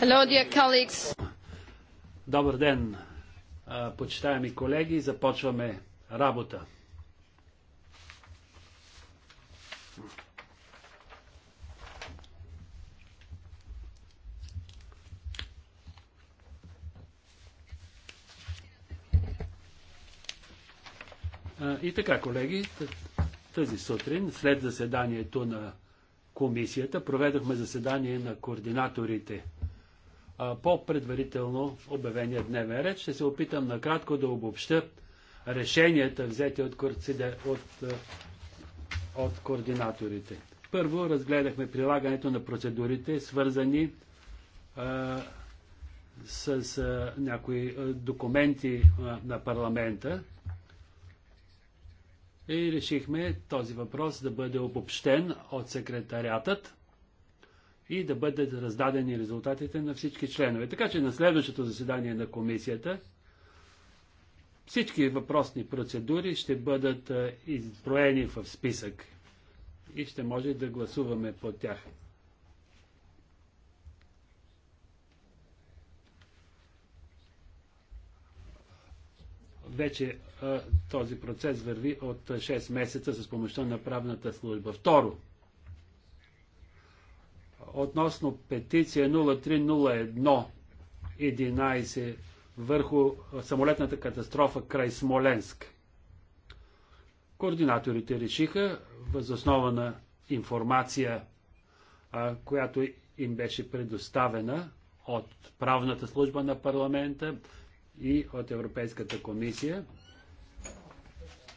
Hello, dear colleagues. Добър ден, почитаеми колеги. Започваме работа. И така, колеги, тази сутрин, след заседанието на комисията. Проведохме заседание на координаторите по предварително обявения дневен ред. Ще се опитам накратко да обобща решенията, взети от, от, от координаторите. Първо разгледахме прилагането на процедурите, свързани а, с а, някои документи а, на парламента, и решихме този въпрос да бъде обобщен от секретариатът и да бъдат раздадени резултатите на всички членове. Така че на следващото заседание на комисията всички въпросни процедури ще бъдат изброени в списък и ще може да гласуваме по тях. Вече а, този процес върви от 6 месеца с помощта на правната служба. Второ, относно петиция 0301 11 върху самолетната катастрофа край Смоленск. Координаторите решиха, възоснова на информация, а, която им беше предоставена от правната служба на парламента, и от Европейската комисия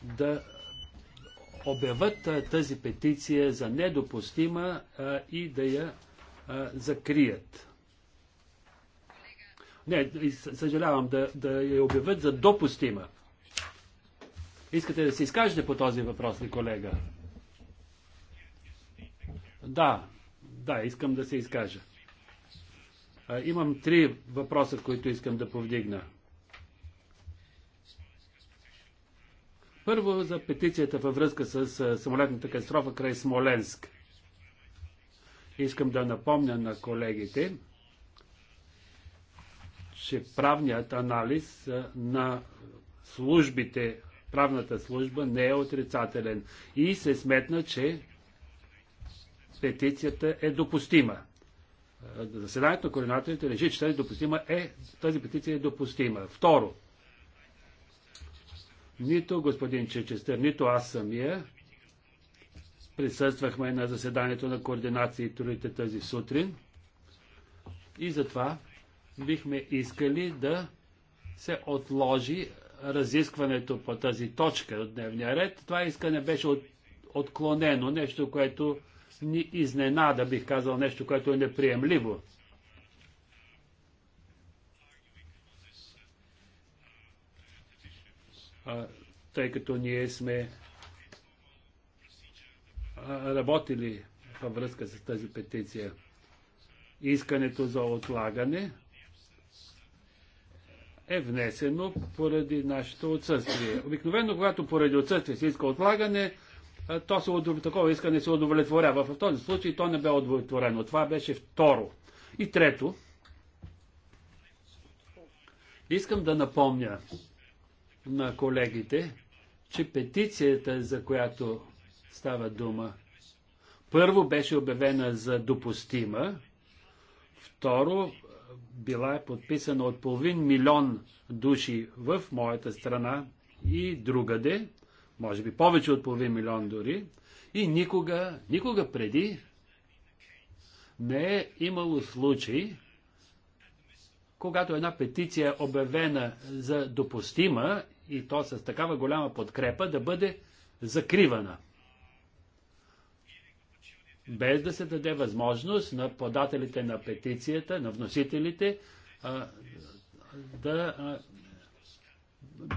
да обяват тази петиция за недопустима а, и да я а, закрият. Не, съжалявам, да, да я обявят за допустима. Искате да се изкажете по този въпрос ли, колега? Да, да, искам да се изкажа. А, имам три въпроса, които искам да повдигна. Първо за петицията във връзка с самолетната катастрофа край Смоленск. Искам да напомня на колегите, че правният анализ на службите, правната служба не е отрицателен и се сметна, че петицията е допустима. Заседанието на координаторите реши, че тази, допустима е, тази петиция е допустима. Второ, нито господин Чечестър, нито аз самия присъствахме на заседанието на трудите тази сутрин и затова бихме искали да се отложи разискването по тази точка от дневния ред. Това искане беше от, отклонено, нещо, което ни изненада, бих казал, нещо, което е неприемливо. тъй като ние сме работили във връзка с тази петиция. Искането за отлагане е внесено поради нашето отсъствие. Обикновено, когато поради отсъствие се иска отлагане, то се, удов... такова искане се удовлетворява. В този случай то не бе удовлетворено. Това беше второ. И трето, искам да напомня, на колегите, че петицията, за която става дума, първо беше обявена за допустима, второ била е подписана от половин милион души в моята страна и другаде, може би повече от половин милион дори, и никога, никога преди не е имало случай, когато една петиция е обявена за допустима и то с такава голяма подкрепа, да бъде закривана. Без да се даде възможност на подателите на петицията, на вносителите, а, да а,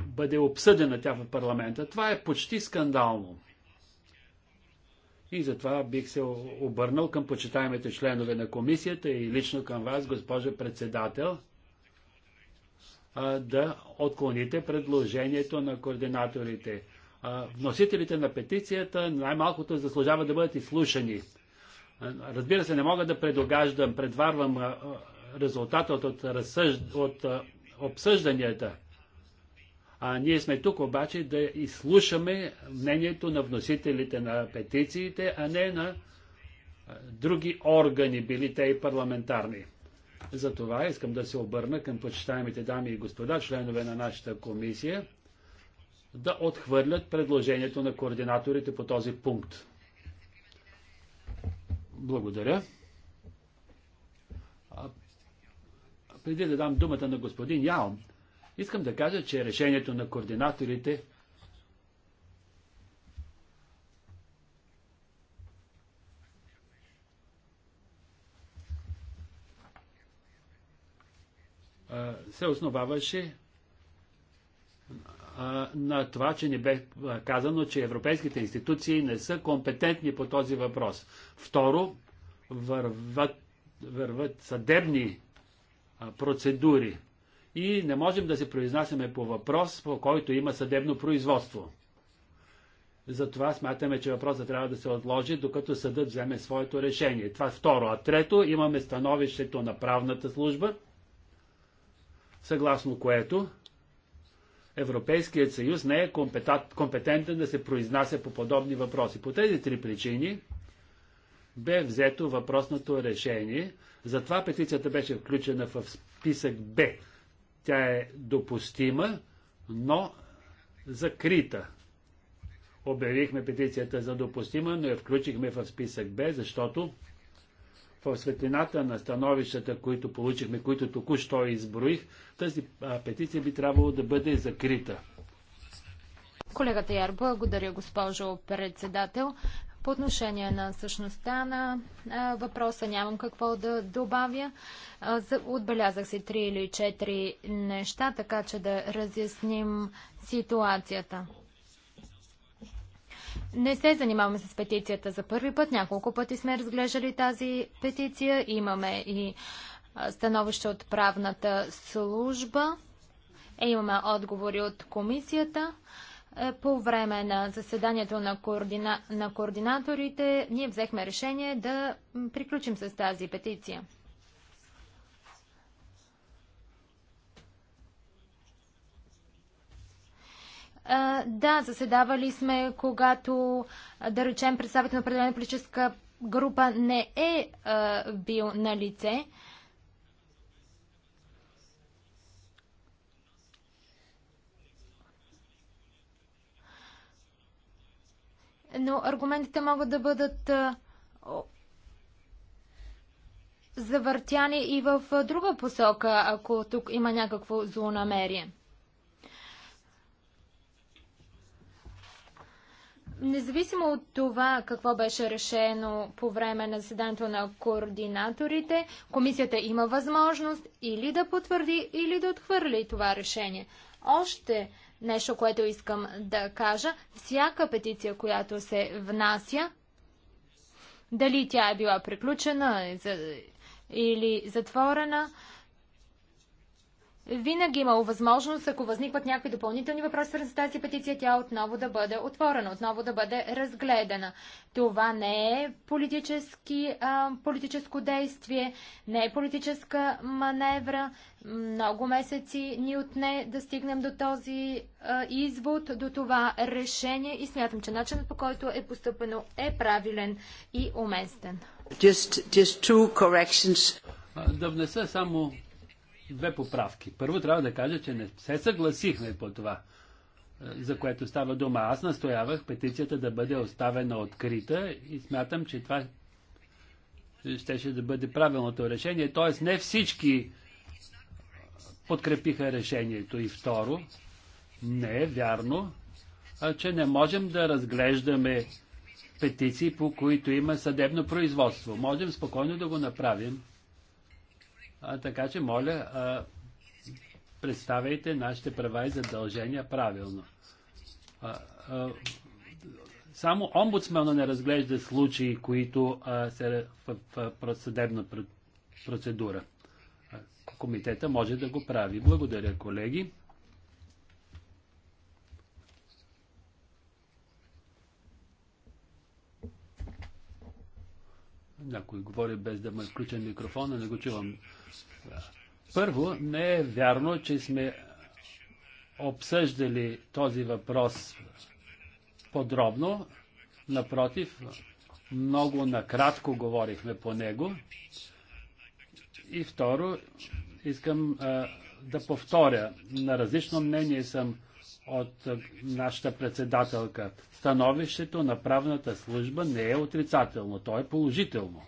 бъде обсъдена тя в парламента. Това е почти скандално. И затова бих се обърнал към почитаемите членове на комисията и лично към вас, госпожа председател да отклоните предложението на координаторите. Вносителите на петицията най-малкото заслужават да бъдат изслушани. Разбира се, не мога да предогаждам, предварвам резултата от, от, от обсъжданията. А ние сме тук обаче да изслушаме мнението на вносителите на петициите, а не на други органи, били те и парламентарни. Затова искам да се обърна към почитаемите дами и господа, членове на нашата комисия, да отхвърлят предложението на координаторите по този пункт. Благодаря. А, преди да дам думата на господин Яон, искам да кажа, че решението на координаторите – се основаваше на това, че ни бе казано, че европейските институции не са компетентни по този въпрос. Второ, върват, върват съдебни процедури и не можем да се произнасяме по въпрос, по който има съдебно производство. Затова смятаме, че въпросът трябва да се отложи, докато съдът вземе своето решение. Това е второ. А трето, имаме становището на правната служба, съгласно което Европейският съюз не е компетентен да се произнася по подобни въпроси. По тези три причини бе взето въпросното решение. Затова петицията беше включена в списък Б. Тя е допустима, но закрита. Обявихме петицията за допустима, но я включихме в списък Б, защото в светлината на становищата, които получихме, които току-що изброих, тази петиция би трябвало да бъде закрита. Колегата Яр, благодаря госпожо председател. По отношение на същността на въпроса нямам какво да добавя. отбелязах си три или четири неща, така че да разясним ситуацията. Не се занимаваме с петицията за първи път. Няколко пъти сме разглеждали тази петиция. Имаме и становище от правната служба. Е, имаме отговори от комисията. Е, по време на заседанието на, координа... на координаторите ние взехме решение да приключим с тази петиция. Да, заседавали сме, когато, да речем, представител на определена политическа група не е бил на лице. но аргументите могат да бъдат завъртяни и в друга посока, ако тук има някакво злонамерие. Независимо от това какво беше решено по време на заседанието на координаторите, комисията има възможност или да потвърди, или да отхвърли това решение. Още нещо, което искам да кажа. Всяка петиция, която се внася, дали тя е била приключена е или затворена, винаги е имало възможност, ако възникват някакви допълнителни въпроси с тази петиция, тя отново да бъде отворена, отново да бъде разгледана. Това не е политически, а, политическо действие, не е политическа маневра. Много месеци ни отне да стигнем до този а, извод, до това решение и смятам, че начинът по който е поступено е правилен и уместен. Just, just two corrections. Да внеса само две поправки. Първо трябва да кажа, че не се съгласихме по това, е, за което става дума. Аз настоявах петицията да бъде оставена открита и смятам, че това щеше да бъде правилното решение. Т.е. не всички подкрепиха решението. И второ, не е вярно, че не можем да разглеждаме петиции, по които има съдебно производство. Можем спокойно да го направим а, така че, моля, а, представяйте нашите права и задължения правилно. А, а, само омбудсмана не разглежда случаи, които а, се в, в, в съдебна процедура. Комитета може да го прави. Благодаря, колеги. Някой говори без да му е включен микрофона, не го чувам. Първо, не е вярно, че сме обсъждали този въпрос подробно. Напротив, много накратко говорихме по него. И второ, искам а, да повторя. На различно мнение съм от а, нашата председателка становището на правната служба не е отрицателно, то е положително.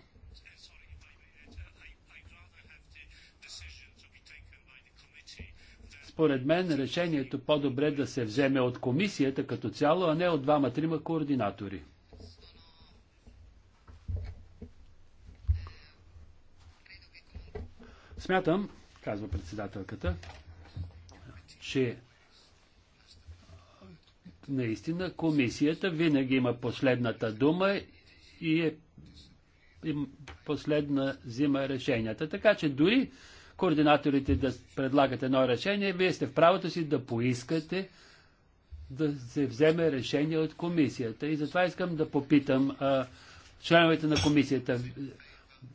Според мен решението по-добре да се вземе от комисията като цяло, а не от двама-трима координатори. Смятам, казва председателката, че наистина комисията винаги има последната дума и е и последна взима решенията. Така че дори координаторите да предлагат едно решение, вие сте в правото си да поискате да се вземе решение от комисията. И затова искам да попитам а, членовете на комисията.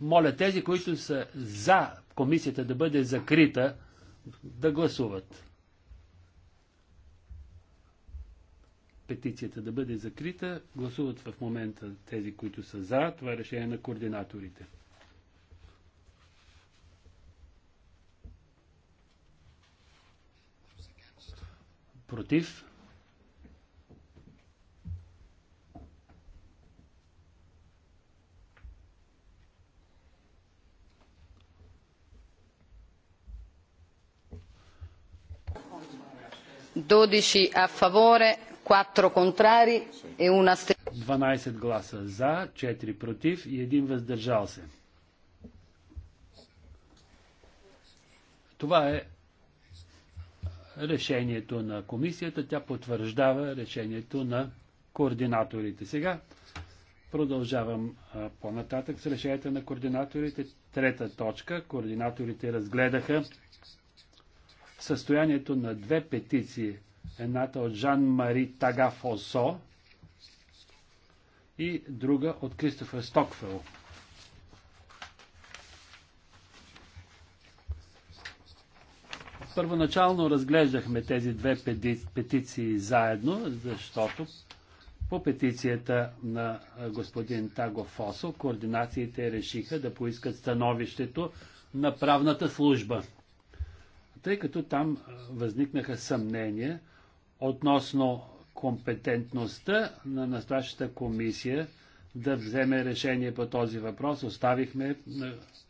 Моля тези, които са за комисията да бъде закрита, да гласуват. петицията да бъде закрита, гласуват в момента тези, които са за. Това е решение на координаторите. Против? Dodici a favore, 4 contrari e una 12 гласа за, 4 против и 1 въздържал се. Това е решението на комисията. Тя потвърждава решението на координаторите. Сега продължавам по-нататък с решението на координаторите. Трета точка. Координаторите разгледаха състоянието на две петиции Едната от Жан-Мари Тагафосо и друга от Кристофър Стокфел. Първоначално разглеждахме тези две петиции заедно, защото по петицията на господин Таго Фосо координациите решиха да поискат становището на правната служба. Тъй като там възникнаха съмнения относно компетентността на настоящата комисия да вземе решение по този въпрос. Оставихме е,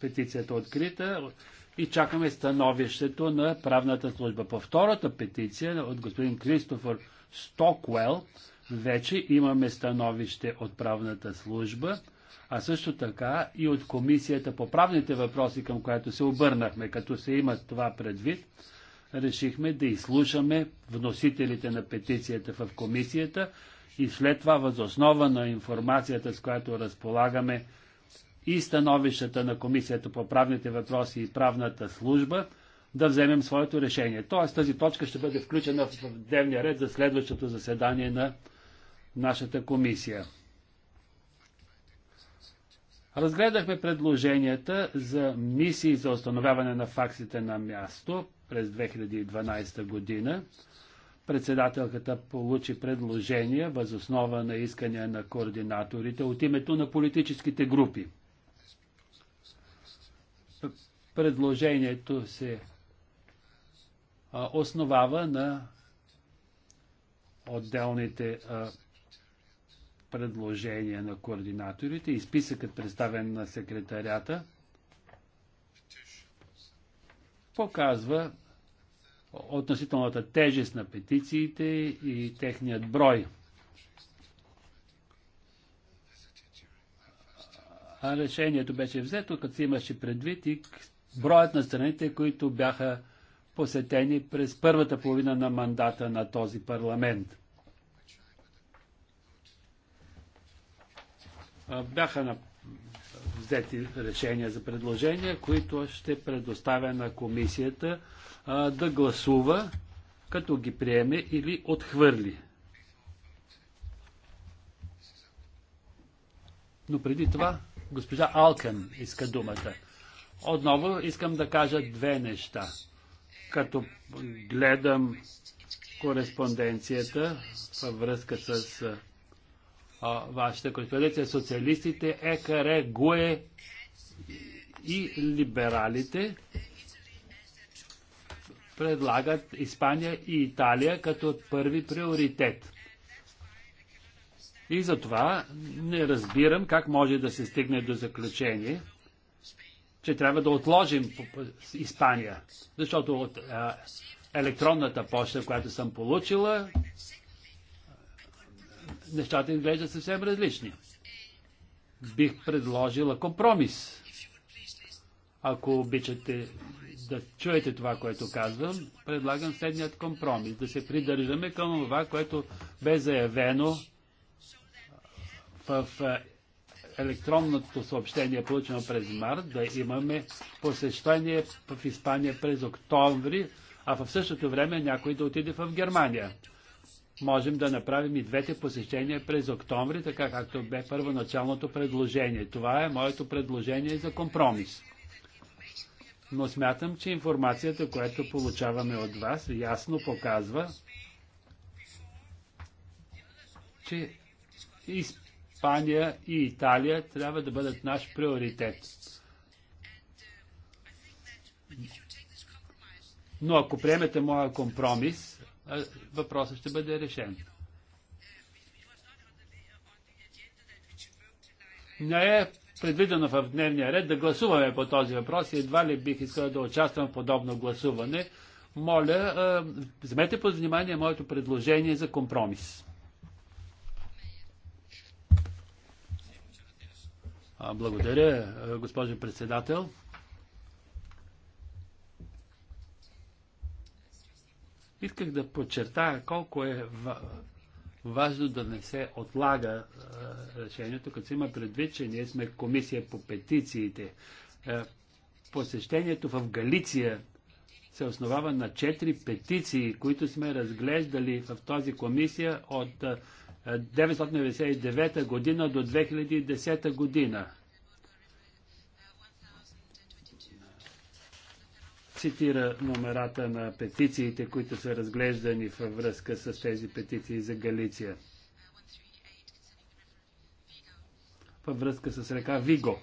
петицията открита и чакаме становището на правната служба. По втората петиция от господин Кристофър Стоквел вече имаме становище от правната служба, а също така и от комисията по правните въпроси, към която се обърнахме, като се има това предвид решихме да изслушаме вносителите на петицията в комисията и след това възоснова на информацията, с която разполагаме и становищата на комисията по правните въпроси и правната служба, да вземем своето решение. Тоест тази точка ще бъде включена в дневния ред за следващото заседание на нашата комисия. Разгледахме предложенията за мисии за установяване на фактите на място, през 2012 година. Председателката получи въз възоснова на искания на координаторите от името на политическите групи. Предложението се основава на отделните предложения на координаторите и списъкът представен на секретарята показва относителната тежест на петициите и техният брой. А решението беше взето, като се имаше предвид и броят на страните, които бяха посетени през първата половина на мандата на този парламент. Бяха взети решения за предложения, които ще предоставя на комисията а, да гласува, като ги приеме или отхвърли. Но преди това, госпожа Алкен иска думата. Отново искам да кажа две неща. Като гледам кореспонденцията във връзка с а, вашата кореспонденция, социалистите, ЕКР, ГУЕ и либералите, предлагат Испания и Италия като първи приоритет. И затова не разбирам как може да се стигне до заключение, че трябва да отложим Испания, защото от а, електронната почта, която съм получила, нещата изглеждат съвсем различни. Бих предложила компромис. Ако обичате, да чуете това, което казвам, предлагам следният компромис. Да се придържаме към това, което бе заявено в е, електронното съобщение, получено през март, да имаме посещение в Испания през октомври, а в същото време някой да отиде в Германия. Можем да направим и двете посещения през октомври, така както бе първоначалното предложение. Това е моето предложение за компромис но смятам, че информацията, която получаваме от вас, ясно показва, че Испания и Италия трябва да бъдат наш приоритет. Но ако приемете моя компромис, въпросът ще бъде решен. Не е предвидено в дневния ред да гласуваме по този въпрос и едва ли бих искал да участвам в подобно гласуване. Моля, вземете под внимание моето предложение за компромис. Благодаря, госпожо председател. Исках да подчертая колко е важно да не се отлага е, решението, като се има предвид, че ние сме комисия по петициите. Е, посещението в Галиция се основава на четири петиции, които сме разглеждали в този комисия от 999 е, година до 2010 година. цитира номерата на петициите, които са разглеждани във връзка с тези петиции за Галиция. Във връзка с река Виго,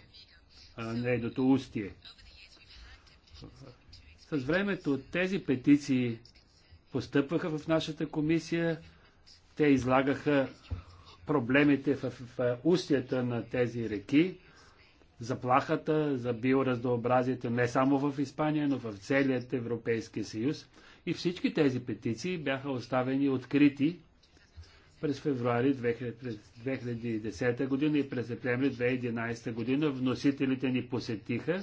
не нейното устие. С времето тези петиции постъпваха в нашата комисия, те излагаха проблемите в, в устията на тези реки, заплахата за биоразнообразието не само в Испания, но в целият Европейски съюз. И всички тези петиции бяха оставени открити през февруари 2010 година и през септември 2011 година. Вносителите ни посетиха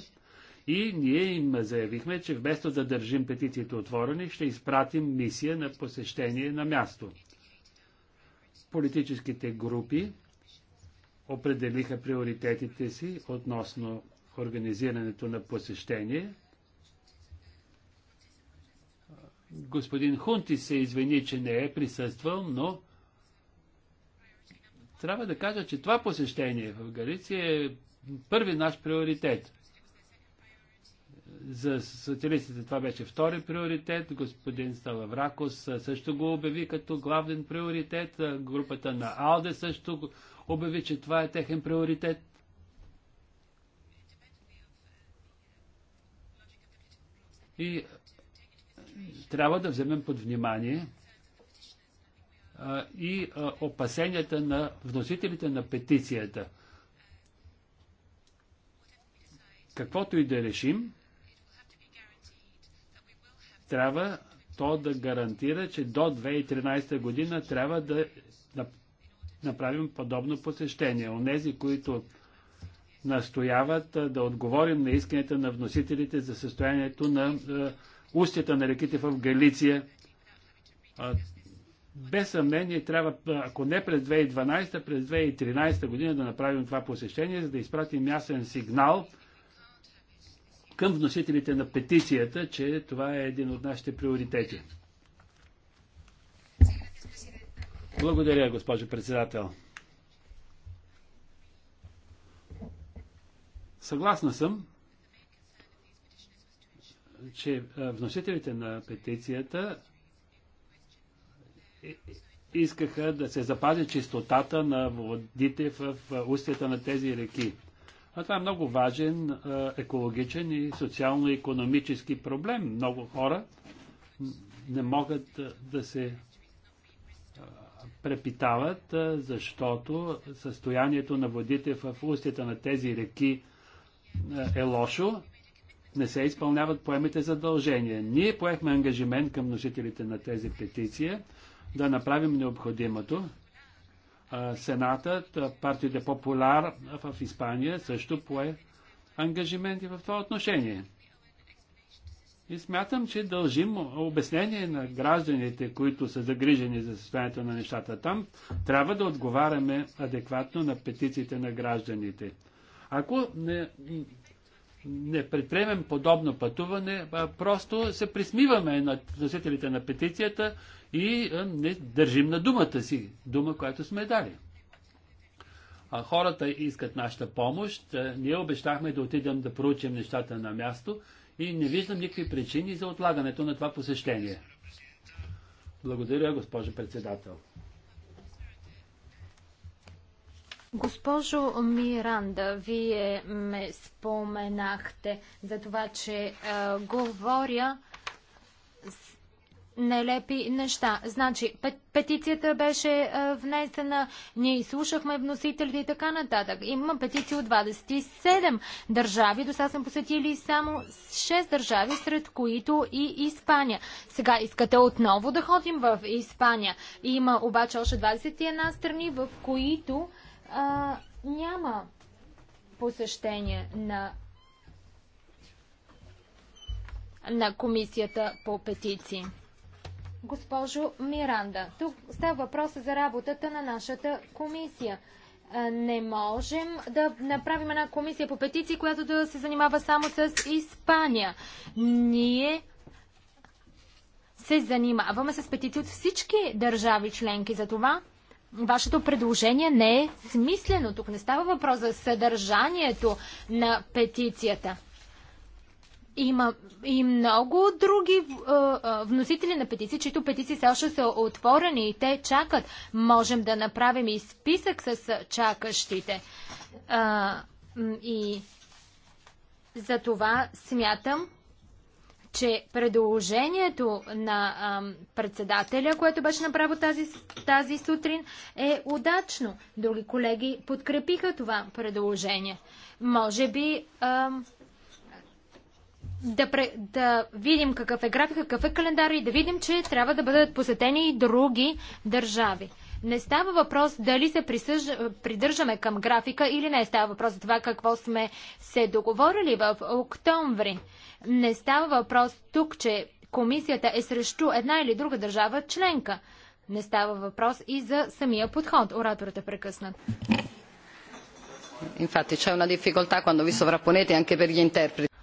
и ние им заявихме, че вместо да държим петициите отворени, ще изпратим мисия на посещение на място. Политическите групи определиха приоритетите си относно организирането на посещение. Господин Хунти се извини, че не е присъствал, но трябва да кажа, че това посещение в Галиция е първи наш приоритет. За социалистите това беше втори приоритет. Господин Сталавракос също го обяви като главен приоритет. Групата на Алде също обяви, че това е техен приоритет. И трябва да вземем под внимание и опасенията на вносителите на петицията. Каквото и да решим, трябва то да гарантира, че до 2013 година трябва да направим подобно посещение. Онези, които настояват да отговорим на искането на вносителите за състоянието на устята на реките в Галиция. Без съмнение трябва, ако не през 2012, през 2013 година да направим това посещение, за да изпратим ясен сигнал към вносителите на петицията, че това е един от нашите приоритети. Благодаря, госпожо председател. Съгласна съм, че е, вносителите на петицията искаха да се запази чистотата на водите в устията на тези реки. А това е много важен е, екологичен и социално-економически проблем. Много хора не могат е, да се препитават, защото състоянието на водите в устите на тези реки е лошо, не се изпълняват поемите задължения. Ние поехме ангажимент към носителите на тези петиция да направим необходимото. Сенатът, партията Популяр в Испания също пое ангажименти в това отношение. И смятам, че дължим обяснение на гражданите, които са загрижени за състоянието на нещата там. Трябва да отговаряме адекватно на петициите на гражданите. Ако не, не предприемем подобно пътуване, просто се присмиваме на носителите на петицията и не държим на думата си, дума, която сме дали. А хората искат нашата помощ. Е, ние обещахме да отидем да проучим нещата на място и не виждам никакви причини за отлагането на това посещение. Благодаря, госпожо председател. Госпожо Миранда, вие ме споменахте за това, че а, говоря нелепи неща. Значи, петицията беше внесена, ние изслушахме вносителите и така нататък. Има петиции от 27 държави, до сега съм посетили само 6 държави, сред които и Испания. Сега искате отново да ходим в Испания. Има обаче още 21 страни, в които а, няма посещение на на комисията по петиции госпожо Миранда. Тук става въпрос за работата на нашата комисия. Не можем да направим една комисия по петиции, която да се занимава само с Испания. Ние се занимаваме с петиции от всички държави членки. За това вашето предложение не е смислено. Тук не става въпрос за съдържанието на петицията. Има и много други е, е, вносители на петиции, чието петиции все още са отворени и те чакат. Можем да направим и списък с чакащите. И за това смятам, че предложението на председателя, което беше направо тази, тази сутрин, е удачно. Други колеги подкрепиха това предложение. Може би да, пре, да видим какъв е график, какъв е календар и да видим, че трябва да бъдат посетени и други държави. Не става въпрос дали се присъж... придържаме към графика или не. Става въпрос за това какво сме се договорили в октомври. Не става въпрос тук, че комисията е срещу една или друга държава членка. Не става въпрос и за самия подход. Ораторът е прекъснат. Infatti c'è una difficoltà quando vi sovrapponete anche per gli interpreti.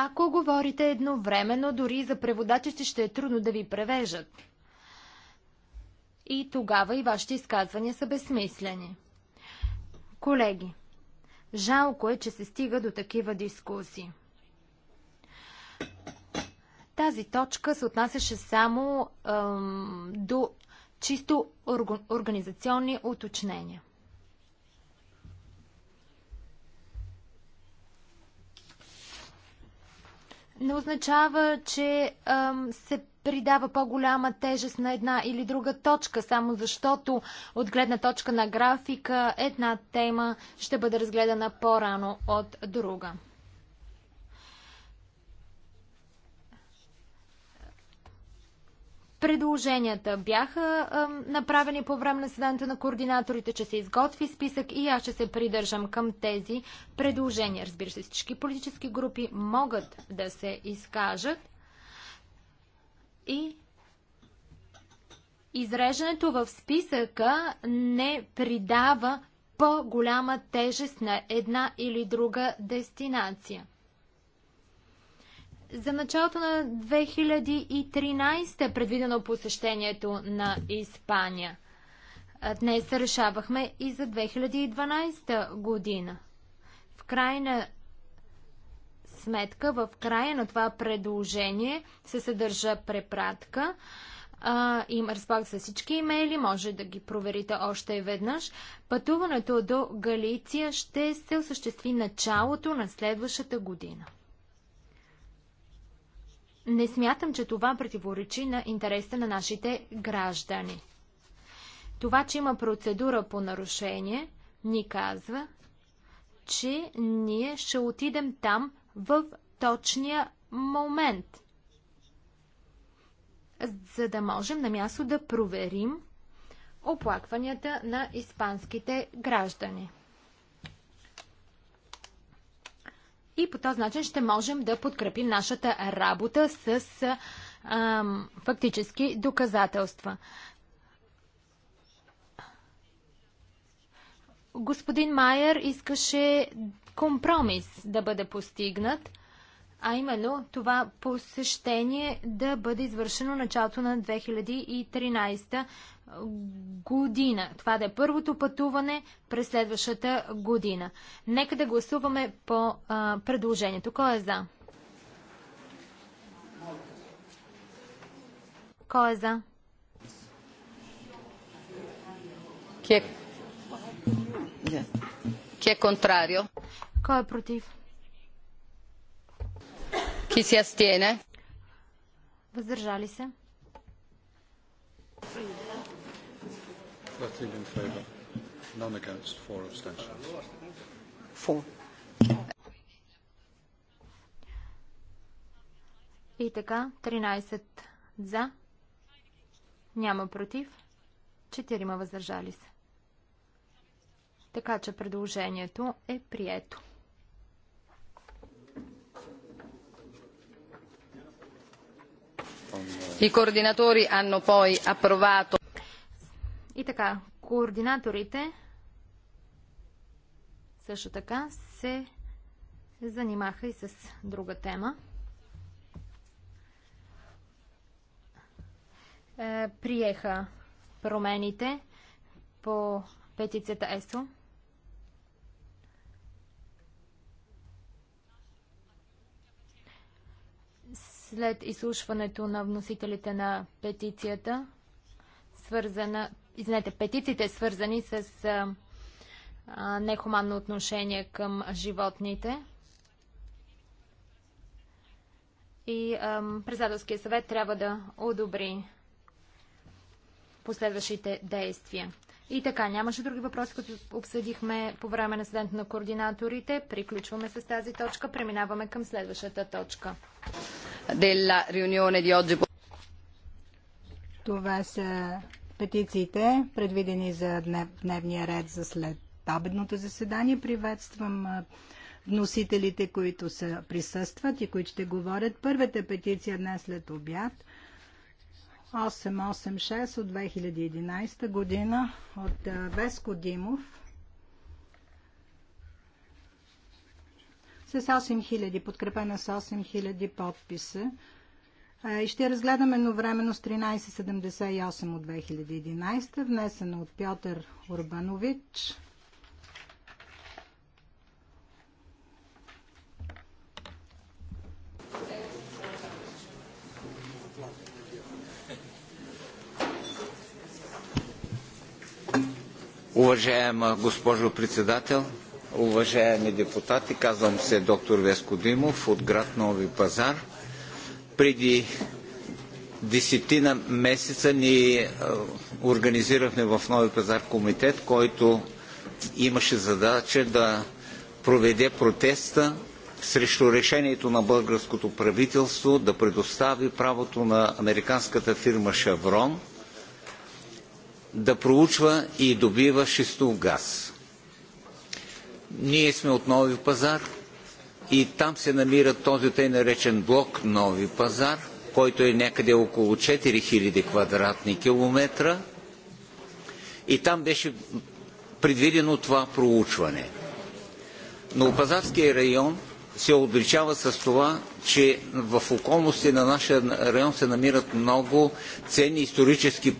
Ако говорите едновременно, дори за преводачите ще е трудно да ви превежат. И тогава и вашите изказвания са безсмислени. Колеги, жалко е, че се стига до такива дискусии. Тази точка се отнасяше само ем, до чисто организационни уточнения. не означава, че ам, се придава по-голяма тежест на една или друга точка, само защото от гледна точка на графика една тема ще бъде разгледана по-рано от друга. Предложенията бяха а, направени по време на седането на координаторите, че се изготви списък и аз ще се придържам към тези предложения. Разбира се, всички политически групи могат да се изкажат и изреждането в списъка не придава по-голяма тежест на една или друга дестинация. За началото на 2013 е предвидено посещението на Испания. Днес се решавахме и за 2012 година. В крайна сметка, в края на това предложение се съдържа препратка. А, им разполага с всички имейли, може да ги проверите още веднъж. Пътуването до Галиция ще се осъществи началото на следващата година. Не смятам, че това противоречи на интереса на нашите граждани. Това, че има процедура по нарушение, ни казва, че ние ще отидем там в точния момент, за да можем на място да проверим оплакванията на испанските граждани. и по този начин ще можем да подкрепим нашата работа с а, фактически доказателства. Господин Майер искаше компромис да бъде постигнат а именно това посещение да бъде извършено началото на 2013 година. Това да е първото пътуване през следващата година. Нека да гласуваме по а, предложението. Кой е за? Кой е за? Ки е контрарио? Кой е против? Chi si astiene? Въздържали се. И така, 13 за, няма против, 4 въздържали се. Така че предложението е прието. И координатори hanno poi approvato. И така, координаторите също така се занимаха и с друга тема. Е, приеха промените по петицията ЕСО след изслушването на вносителите на петицията, свързана, извинете, петициите свързани с а, нехуманно отношение към животните. И председателския съвет трябва да одобри последващите действия. И така, нямаше други въпроси, които обсъдихме по време на седенето на координаторите. Приключваме с тази точка, преминаваме към следващата точка della riunione di oggi. Това са петициите, предвидени за дневния ред за след обедното заседание. Приветствам вносителите, които са присъстват и които ще говорят. Първата петиция днес след обяд 886 от 2011 година от Веско Димов с 8000, подкрепена с 8000 подписа. И ще разгледаме едновременно с 1378 от 2011, внесена от Пьотър Урбанович. Уважаема госпожо председател, уважаеми депутати. Казвам се доктор Веско Димов от град Нови пазар. Преди десетина месеца ни е, организирахме в Нови пазар комитет, който имаше задача да проведе протеста срещу решението на българското правителство да предостави правото на американската фирма Шаврон да проучва и добива шистов газ ние сме от нови пазар и там се намира този тъй наречен блок нови пазар, който е някъде около 4000 квадратни километра. И там беше предвидено това проучване. Новопазарския район се обличава с това, че в околности на нашия район се намират много ценни исторически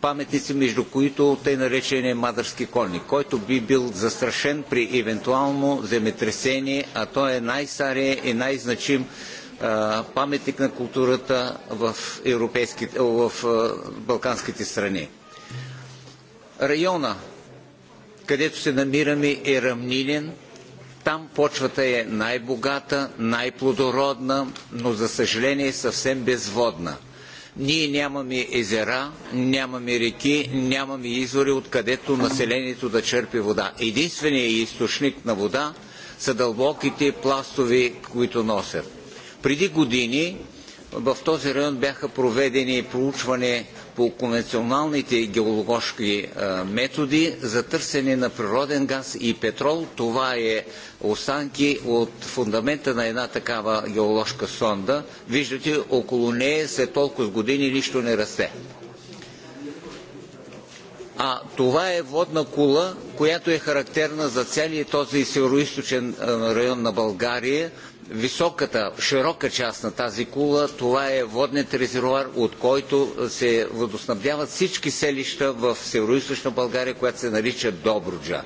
паметници, между които те наречени Мадърски конник, който би бил застрашен при евентуално земетресение, а той е най-стария и най-значим паметник на културата в, в балканските страни. Района, където се намираме, е равнинен, там почвата е най-богата, най-плодородна, но за съжаление съвсем безводна. Ние нямаме езера, нямаме реки, нямаме извори, откъдето населението да черпи вода. Единственият източник на вода са дълбоките пластови, които носят. Преди години в този район бяха проведени проучване по конвенционалните геоложки е, методи за търсене на природен газ и петрол. Това е останки от фундамента на една такава геоложка сонда. Виждате, около нея след толкова години нищо не расте. А това е водна кула, която е характерна за целия този североисточен е, район на България, високата, широка част на тази кула, това е водният резервуар, от който се водоснабдяват всички селища в североисточна България, която се нарича Добруджа.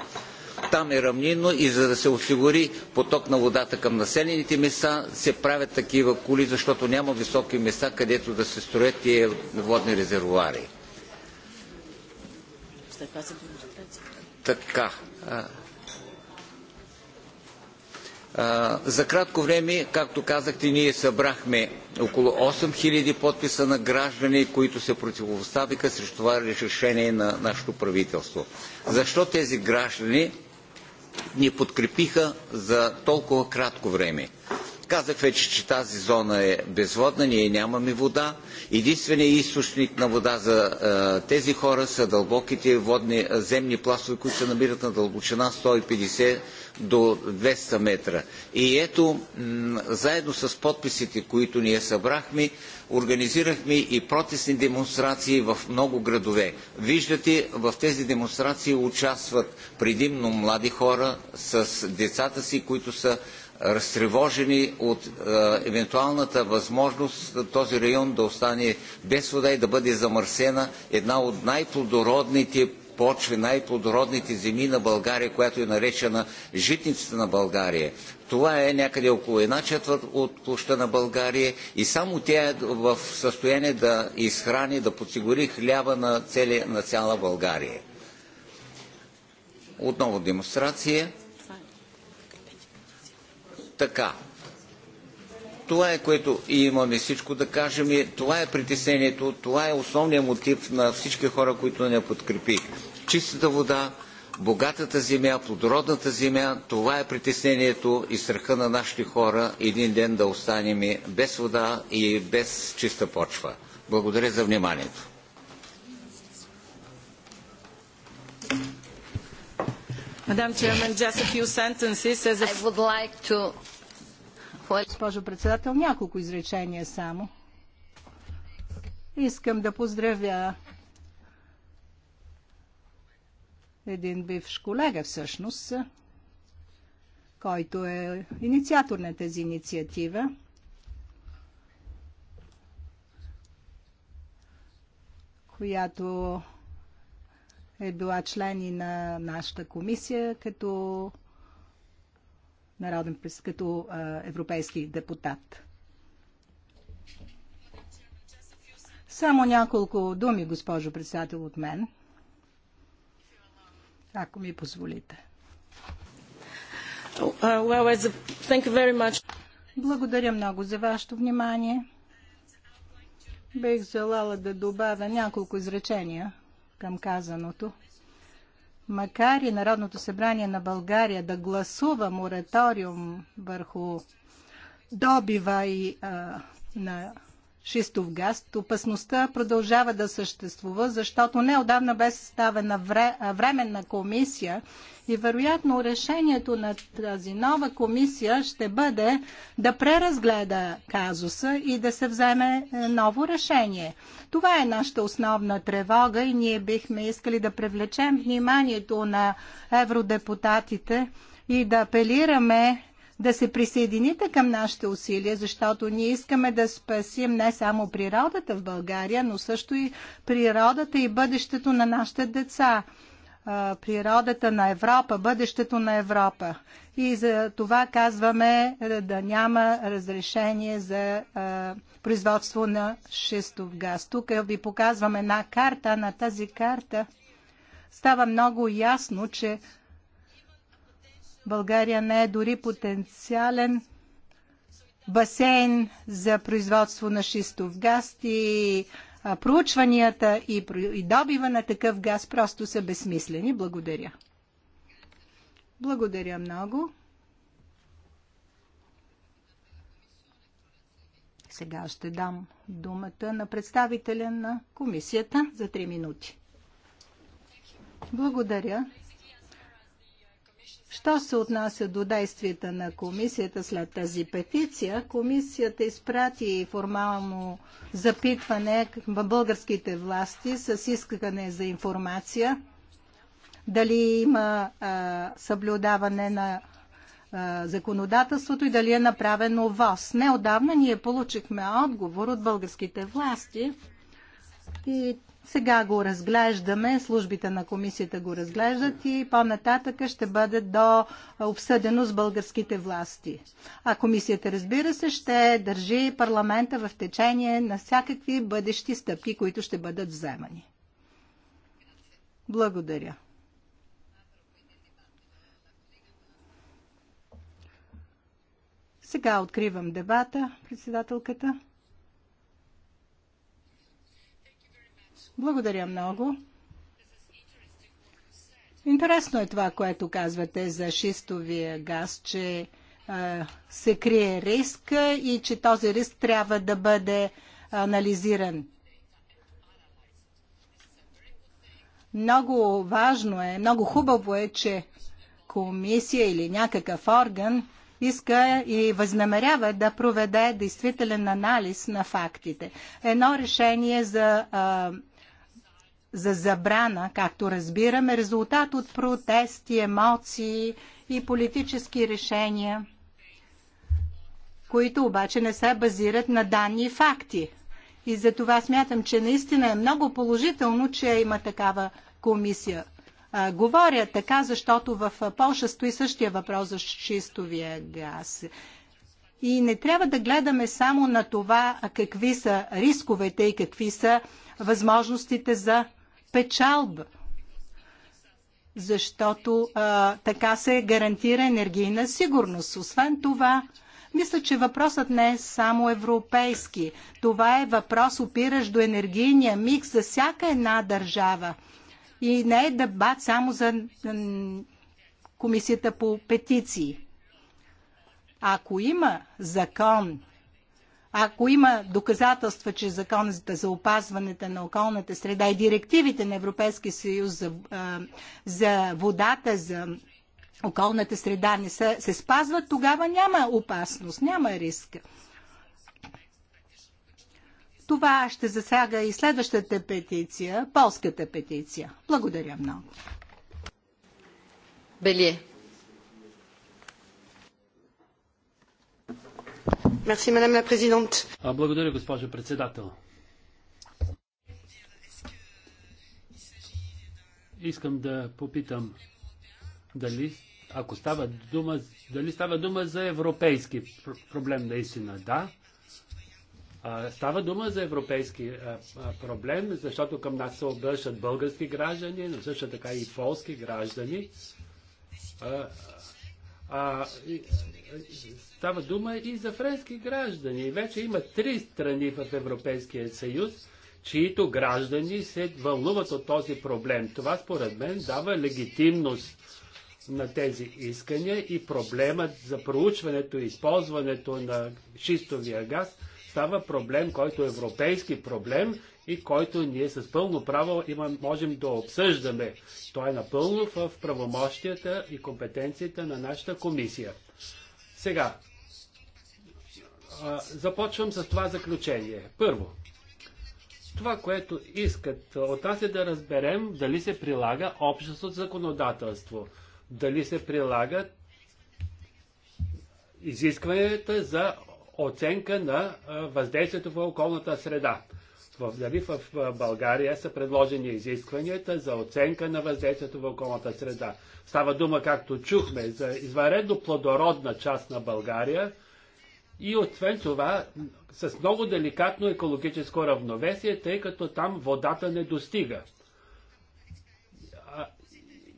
Там е равнинно и за да се осигури поток на водата към населените места, се правят такива кули, защото няма високи места, където да се строят тия водни резервуари. Така. За кратко време, както казахте, ние събрахме около 8000 подписа на граждани, които се противопоставиха срещу това решение на нашето правителство. Защо тези граждани ни подкрепиха за толкова кратко време? Казах вече, че тази зона е безводна, ние нямаме вода. Единственият източник на вода за е, тези хора са дълбоките водни, земни пластове, които се намират на дълбочина 150 до 200 метра. И ето, заедно с подписите, които ние събрахме, организирахме и протестни демонстрации в много градове. Виждате, в тези демонстрации участват предимно млади хора с децата си, които са разтревожени от е, евентуалната възможност този район да остане без вода и да бъде замърсена една от най-плодородните почви, най-плодородните земи на България, която е наречена житницата на България. Това е някъде около една четвърт от площа на България и само тя е в състояние да изхрани, да подсигури хляба на, цели, на цяла България. Отново демонстрация. Така. Това е което имаме всичко да кажем. Това е притеснението, това е основният мотив на всички хора, които не подкрепих чистата вода, богатата земя, плодородната земя. Това е притеснението и страха на нашите хора един ден да останем без вода и без чиста почва. Благодаря за вниманието. Madam Chairman, just a few sentences as a... I would like to... Госпожо председател, няколко изречения само. Искам да поздравя един бивш колега всъщност, който е инициатор на тази инициатива. която е била член и на нашата комисия като народен като европейски депутат. Само няколко думи, госпожо председател, от мен – ако ми позволите. Oh, uh, Благодаря много за вашето внимание. Бих желала да добавя няколко изречения към казаното. Макар и Народното събрание на България да гласува мораториум върху добива и а, на шистов газ. Опасността продължава да съществува, защото неодавна бе съставена вре, временна комисия и вероятно решението на тази нова комисия ще бъде да преразгледа казуса и да се вземе е, ново решение. Това е нашата основна тревога и ние бихме искали да привлечем вниманието на евродепутатите и да апелираме да се присъедините към нашите усилия, защото ние искаме да спасим не само природата в България, но също и природата и бъдещето на нашите деца природата на Европа, бъдещето на Европа. И за това казваме е, да няма разрешение за производство на шестов газ. Тук ви показвам една карта. На тази карта става много ясно, че България не е дори потенциален басейн за производство на шистов газ и проучванията и, и добива на такъв газ просто са безсмислени. Благодаря. Благодаря много. Сега ще дам думата на представителя на комисията за 3 минути. Благодаря. Що се отнася до действията на комисията след тази петиция, комисията изпрати формално запитване в българските власти с искане за информация дали има а, съблюдаване на а, законодателството и дали е направено ВОЗ. Неодавна ние получихме отговор от българските власти и сега го разглеждаме, службите на комисията го разглеждат и по-нататъка ще бъде до обсъдено с българските власти. А комисията, разбира се, ще държи парламента в течение на всякакви бъдещи стъпки, които ще бъдат вземани. Благодаря. Сега откривам дебата, председателката. Благодаря много. Интересно е това, което казвате за шистовия газ, че а, се крие риск и че този риск трябва да бъде анализиран. Много важно е, много хубаво е, че комисия или някакъв орган иска и възнамерява да проведе действителен анализ на фактите. Едно решение за а, за забрана, както разбираме, резултат от протести, емоции и политически решения, които обаче не се базират на данни и факти. И за това смятам, че наистина е много положително, че има такава комисия говоря така, защото в Польша стои същия въпрос за шистовия газ. И не трябва да гледаме само на това какви са рисковете и какви са възможностите за печалба. Защото а, така се гарантира енергийна сигурност. Освен това, мисля, че въпросът не е само европейски. Това е въпрос, опиращ до енергийния микс за всяка една държава и не е дебат само за комисията по петиции. Ако има закон, ако има доказателства, че законът за опазването на околната среда и директивите на Европейския съюз за, за водата, за околната среда не са, се спазват, тогава няма опасност, няма риск. Това ще засяга и следващата петиция, полската петиция. Благодаря много. Белие. Мерси, мадам ла президент. Благодаря, госпожо председател. Искам да попитам дали, ако става дума, дали става дума за европейски проблем наистина. Да, Става дума за европейски проблем, защото към нас се обръщат български граждани, но също така и полски граждани. А, става дума и за френски граждани. Вече има три страни в Европейския съюз, чието граждани се вълнуват от този проблем. Това според мен дава легитимност на тези искания и проблемът за проучването и използването на шистовия газ – става проблем, който е европейски проблем и който ние с пълно право имам, можем да обсъждаме. Той е напълно в правомощията и компетенцията на нашата комисия. Сега, започвам с това заключение. Първо, това, което искат от нас е да разберем дали се прилага общото законодателство, дали се прилагат изискванията за оценка на въздействието в околната среда. В, дали в България са предложени изискванията за оценка на въздействието в околната среда. Става дума, както чухме, за извънредно плодородна част на България и освен това с много деликатно екологическо равновесие, тъй като там водата не достига.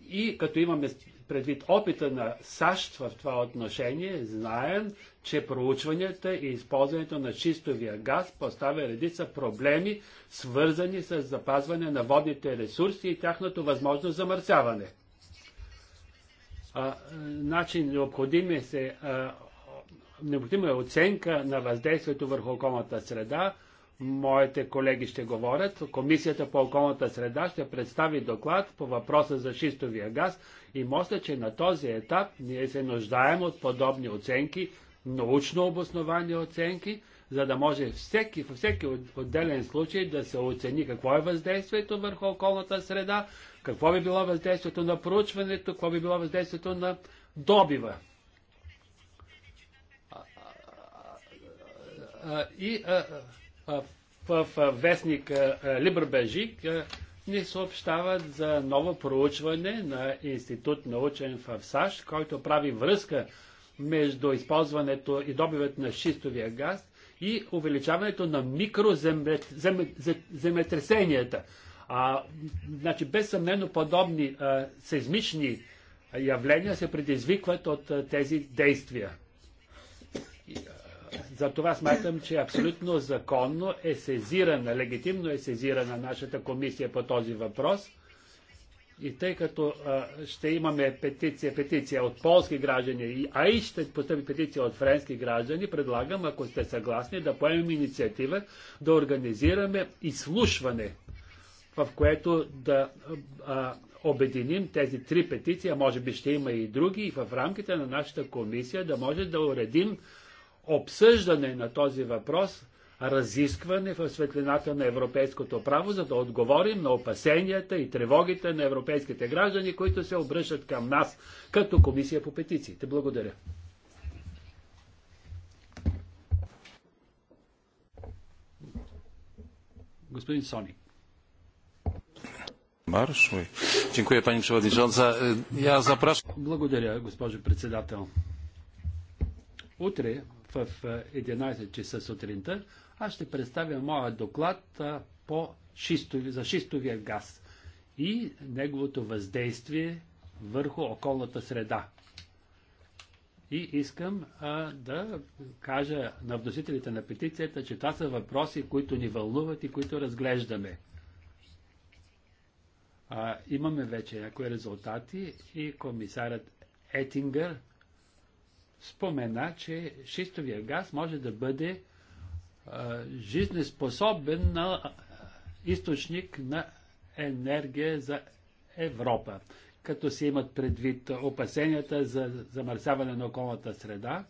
И като имаме предвид опита на САЩ в това отношение, знаем, че проучванията и използването на чистовия газ поставя редица проблеми, свързани с запазване на водните ресурси и тяхното възможно замърсяване. А, значи, е, необходим необходима е оценка на въздействието върху околната среда, Моите колеги ще говорят. Комисията по околната среда ще представи доклад по въпроса за шистовия газ и мисля, че на този етап ние се нуждаем от подобни оценки, научно обосновани оценки, за да може всеки, във всеки отделен случай да се оцени какво е въздействието върху околната среда, какво би било въздействието на проучването, какво би било въздействието на добива. И а, в вестник Либербежик Бежик ни съобщават за ново проучване на Институт научен в САЩ, който прави връзка между използването и добивът на шистовия газ и увеличаването на микроземетресенията. А, значи, без съмнено подобни а, сейзмични явления се предизвикват от а, тези действия за това смятам, че абсолютно законно е сезирана, легитимно е сезирана нашата комисия по този въпрос. И тъй като а, ще имаме петиция, петиция от полски граждани, а и ще постъпи петиция от френски граждани, предлагам, ако сте съгласни, да поемем инициатива да организираме изслушване, в което да а, обединим тези три петиции, а може би ще има и други, и в рамките на нашата комисия да може да уредим обсъждане на този въпрос, разискване в светлината на европейското право, за да отговорим на опасенията и тревогите на европейските граждани, които се обръщат към нас като комисия по петициите. Благодаря. Господин Соник. Благодаря, госпожо председател. Утре в 11 е, часа сутринта, аз ще представя моят доклад е, по шистови, за шистовия газ и неговото въздействие върху околната среда. И искам а, е, да кажа на вносителите на петицията, че това са въпроси, които ни вълнуват и които разглеждаме. А, имаме вече някои резултати и комисарът Етингър спомена, че шистовия газ може да бъде жизнеспособен на източник на енергия за Европа. Като се имат предвид опасенията за замърсяване на околната среда,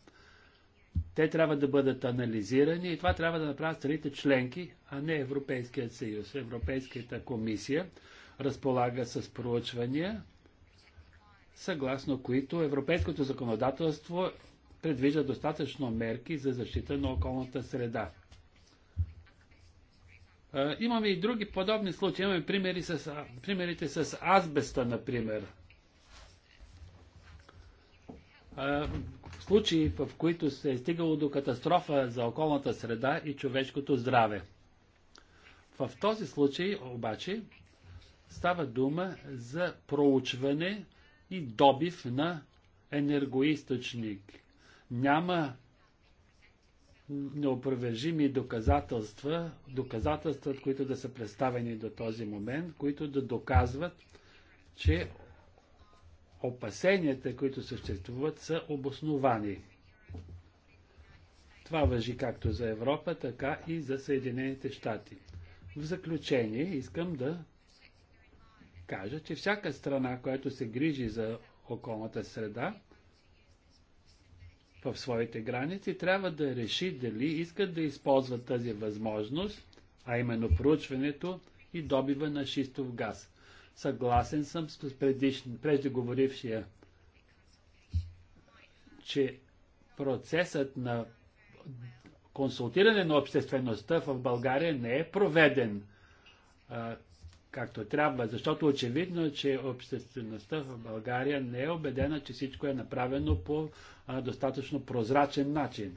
те трябва да бъдат анализирани и това трябва да направят страните членки, а не Европейският съюз. Европейската комисия разполага с проучвания, съгласно които европейското законодателство предвижда достатъчно мерки за защита на околната среда. Имаме и други подобни случаи. Имаме примери с, примерите с азбеста, например. Случаи, в които се е стигало до катастрофа за околната среда и човешкото здраве. В този случай обаче става дума за проучване и добив на енергоисточник. Няма неопровержими доказателства, доказателства, които да са представени до този момент, които да доказват, че опасенията, които съществуват, са обосновани. Това въжи както за Европа, така и за Съединените щати. В заключение искам да кажа, че всяка страна, която се грижи за околната среда в своите граници, трябва да реши дали искат да използват тази възможност, а именно проучването и добива на шистов газ. Съгласен съм с преждеговорившия, че процесът на консултиране на обществеността в България не е проведен както трябва, защото очевидно, че обществеността в България не е убедена, че всичко е направено по а, достатъчно прозрачен начин.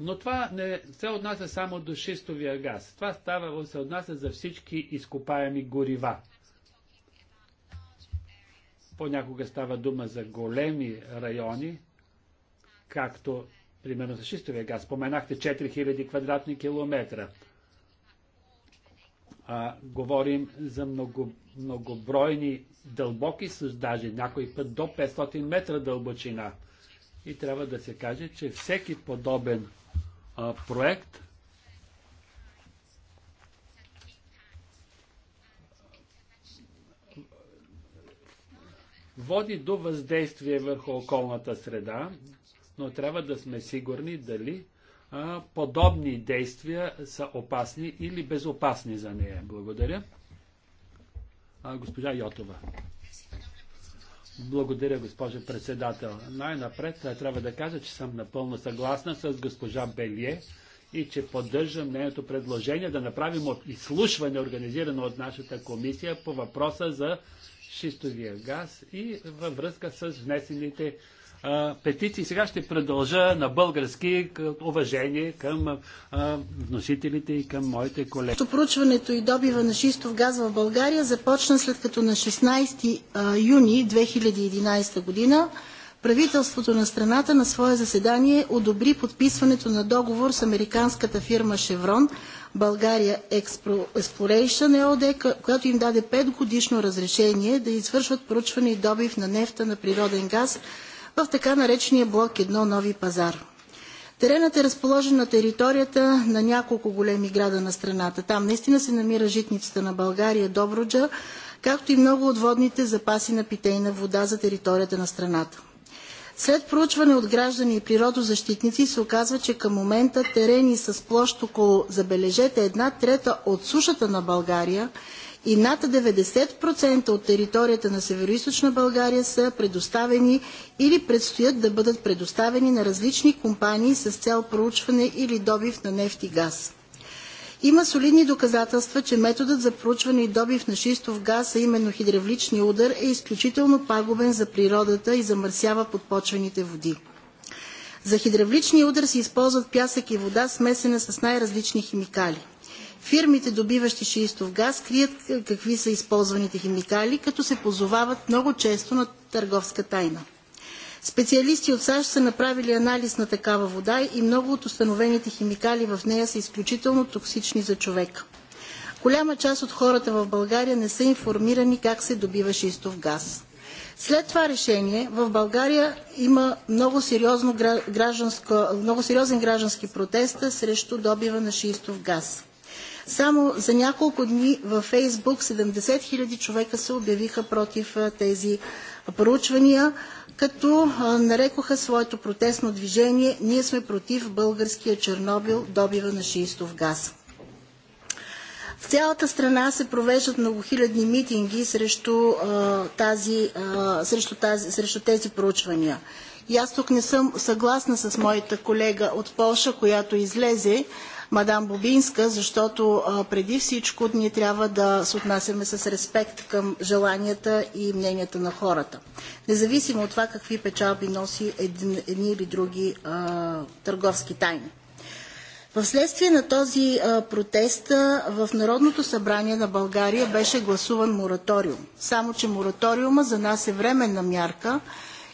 Но това не се отнася само до шистовия газ. Това става, се отнася за всички изкопаеми горива. Понякога става дума за големи райони, както примерно за шистовия газ. Споменахте 4000 квадратни километра а, говорим за много, многобройни дълбоки създажи, някой път до 500 метра дълбочина. И трябва да се каже, че всеки подобен а, проект води до въздействие върху околната среда, но трябва да сме сигурни дали подобни действия са опасни или безопасни за нея. Благодаря. Госпожа Йотова. Благодаря, госпожо председател. Най-напред трябва да кажа, че съм напълно съгласна с госпожа Белие и че поддържам нейното предложение да направим изслушване, организирано от нашата комисия по въпроса за шистовия газ и във връзка с внесените петиции. Сега ще продължа на български уважение към вносителите и към моите колеги. Проучването и добива на шистов газ в България започна след като на 16 юни 2011 година правителството на страната на свое заседание одобри подписването на договор с американската фирма Шеврон България Exploration ЕОД, която им даде 5 годишно разрешение да извършват проучване и добив на нефта на природен газ в така наречения блок 1 Нови пазар. Теренът е разположен на територията на няколко големи града на страната. Там наистина се намира житницата на България, Добруджа, както и много от водните запаси на питейна вода за територията на страната. След проучване от граждани и природозащитници се оказва, че към момента терени с площ около, забележете, една трета от сушата на България и над 90% от територията на Североизточна България са предоставени или предстоят да бъдат предоставени на различни компании с цел проучване или добив на нефт и газ. Има солидни доказателства, че методът за проучване и добив на шистов газ, а именно хидравличния удар, е изключително пагубен за природата и замърсява подпочвените води. За хидравличния удар се използват пясък и вода, смесена с най-различни химикали. Фирмите, добиващи шистов газ, крият какви са използваните химикали, като се позовават много често на търговска тайна. Специалисти от САЩ са направили анализ на такава вода и много от установените химикали в нея са изключително токсични за човека. Голяма част от хората в България не са информирани как се добива шистов газ. След това решение в България има много, сериозно, гражданско, много сериозен граждански протест срещу добива на шистов газ. Само за няколко дни във Фейсбук 70 000 човека се обявиха против тези проучвания, като нарекоха своето протестно движение «Ние сме против българския Чернобил, добива на шистов газ». В цялата страна се провеждат многохилядни митинги срещу, а, тази, а, срещу, тази, срещу тези проучвания. И аз тук не съм съгласна с моята колега от Полша, която излезе, мадам Бобинска, защото преди всичко ние трябва да се отнасяме с респект към желанията и мненията на хората. Независимо от това какви печалби носи едни или други търговски тайни. Вследствие на този протест в Народното събрание на България беше гласуван мораториум. Само, че мораториума за нас е временна мярка,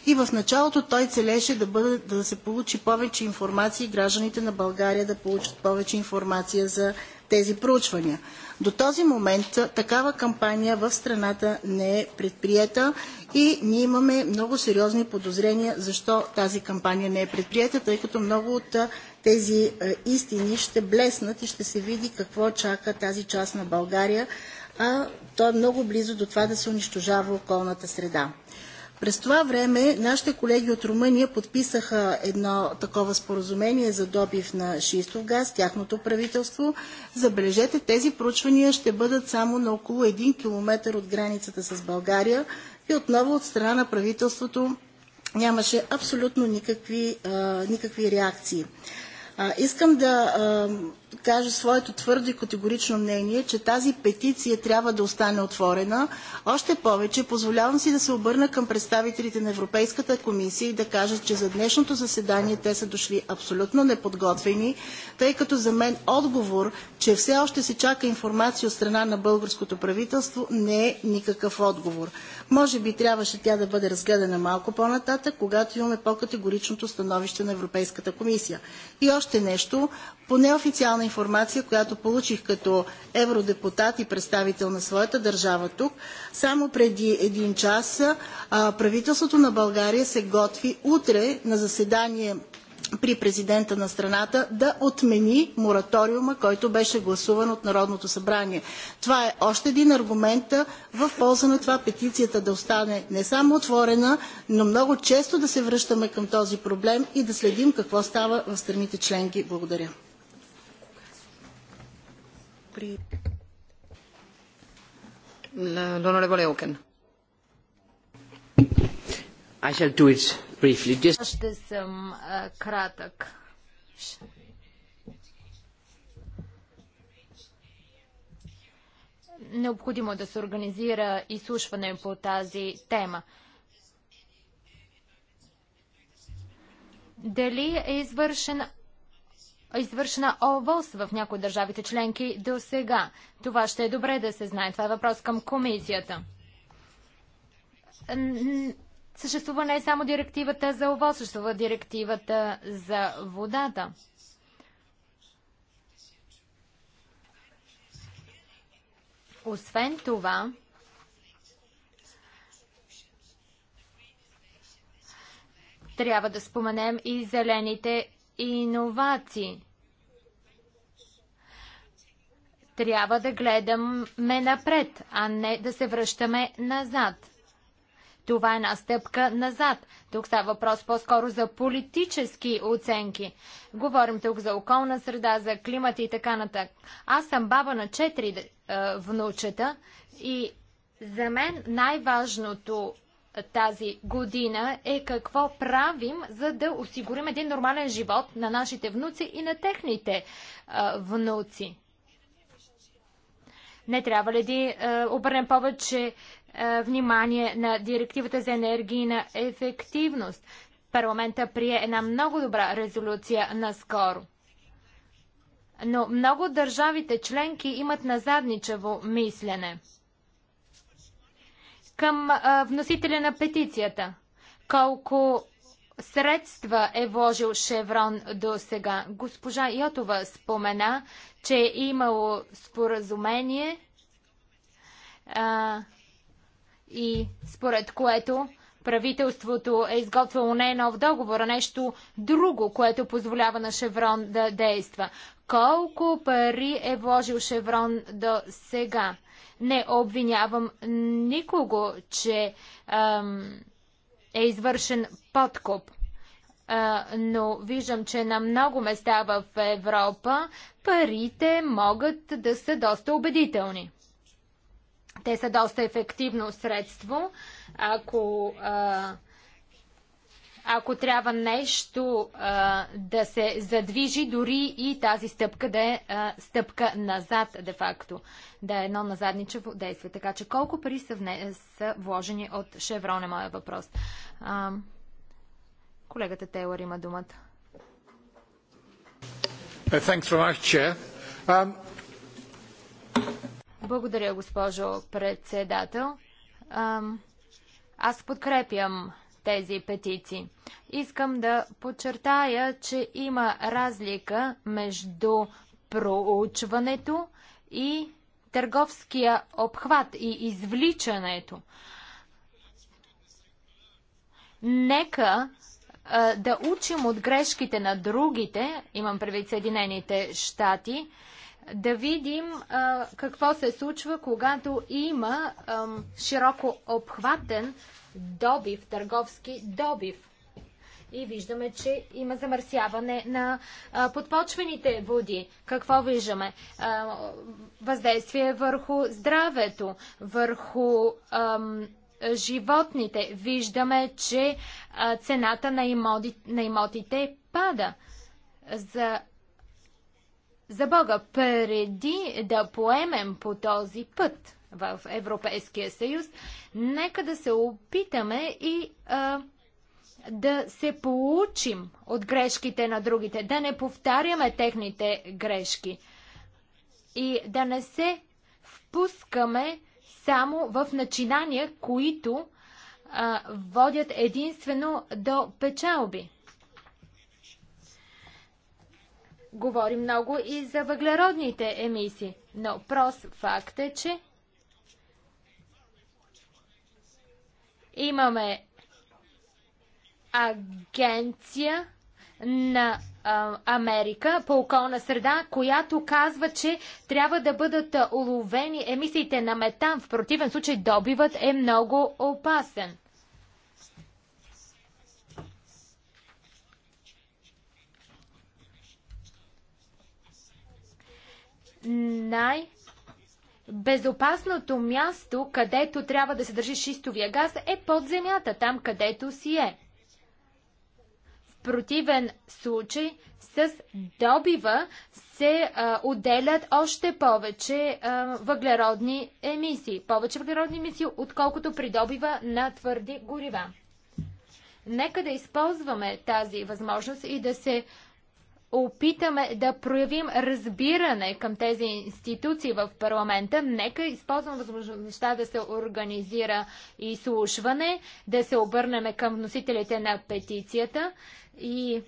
и в началото той целеше да, бъде, да се получи повече информация и гражданите на България да получат повече информация за тези проучвания. До този момент такава кампания в страната не е предприета и ние имаме много сериозни подозрения защо тази кампания не е предприета, тъй като много от тези истини ще блеснат и ще се види какво чака тази част на България, а то е много близо до това да се унищожава околната среда. През това време нашите колеги от Румъния подписаха едно такова споразумение за добив на шистов газ, тяхното правителство. Забележете, тези проучвания ще бъдат само на около 1 км от границата с България и отново от страна на правителството нямаше абсолютно никакви, а, никакви реакции. А, искам да а, кажа своето твърдо и категорично мнение, че тази петиция трябва да остане отворена. Още повече, позволявам си да се обърна към представителите на Европейската комисия и да кажа, че за днешното заседание те са дошли абсолютно неподготвени, тъй като за мен отговор, че все още се чака информация от страна на българското правителство, не е никакъв отговор. Може би трябваше тя да бъде разгледана малко по-нататък, когато имаме по-категоричното становище на Европейската комисия. И още нещо, по неофициална информация, която получих като евродепутат и представител на своята държава тук, само преди един час правителството на България се готви утре на заседание при президента на страната да отмени мораториума, който беше гласуван от Народното събрание. Това е още един аргумент в полза на това петицията да остане не само отворена, но много често да се връщаме към този проблем и да следим какво става в страните членки. Благодаря. Ще съм кратък. Необходимо е да се организира изслушване по тази тема. Дали е извършен извършена ОВОС в някои държавите членки до сега. Това ще е добре да се знае. Това е въпрос към комисията. Съществува не само директивата за ОВОС, съществува директивата за водата. Освен това, трябва да споменем и зелените и иновации. Трябва да гледаме напред, а не да се връщаме назад. Това е една стъпка назад. Тук става въпрос по-скоро за политически оценки. Говорим тук за околна среда, за климат и така нататък. Аз съм баба на четири е, внучета и за мен най-важното тази година е какво правим, за да осигурим един нормален живот на нашите внуци и на техните внуци. Не трябва ли да обърнем повече внимание на директивата за енергийна ефективност? Парламента прие една много добра резолюция наскоро. Но много държавите членки имат назадничево мислене към а, вносителя на петицията. Колко средства е вложил Шеврон до сега? Госпожа Йотова спомена, че е имало споразумение а, и според което правителството е изготвило не нов договор, а нещо друго, което позволява на Шеврон да действа. Колко пари е вложил Шеврон до сега? Не обвинявам никого, че ам, е извършен подкоп. А, но виждам, че на много места в Европа парите могат да са доста убедителни. Те са доста ефективно средство. Ако а, ако трябва нещо а, да се задвижи, дори и тази стъпка да е а, стъпка назад, де-факто. Да е едно назадничево действие. Така че колко пари са, вне, са вложени от Шеврон е моят въпрос. А, колегата Тейлър има думата. Uh, um, Благодаря, госпожо председател. аз подкрепям тези петиции. Искам да подчертая, че има разлика между проучването и търговския обхват и извличането. Нека а, да учим от грешките на другите, имам предвид Съединените щати, да видим а, какво се случва, когато има а, широко обхватен добив, търговски добив. И виждаме, че има замърсяване на подпочвените води. Какво виждаме? въздействие върху здравето, върху животните. Виждаме, че цената на, на имотите пада. За за Бога, преди да поемем по този път в Европейския съюз, нека да се опитаме и а, да се получим от грешките на другите, да не повтаряме техните грешки и да не се впускаме само в начинания, които а, водят единствено до печалби. Говори много и за въглеродните емисии, но прост факт е, че Имаме агенция на Америка по околна среда, която казва, че трябва да бъдат уловени емисиите на метан. В противен случай добивът е много опасен. Най- безопасното място, където трябва да се държи шистовия газ, е под земята, там където си е. В противен случай с добива се а, отделят още повече а, въглеродни емисии. Повече въглеродни емисии, отколкото при добива на твърди горива. Нека да използваме тази възможност и да се опитаме да проявим разбиране към тези институции в парламента. Нека използвам възможността да се организира изслушване, да се обърнем към вносителите на петицията и,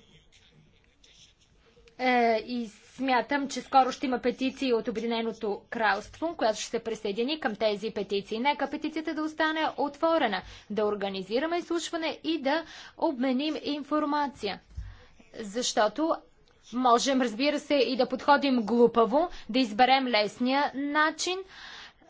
е, и смятам, че скоро ще има петиции от Обединеното кралство, която ще се присъедини към тези петиции. Нека петицията да остане отворена, да организираме изслушване и да обменим информация. Защото Можем, разбира се, и да подходим глупаво, да изберем лесния начин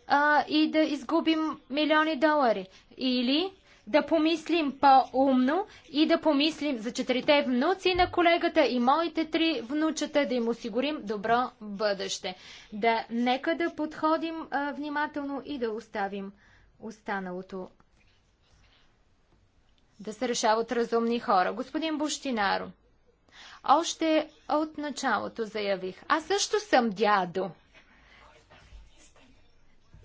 а, и да изгубим милиони долари. Или да помислим по-умно и да помислим за четирите внуци на колегата и моите три внучета, да им осигурим добро бъдеще. Да нека да подходим а, внимателно и да оставим останалото да се решават разумни хора. Господин Буштинаро, още от началото заявих. Аз също съм дядо.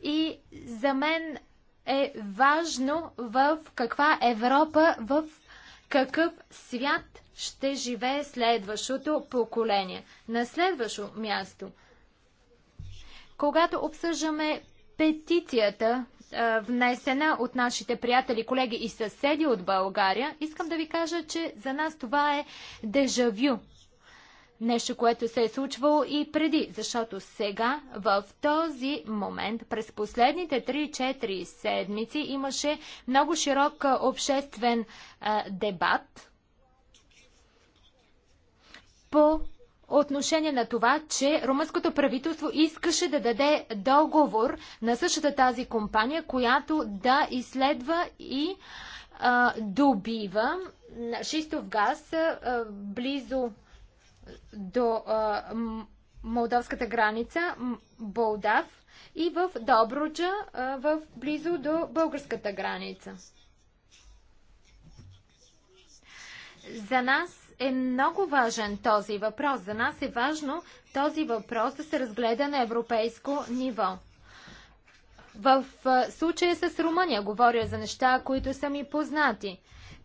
И за мен е важно в каква Европа, в какъв свят ще живее следващото поколение. На следващо място. Когато обсъждаме петицията внесена от нашите приятели, колеги и съседи от България, искам да ви кажа, че за нас това е дежавю. Нещо, което се е случвало и преди, защото сега, в този момент, през последните 3-4 седмици, имаше много широк обществен а, дебат по отношение на това, че румънското правителство искаше да даде договор на същата тази компания, която да изследва и а, добива шистов газ а, близо до а, молдовската граница, Болдав, и в Добруджа, а, в близо до българската граница. За нас е много важен този въпрос. За нас е важно този въпрос да се разгледа на европейско ниво. В случая с Румъния говоря за неща, които са ми познати.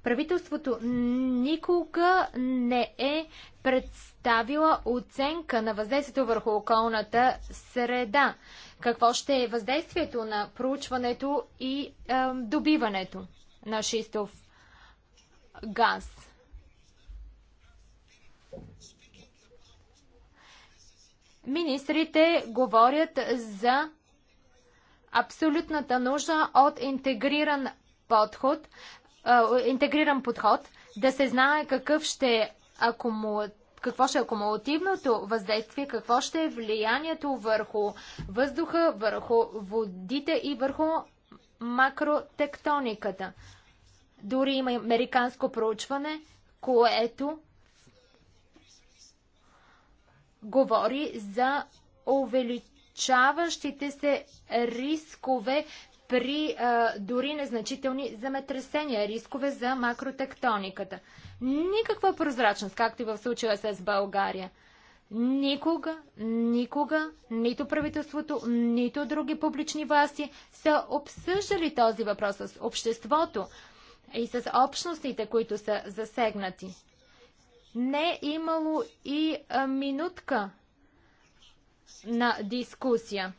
Правителството никога не е представила оценка на въздействието върху околната среда. Какво ще е въздействието на проучването и е, добиването на шистов газ? Министрите говорят за абсолютната нужда от интегриран подход, интегриран подход, да се знае какъв ще акуму... какво ще е акумулативното въздействие, какво ще е влиянието върху въздуха, върху водите и върху макротектониката. Дори има американско проучване, което говори за увеличаващите се рискове при а, дори незначителни земетресения, рискове за макротектониката. Никаква прозрачност, както и в случая с България. Никога, никога, нито правителството, нито други публични власти са обсъждали този въпрос с обществото и с общностите, които са засегнати не е имало и а, минутка на дискусия.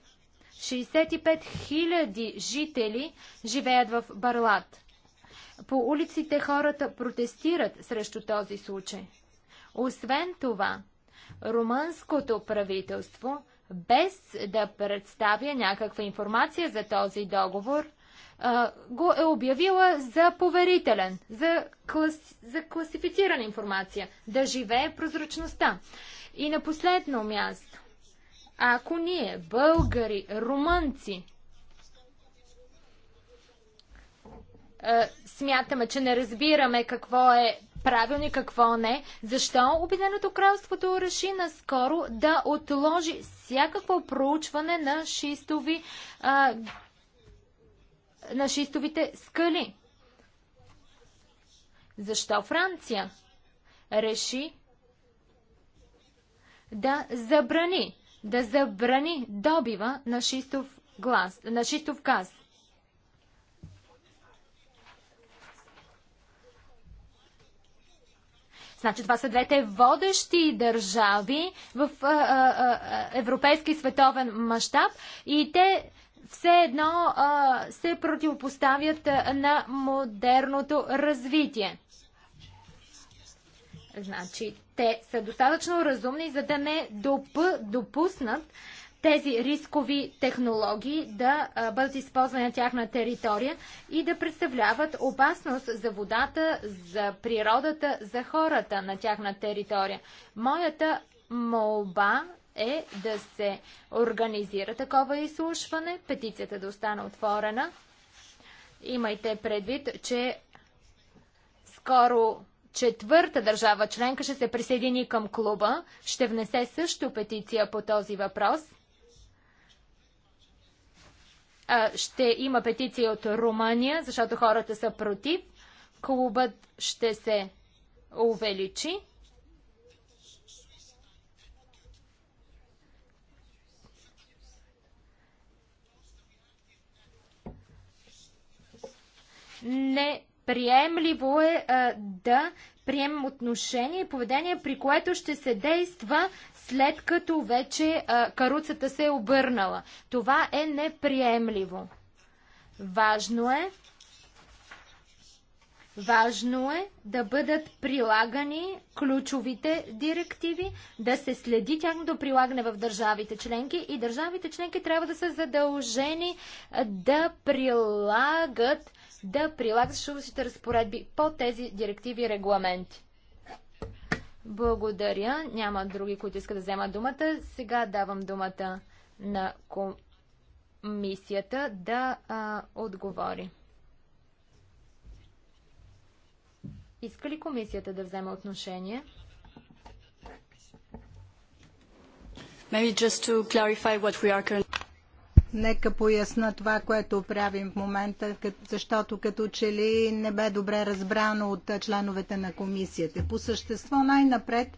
65 000 жители живеят в Барлат. По улиците хората протестират срещу този случай. Освен това, румънското правителство, без да представя някаква информация за този договор, а, го е обявила за поверителен, за, клас, за класифицирана информация, да живее прозрачността. И на последно място, ако ние, българи, румънци, смятаме, че не разбираме какво е правилно и какво не, защо Обединеното кралството реши наскоро да отложи всякакво проучване на шистови а, на шистовите скали. Защо Франция реши да забрани, да забрани добива на шистов, глас, на шистов газ? Значи това са двете водещи държави в а, а, а, европейски световен мащаб и те все едно а, се противопоставят на модерното развитие. Значи, те са достатъчно разумни, за да не доп, допуснат тези рискови технологии да а, бъдат използвани на тяхна територия и да представляват опасност за водата, за природата, за хората на тяхна територия. Моята молба е да се организира такова изслушване, петицията да остана отворена. Имайте предвид, че скоро четвърта държава членка ще се присъедини към клуба, ще внесе също петиция по този въпрос. Ще има петиция от Румъния, защото хората са против. Клубът ще се увеличи. Неприемливо е а, да приемем отношение и поведение, при което ще се действа след като вече а, каруцата се е обърнала. Това е неприемливо. Важно е Важно е да бъдат прилагани ключовите директиви, да се следи тяхното прилагане в държавите членки и държавите членки трябва да са задължени да прилагат да прилагаш съществуващите разпоредби по тези директиви и регламенти. Благодаря. Няма други, които искат да вземат думата. Сега давам думата на комисията да а, отговори. Иска ли комисията да вземе отношение? Maybe just to clarify what we are currently... Нека поясна това, което правим в момента, защото като че ли не бе добре разбрано от членовете на комисията. По същество най-напред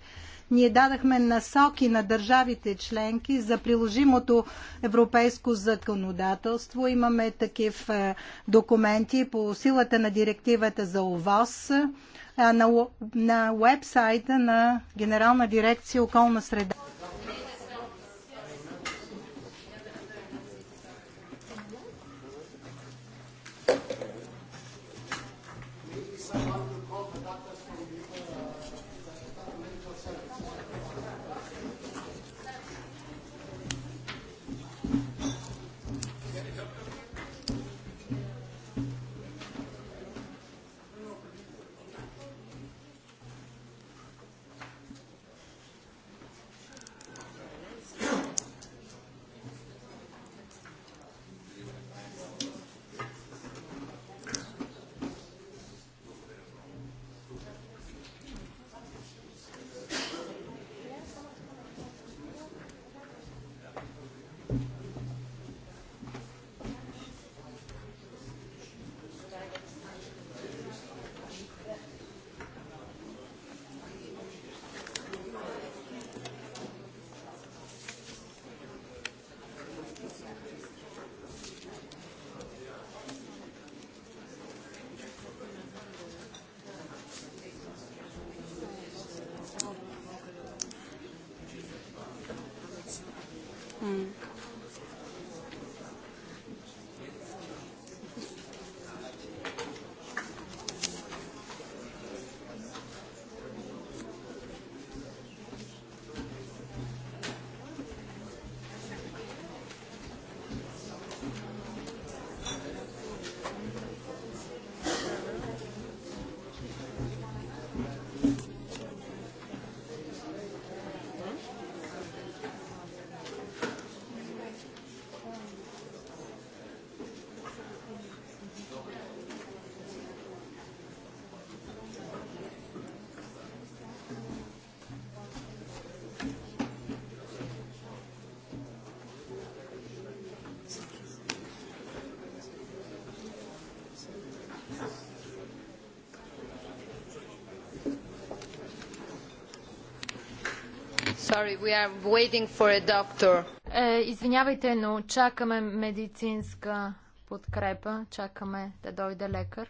ние дадахме насоки на държавите членки за приложимото европейско законодателство. Имаме такив документи по силата на директивата за ОВОС на, на вебсайта на Генерална дирекция околна среда. Sorry, we are waiting for a doctor. Е, извинявайте, но чакаме медицинска подкрепа. Чакаме да дойде лекар.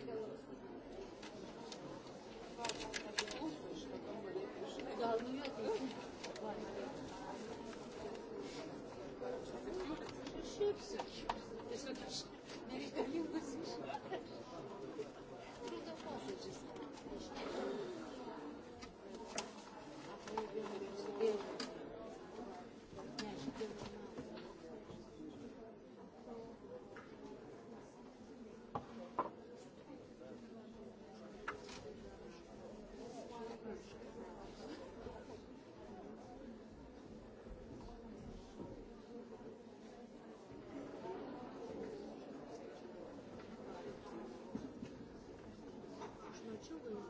Absolutely.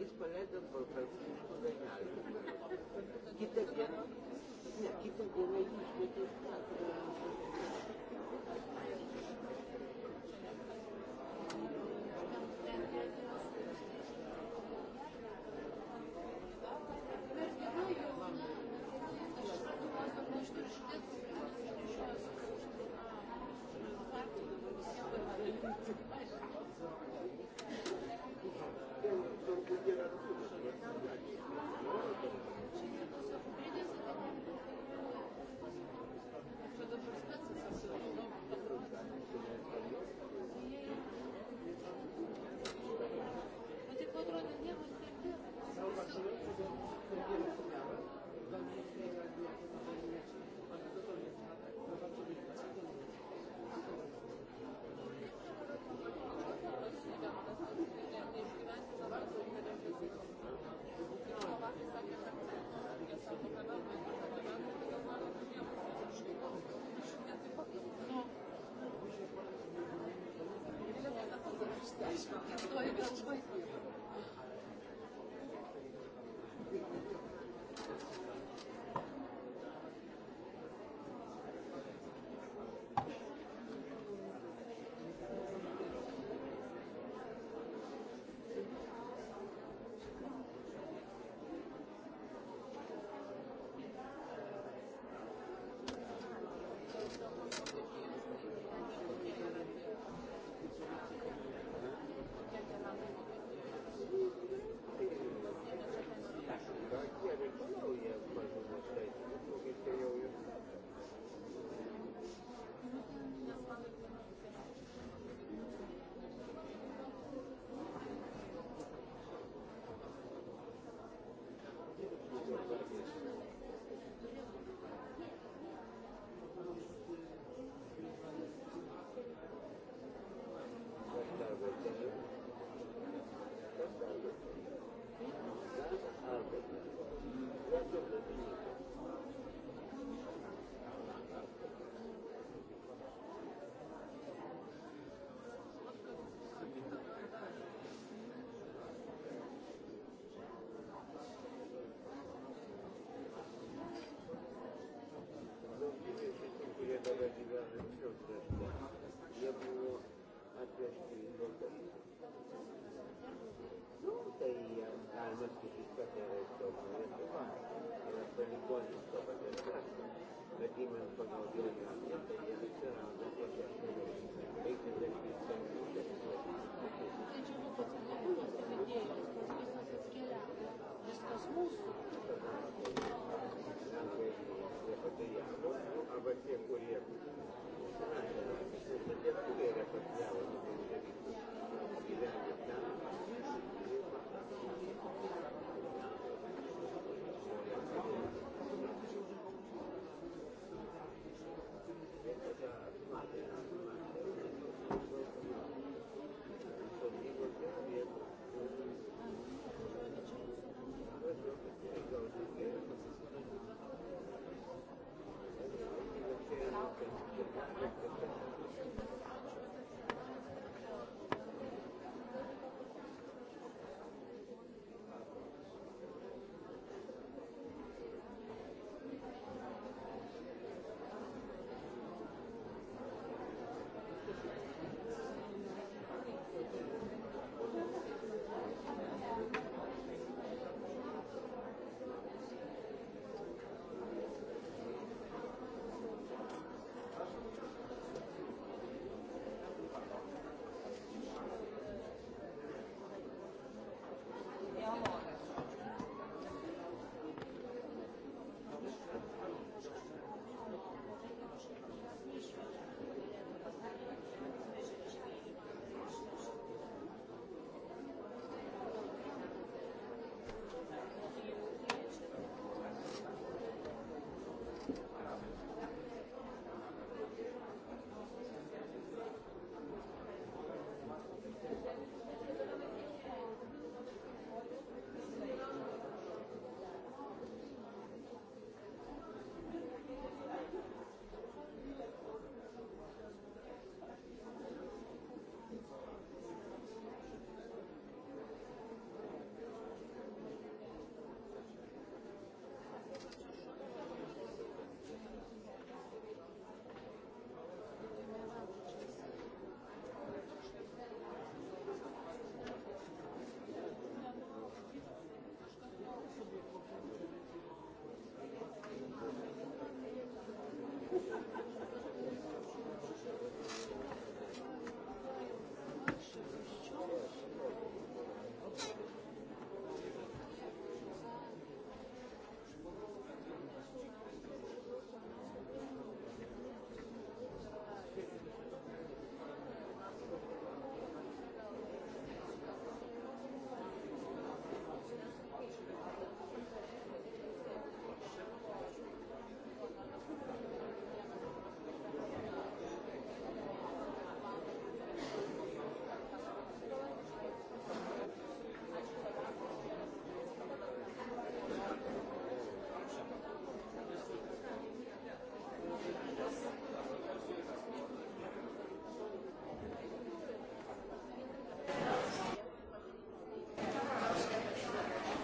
изпълнете по французско деняли. Кита гена, кита гена и всичко е това.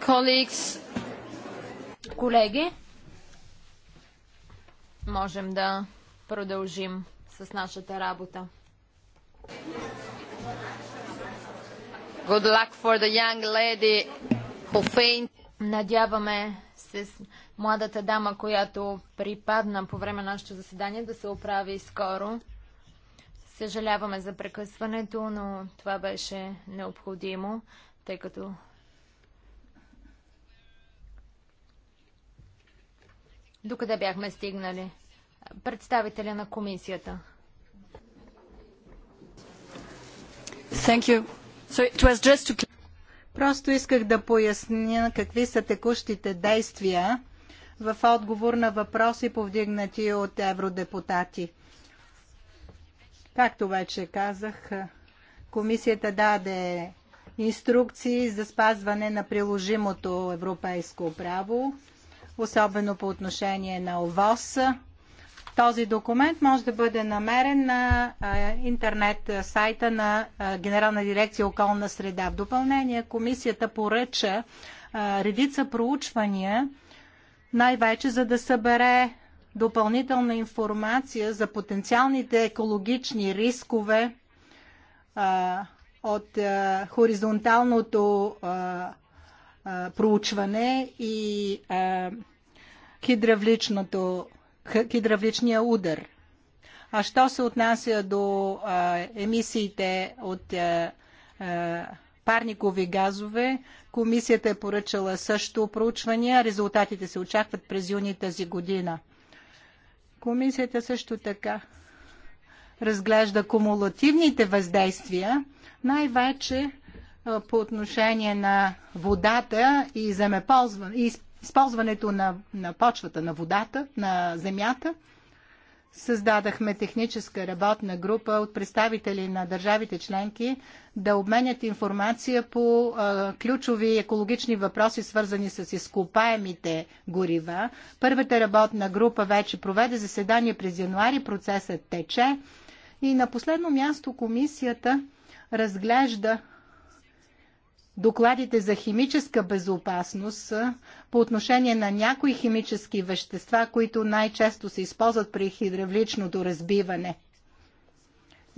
Colleagues. Колеги, можем да продължим с нашата работа. Good luck for the young lady who faint. Надяваме се с младата дама, която припадна по време на нашето заседание, да се оправи скоро. Съжаляваме за прекъсването, но това беше необходимо, тъй като Докъде бяхме стигнали? Представителя на комисията. Thank you. So it was just to... Просто исках да поясня какви са текущите действия в отговор на въпроси, повдигнати от евродепутати. Както вече казах, комисията даде инструкции за спазване на приложимото европейско право особено по отношение на ОВОС. Този документ може да бъде намерен на интернет сайта на Генерална дирекция околна среда. В допълнение, комисията поръча редица проучвания, най-вече за да събере допълнителна информация за потенциалните екологични рискове от хоризонталното проучване и а, хидравличното, хидравличния удар. А що се отнася до а, емисиите от а, а, парникови газове, комисията е поръчала също проучвания. Резултатите се очакват през юни тази година. Комисията също така разглежда кумулативните въздействия, най-вече по отношение на водата и земеползване, и използването на, на почвата, на водата, на земята. Създадахме техническа работна група от представители на държавите членки да обменят информация по а, ключови екологични въпроси, свързани с изкопаемите горива. Първата работна група вече проведе заседание през януари, процесът тече. И на последно място комисията разглежда докладите за химическа безопасност по отношение на някои химически вещества, които най-често се използват при хидравличното разбиване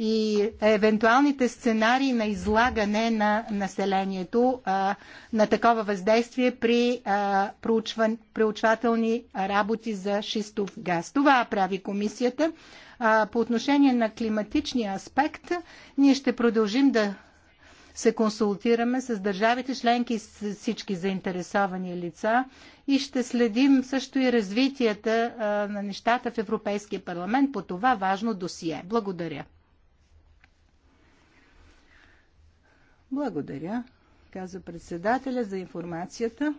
и евентуалните сценарии на излагане на населението а, на такова въздействие при проучвателни работи за шистов газ. Това прави комисията. А, по отношение на климатичния аспект, ние ще продължим да се консултираме с държавите членки и с всички заинтересовани лица и ще следим също и развитията на нещата в Европейския парламент по това важно досие. Благодаря. Благодаря, каза председателя за информацията.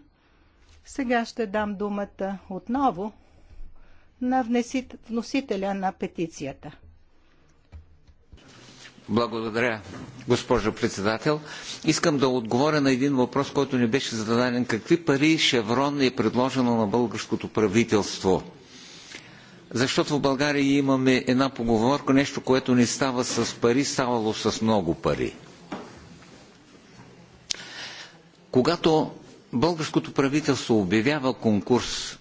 Сега ще дам думата отново на вносителя на петицията. Благодаря, госпожо председател. Искам да отговоря на един въпрос, който ни беше зададен. Какви пари Шеврон е предложено на българското правителство? Защото в България имаме една поговорка, нещо, което не става с пари, ставало с много пари. Когато българското правителство обявява конкурс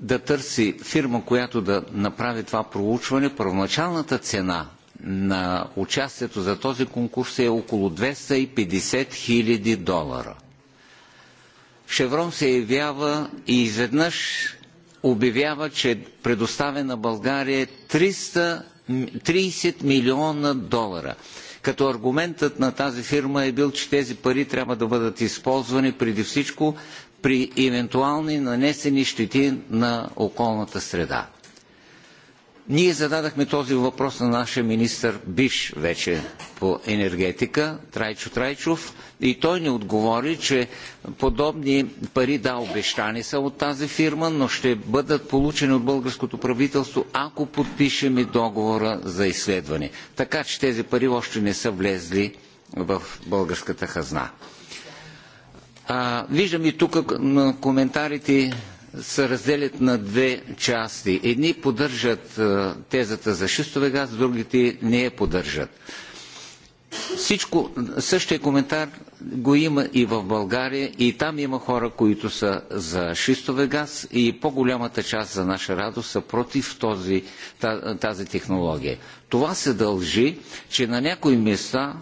да търси фирма, която да направи това проучване, първоначалната цена на участието за този конкурс е около 250 хиляди долара. Шеврон се явява и изведнъж обявява, че предоставя на България 300, 30 милиона долара. Като аргументът на тази фирма е бил, че тези пари трябва да бъдат използвани преди всичко при евентуални нанесени щети на околната среда. Ние зададахме този въпрос на нашия министр, биш вече по енергетика, Трайчо Трайчов, и той ни отговори, че подобни пари, да, обещани са от тази фирма, но ще бъдат получени от българското правителство, ако подпишеме договора за изследване. Така че тези пари още не са влезли в българската хазна. А, виждам и тук на коментарите се разделят на две части. Едни поддържат е, тезата за шистове газ, другите не я поддържат. Всичко, същия коментар го има и в България, и там има хора, които са за шистове газ, и по-голямата част за наша радост са против този, тази технология. Това се дължи, че на някои места,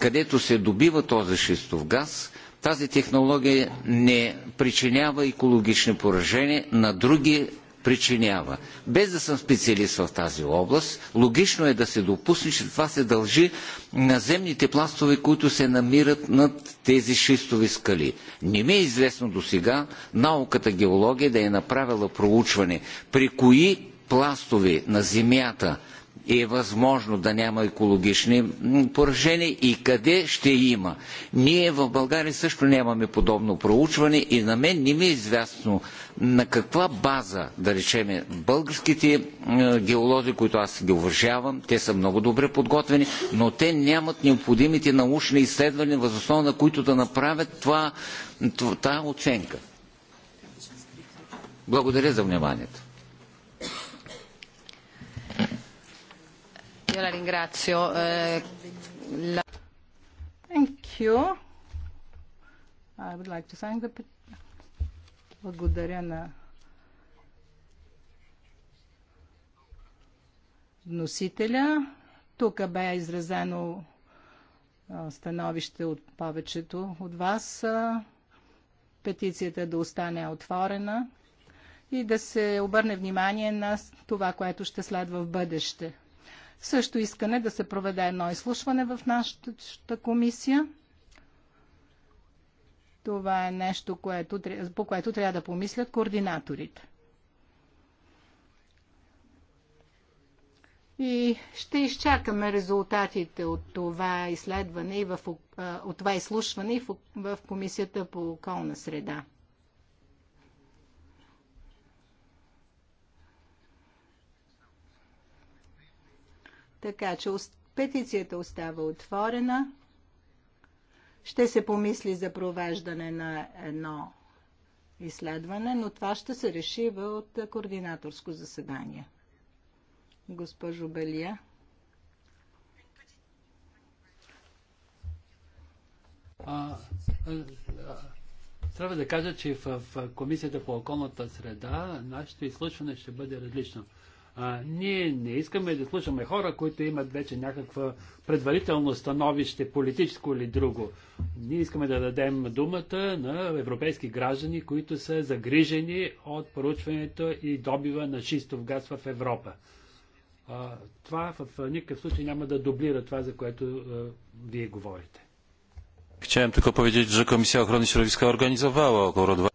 където се добива този шистов газ, тази технология не причинява екологични поражения, на други причинява. Без да съм специалист в тази област, логично е да се допусне, че това се дължи на земните пластове, които се намират над тези шистови скали. Не ми е известно до сега науката геология да е направила проучване при кои пластове на земята е възможно да няма екологични поражения и къде ще има. Ние в България също нямаме подобно проучване и на мен не ми е известно на каква база, да речем, българските е, геолози, които аз ги уважавам, те са много добре подготвени, но те нямат необходимите научни изследвания, възоснова на които да направят това, това, това оценка. Благодаря за вниманието. Io la ringrazio. Eh, la... Thank you. I would like to thank the... Благодаря на вносителя. Тук бе изразено становище от повечето от вас. Петицията да остане отворена и да се обърне внимание на това, което ще следва в бъдеще. Също искане да се проведе едно изслушване в нашата комисия. Това е нещо, което, по което трябва да помислят координаторите. И ще изчакаме резултатите от това изследване и в, от това изслушване и в, в Комисията по околна среда. Така че петицията остава отворена. Ще се помисли за провеждане на едно изследване, но това ще се реши от координаторско заседание. Госпожо Белия. А, а, а, трябва да кажа, че в, в Комисията по околната среда нашето изслушване ще бъде различно. А, ние не искаме да слушаме хора, които имат вече някаква предварително становище, политическо или друго. Ние искаме да дадем думата на европейски граждани, които са загрижени от поручването и добива на чистов газ в Европа. А, това в никакъв случай няма да дублира това, за което а, вие говорите. Chciałem tylko powiedzieć, że Komisja Ochrony Środowiska organizowała około dwa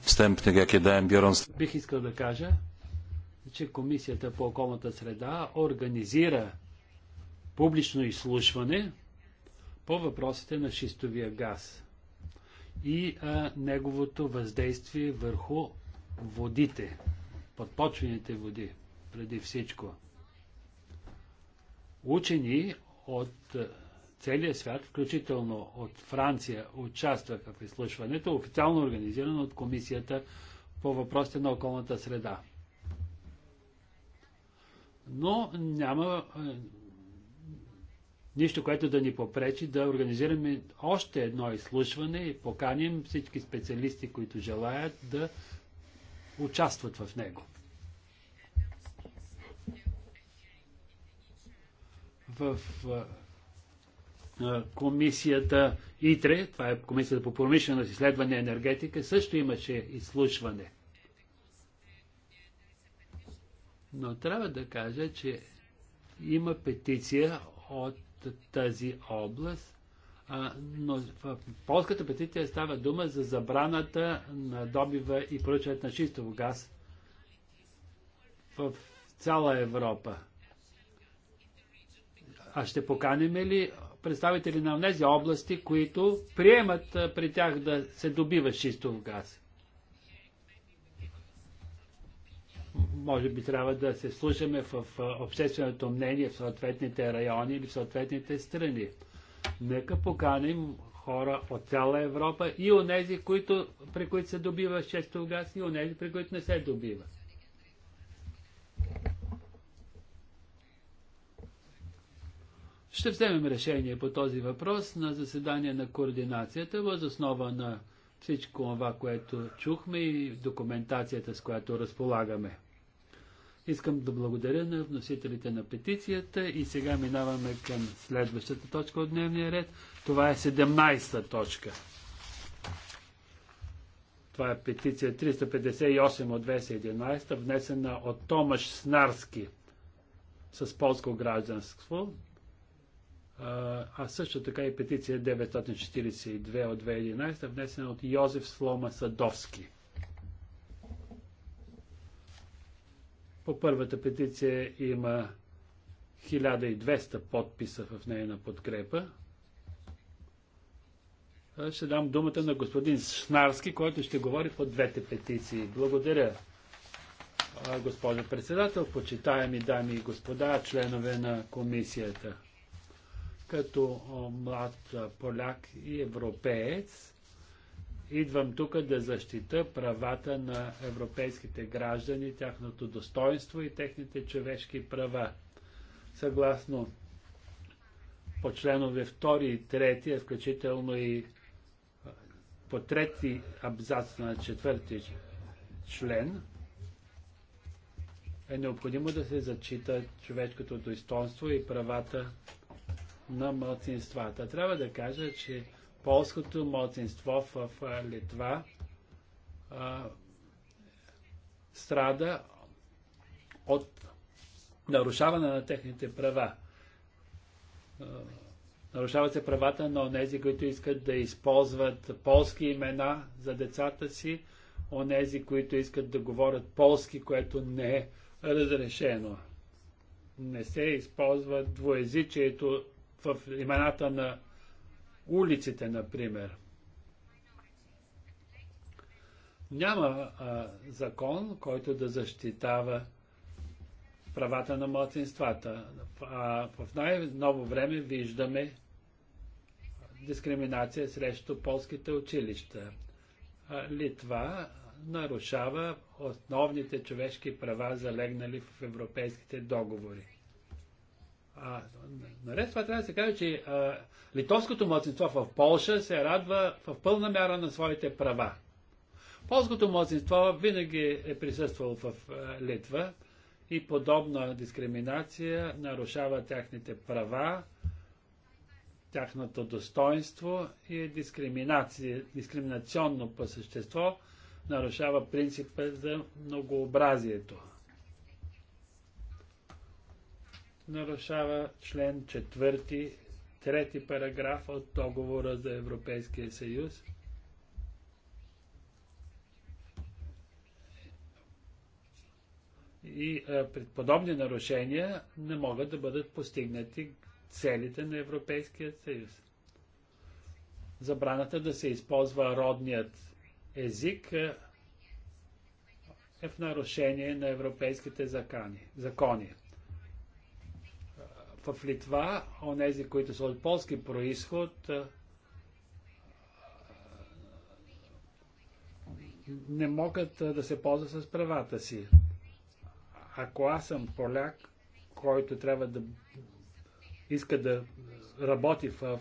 wstępnych, jakie dałem biorąc. Bych chciał кажа, че Комисията по околната среда организира публично изслушване по въпросите на шистовия газ и а, неговото въздействие върху водите, подпочвените води, преди всичко. Учени от целия свят, включително от Франция, участваха в изслушването, официално организирано от Комисията по въпросите на околната среда но няма е, нищо, което да ни попречи да организираме още едно изслушване и поканим всички специалисти, които желаят да участват в него. В е, е, комисията ИТРЕ, това е комисията по промишленост, изследване и енергетика, също имаше изслушване – Но трябва да кажа, че има петиция от тази област, а, но в полската петиция става дума за забраната на добива и поръчването на чистов газ в цяла Европа. А ще поканим ли представители на тези области, които приемат при тях да се добива чистов газ? може би трябва да се слушаме в общественото мнение в съответните райони или в съответните страни. Нека поканим хора от цяла Европа и онези, които, при които се добива шестов газ и онези, при които не се добива. Ще вземем решение по този въпрос на заседание на координацията, въз основа на всичко това, което чухме и документацията, с която разполагаме. Искам да благодаря на вносителите на петицията и сега минаваме към следващата точка от дневния ред. Това е 17-та точка. Това е петиция 358 от 2011, внесена от Томаш Снарски с полско гражданство, а също така и петиция 942 от 2011, внесена от Йозеф Слома Садовски. По първата петиция има 1200 подписа в нейна подкрепа. Ще дам думата на господин Шнарски, който ще говори по двете петиции. Благодаря, госпожо председател, почитаеми дами и господа, членове на комисията. Като млад поляк и европеец, идвам тук да защита правата на европейските граждани, тяхното достоинство и техните човешки права. Съгласно по членове 2 и 3, включително и по трети абзац на четвърти член, е необходимо да се зачита човешкото достоинство и правата на мълцинствата. Трябва да кажа, че полското младсинство в Литва а, страда от нарушаване на техните права. нарушават се правата на онези, които искат да използват полски имена за децата си, онези, които искат да говорят полски, което не е разрешено. Не се използва двоезичието в имената на улиците, например. Няма а, закон, който да защитава правата на младсинствата. А в най-ново време виждаме дискриминация срещу полските училища. Литва нарушава основните човешки права, залегнали в европейските договори. А, наред това трябва да се каже, че а, литовското младсинство в Полша се радва в пълна мяра на своите права. Полското младсинство винаги е присъствало в а, Литва и подобна дискриминация нарушава тяхните права, тяхното достоинство и е дискриминация, дискриминационно по същество нарушава принципа за многообразието. нарушава член 4, трети параграф от договора за Европейския съюз. И пред подобни нарушения не могат да бъдат постигнати целите на Европейския съюз. Забраната да се използва родният език е в нарушение на европейските закони в Литва, онези, които са от полски происход, не могат да се ползват с правата си. Ако аз съм поляк, който трябва да иска да работи в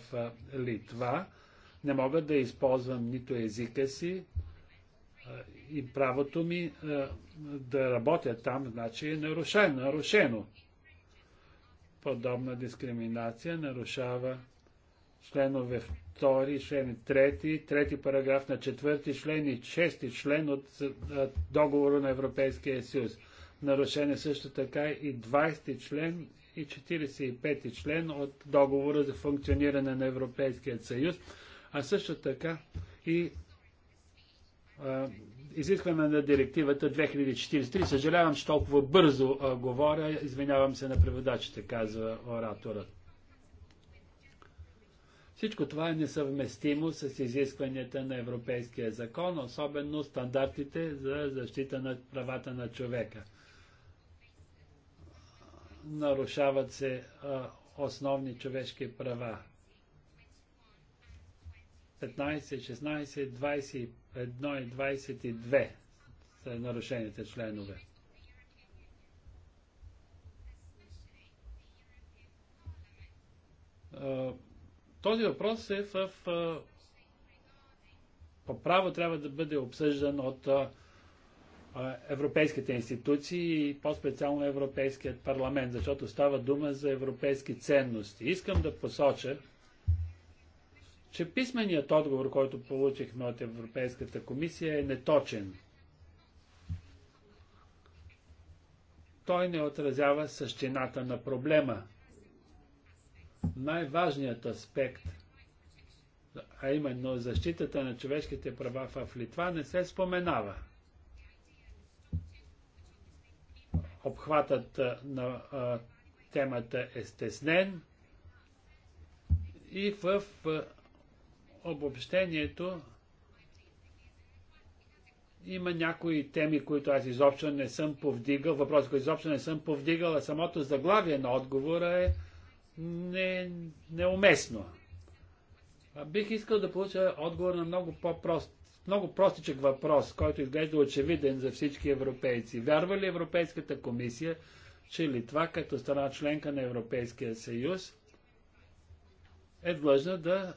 Литва, не мога да използвам нито езика си и правото ми да работя там, значи е нарушено. нарушено подобна дискриминация нарушава членове 2, член 3, 3 параграф на 4 член и 6 член от договора на Европейския съюз. Нарушен е също така и 20 член и 45 член от договора за функциониране на Европейския съюз, а също така и Изискване на директивата 2043. Съжалявам, че толкова бързо а, говоря. Извинявам се на преводачите, казва оратора. Всичко това е несъвместимо с изискванията на Европейския закон, особено стандартите за защита на правата на човека. Нарушават се а, основни човешки права. 15, 16, 21 и 22 са нарушените членове. Този въпрос е в по право трябва да бъде обсъждан от европейските институции и по-специално Европейският парламент, защото става дума за европейски ценности. Искам да посоча, че писменият отговор, който получихме от Европейската комисия е неточен. Той не отразява същината на проблема. Най-важният аспект, а именно защитата на човешките права в Литва, не се споменава. Обхватът на а, темата е стеснен и в обобщението има някои теми, които аз изобщо не съм повдигал, въпрос, който изобщо не съм повдигал, а самото заглавие на отговора е не, неуместно. А бих искал да получа отговор на много по-прост, много простичък въпрос, който изглежда очевиден за всички европейци. Вярва ли Европейската комисия, че Литва като страна членка на Европейския съюз е длъжна да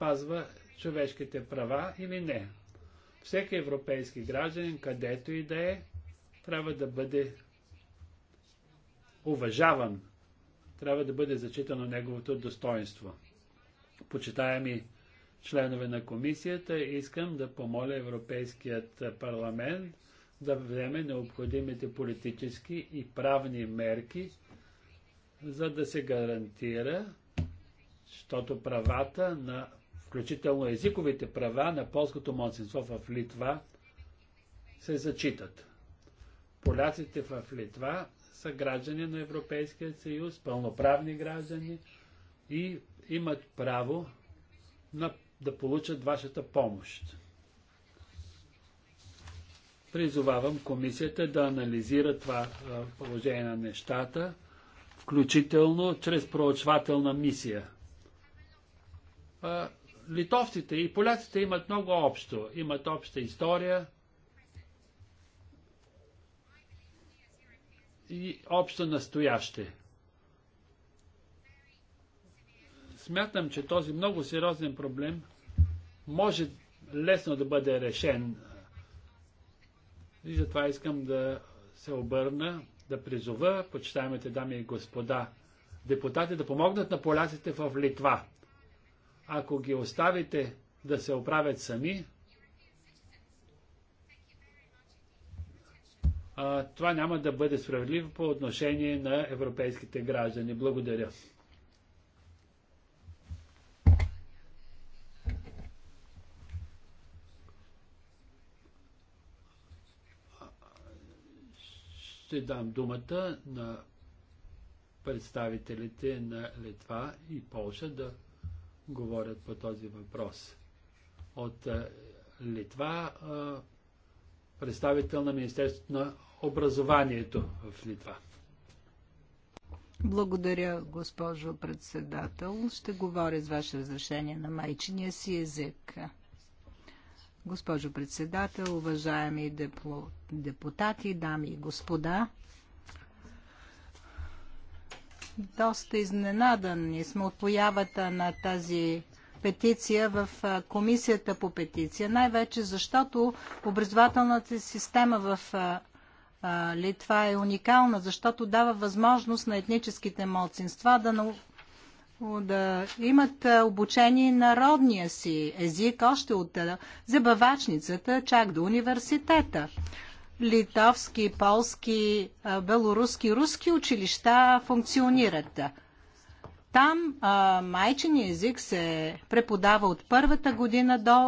спазва човешките права или не. Всеки европейски гражданин, където и да е, трябва да бъде уважаван, трябва да бъде зачитано неговото достоинство. Почитаеми членове на комисията, искам да помоля Европейският парламент да вземе необходимите политически и правни мерки, за да се гарантира, защото правата на включително езиковите права на полското младсинство в Литва, се зачитат. Поляците в Литва са граждани на Европейския съюз, пълноправни граждани и имат право на, да получат вашата помощ. Призовавам комисията да анализира това положение на нещата, включително чрез проучвателна мисия литовците и поляците имат много общо. Имат обща история и общо настояще. Смятам, че този много сериозен проблем може лесно да бъде решен. И затова искам да се обърна, да призова почитаемите дами и господа депутати да помогнат на поляците в Литва ако ги оставите да се оправят сами, а, това няма да бъде справедливо по отношение на европейските граждани. Благодаря. Ще дам думата на представителите на Литва и Полша да говорят по този въпрос. От е, Литва е, представител на Министерството на образованието в Литва. Благодаря, госпожо председател. Ще говоря с ваше разрешение на майчиния си език. Госпожо председател, уважаеми депутати, дами и господа, доста изненадани сме от появата на тази петиция в Комисията по петиция, най-вече защото образователната система в Литва е уникална, защото дава възможност на етническите младсинства да, да имат обучение на родния си език, още от забавачницата, чак до университета литовски, полски, белоруски, руски училища функционират. Там а, майчиния език се преподава от първата година до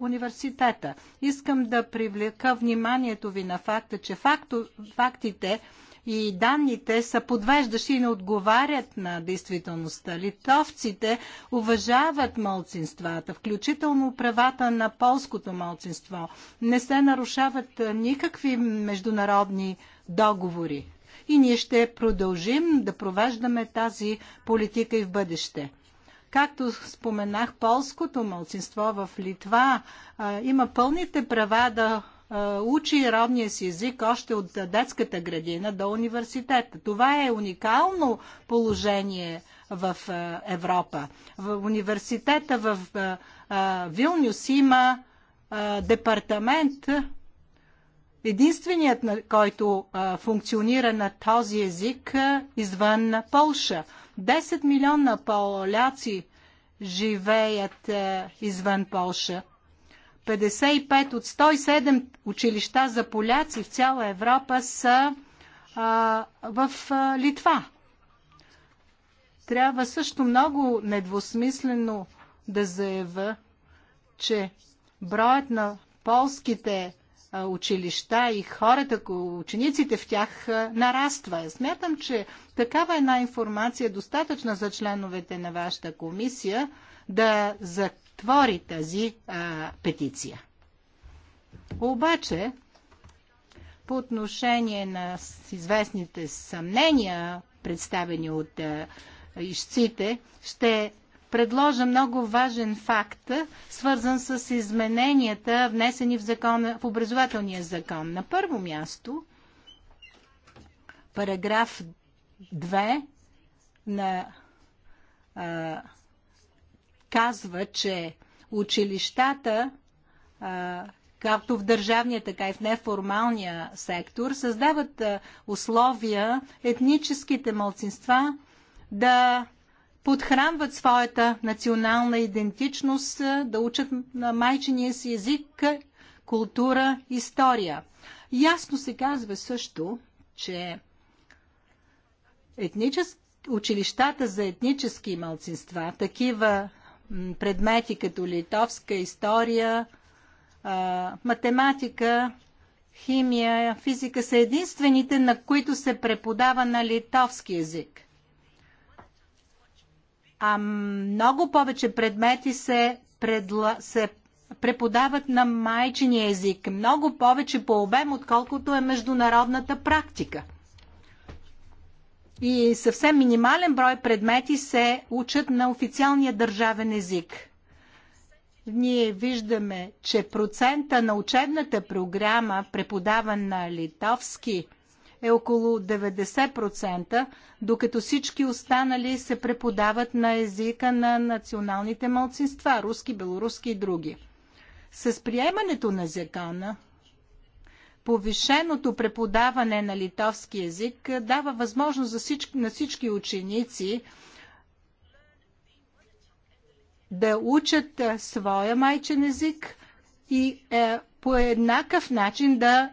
университета. Искам да привлека вниманието ви на факта, че факто, фактите и данните са подвеждащи и не отговарят на действителността. Литовците уважават малцинствата, включително правата на полското малцинство. Не се нарушават никакви международни договори. И ние ще продължим да провеждаме тази политика и в бъдеще. Както споменах, полското мълцинство в Литва а, има пълните права да учи родния си език още от детската градина до университета. Това е уникално положение в Европа. В университета в Вилнюс има департамент, единственият, който функционира на този език извън Полша. 10 милиона поляци живеят извън Полша. 55 от 107 училища за поляци в цяла Европа са а, в а, Литва. Трябва също много недвусмислено да заява, че броят на полските а, училища и хората, учениците в тях а, нараства. Смятам, че такава една информация е достатъчна за членовете на вашата комисия да, за, отвори тази а, петиция. Обаче, по отношение на известните съмнения, представени от а, ищците, ще предложа много важен факт, свързан с измененията, внесени в, закона, в образователния закон. На първо място, параграф 2 на а, казва, че училищата, както в държавния, така и в неформалния сектор, създават условия етническите мълцинства да подхранват своята национална идентичност, да учат на майчиния си език, култура, история. Ясно се казва също, че етнически училищата за етнически малцинства, такива предмети като литовска история, математика, химия, физика са единствените, на които се преподава на литовски язик. А много повече предмети се, предла... се преподават на майчиния език. Много повече по обем, отколкото е международната практика и съвсем минимален брой предмети се учат на официалния държавен език. Ние виждаме, че процента на учебната програма, преподавана на литовски, е около 90%, докато всички останали се преподават на езика на националните малцинства руски, белоруски и други. С приемането на закона повишеното преподаване на литовски язик дава възможност за всички, на всички ученици да учат своя майчен език и е, по еднакъв начин да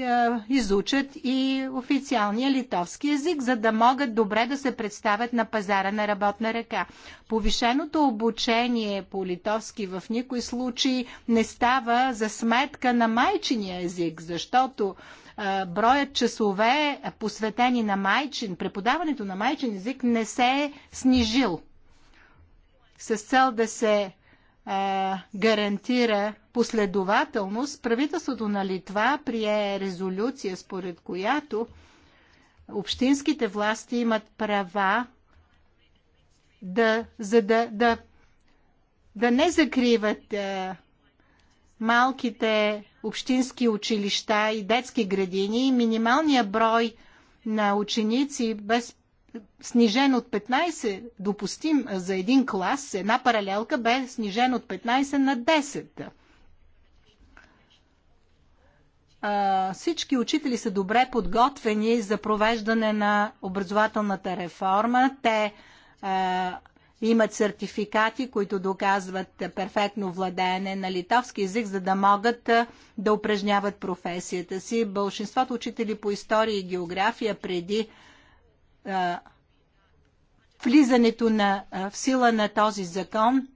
е, изучат и официалния литовски язик, за да могат добре да се представят на пазара на работна ръка. Повишеното обучение по литовски в никой случай не става за сметка на майчиния език, защото е, броят часове посветени на майчин, преподаването на майчин език не се е снижил. С цел да се а, гарантира последователност, правителството на Литва прие резолюция, според която общинските власти имат права да, за да, да, да не закриват а, малките общински училища и детски градини, минималния брой на ученици без снижен от 15, допустим за един клас, една паралелка бе снижен от 15 на 10. А, всички учители са добре подготвени за провеждане на образователната реформа. Те а, имат сертификати, които доказват перфектно владеене на литовски язик, за да могат да упражняват професията си. Бълшинството учители по история и география преди влизането на в сила на този закон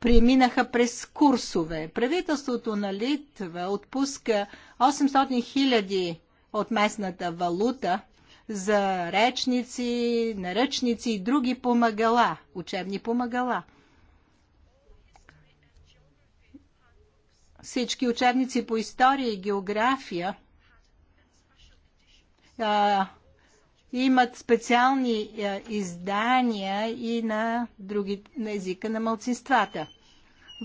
преминаха през курсове. Правителството на Литва отпуска 800 хиляди от местната валута за речници, наръчници и други помагала, учебни помагала. Всички учебници по история и география а, имат специални е, издания и на, други, на езика на мълцинствата.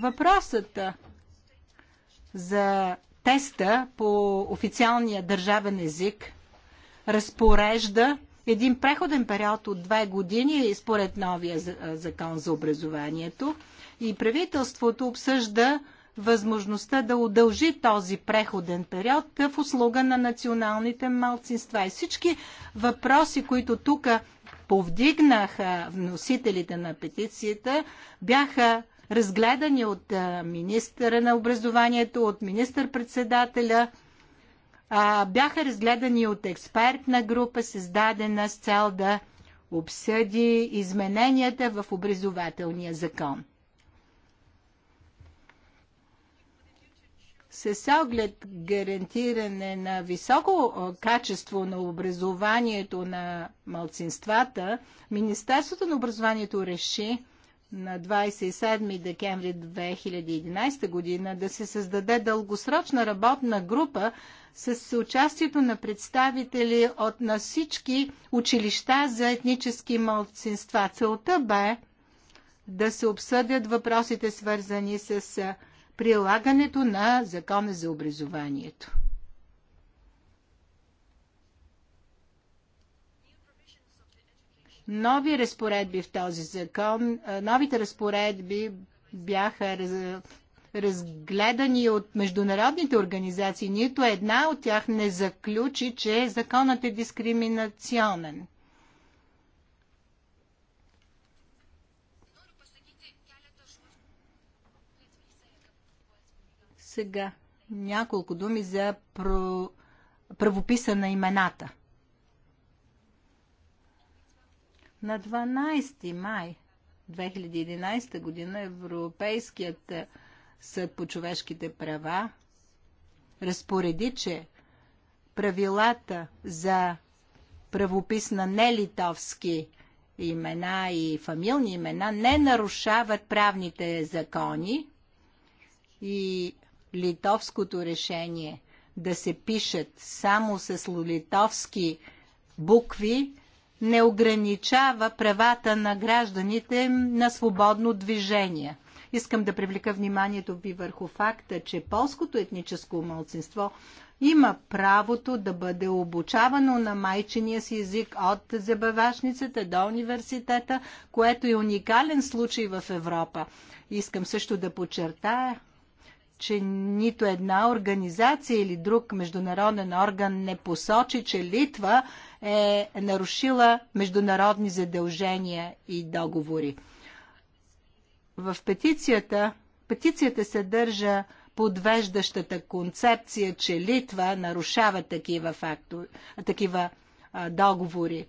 Въпросът е, за теста по официалния държавен език разпорежда един преходен период от две години според новия е, закон за образованието и правителството обсъжда възможността да удължи този преходен период в услуга на националните малцинства. И всички въпроси, които тук повдигнаха вносителите на петицията, бяха разгледани от министъра на образованието, от министър-председателя, бяха разгледани от експертна група, създадена с цел да обсъди измененията в образователния закон. с оглед гарантиране на високо качество на образованието на малцинствата, Министерството на образованието реши на 27 декември 2011 година да се създаде дългосрочна работна група с участието на представители от на всички училища за етнически малцинства. Целта бе да се обсъдят въпросите свързани с прилагането на закона за образованието. Нови разпоредби в този закон, новите разпоредби бяха разгледани от международните организации. Нито една от тях не заключи, че законът е дискриминационен. Сега няколко думи за про... правописа на имената. На 12 май 2011 година Европейският съд по човешките права разпореди, че правилата за правопис на нелитовски имена и фамилни имена не нарушават правните закони и литовското решение да се пишат само с литовски букви, не ограничава правата на гражданите на свободно движение. Искам да привлека вниманието ви върху факта, че полското етническо малцинство има правото да бъде обучавано на майчиния си език от забавашницата до университета, което е уникален случай в Европа. Искам също да подчертая, че нито една организация или друг международен орган не посочи, че Литва е нарушила международни задължения и договори. В петицията, петицията съдържа подвеждащата концепция, че Литва нарушава такива, фактори, такива а, договори.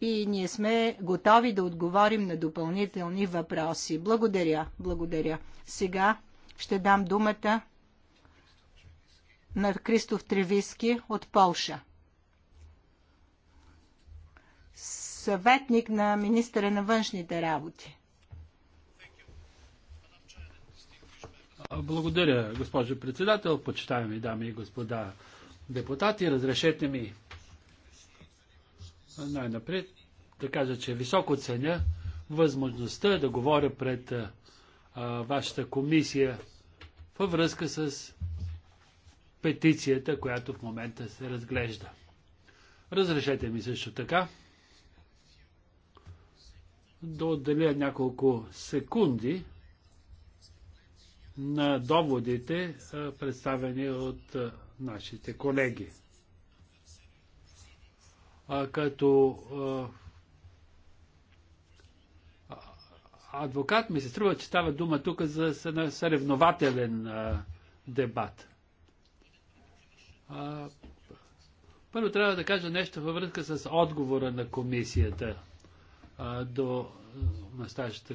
И ние сме готови да отговорим на допълнителни въпроси. Благодаря, благодаря. Сега ще дам думата на Кристоф Тревиски от Полша. Съветник на министра на външните работи. Благодаря, госпожо председател, почитаеми дами и господа депутати. Разрешете ми най-напред да кажа, че високо ценя възможността да говоря пред а, вашата комисия във връзка с петицията, която в момента се разглежда. Разрешете ми също така да отделя няколко секунди на доводите, представени от нашите колеги. Като адвокат ми се струва, че става дума тук за съревнователен а, дебат. А, първо трябва да кажа нещо във връзка с отговора на комисията а, до настоящата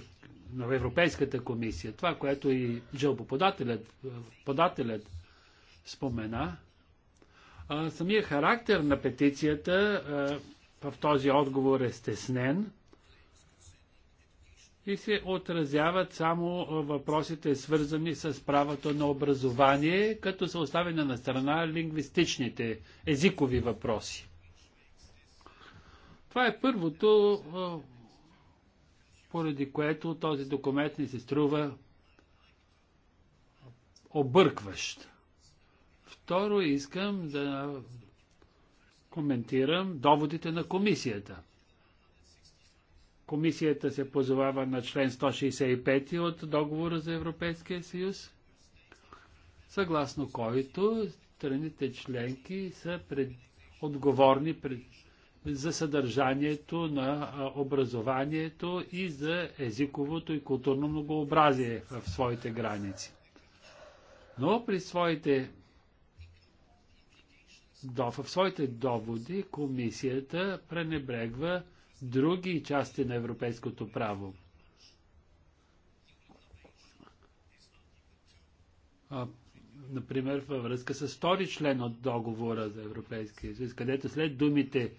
на Европейската комисия. Това, което и жълбоподателят подателят спомена, а, самия характер на петицията а, в този отговор е стеснен и се отразяват само въпросите, свързани с правото на образование, като са оставени на страна лингвистичните езикови въпроси. Това е първото, поради което този документ ни се струва объркващ. Второ, искам да коментирам доводите на комисията – Комисията се позовава на член 165 от договора за Европейския съюз, съгласно който страните членки са пред, отговорни пред, за съдържанието на образованието и за езиковото и културно многообразие в своите граници. Но при своите в своите доводи комисията пренебрегва други части на европейското право. А, например, във връзка с втори член от договора за Европейския съюз, където след думите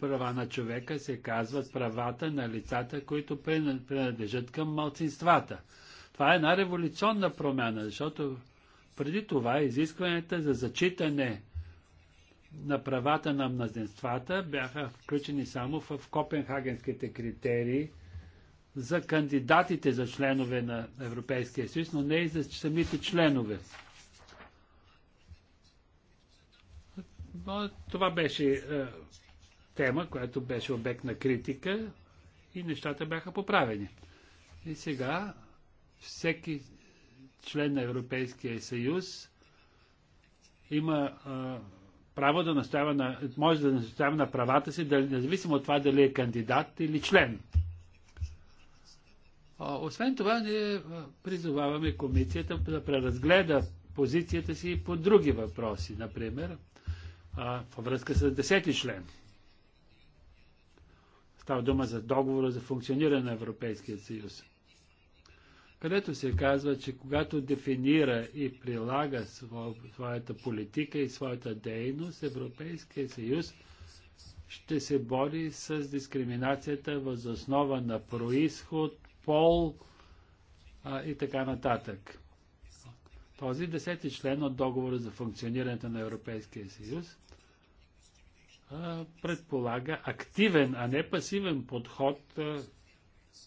права на човека се казват правата на лицата, които принадлежат към малцинствата. Това е една революционна промяна, защото преди това изискванията за зачитане на правата на мнозинствата бяха включени само в копенхагенските критерии за кандидатите за членове на Европейския съюз, но не и за самите членове. Но това беше е, тема, която беше обект на критика и нещата бяха поправени. И сега всеки член на Европейския съюз има Е, право да настоява на, може да настоява на правата си, дали, независимо от това дали е кандидат или член. Освен това, ние призоваваме комисията да преразгледа позицията си по други въпроси, например, във връзка с 10-ти член. Става дума за договора за функциониране на Европейския съюз където се казва, че когато дефинира и прилага своята политика и своята дейност, Европейския съюз ще се бори с дискриминацията въз основа на происход, пол а, и така нататък. Този десети член от договора за функционирането на Европейския съюз а, предполага активен, а не пасивен подход а,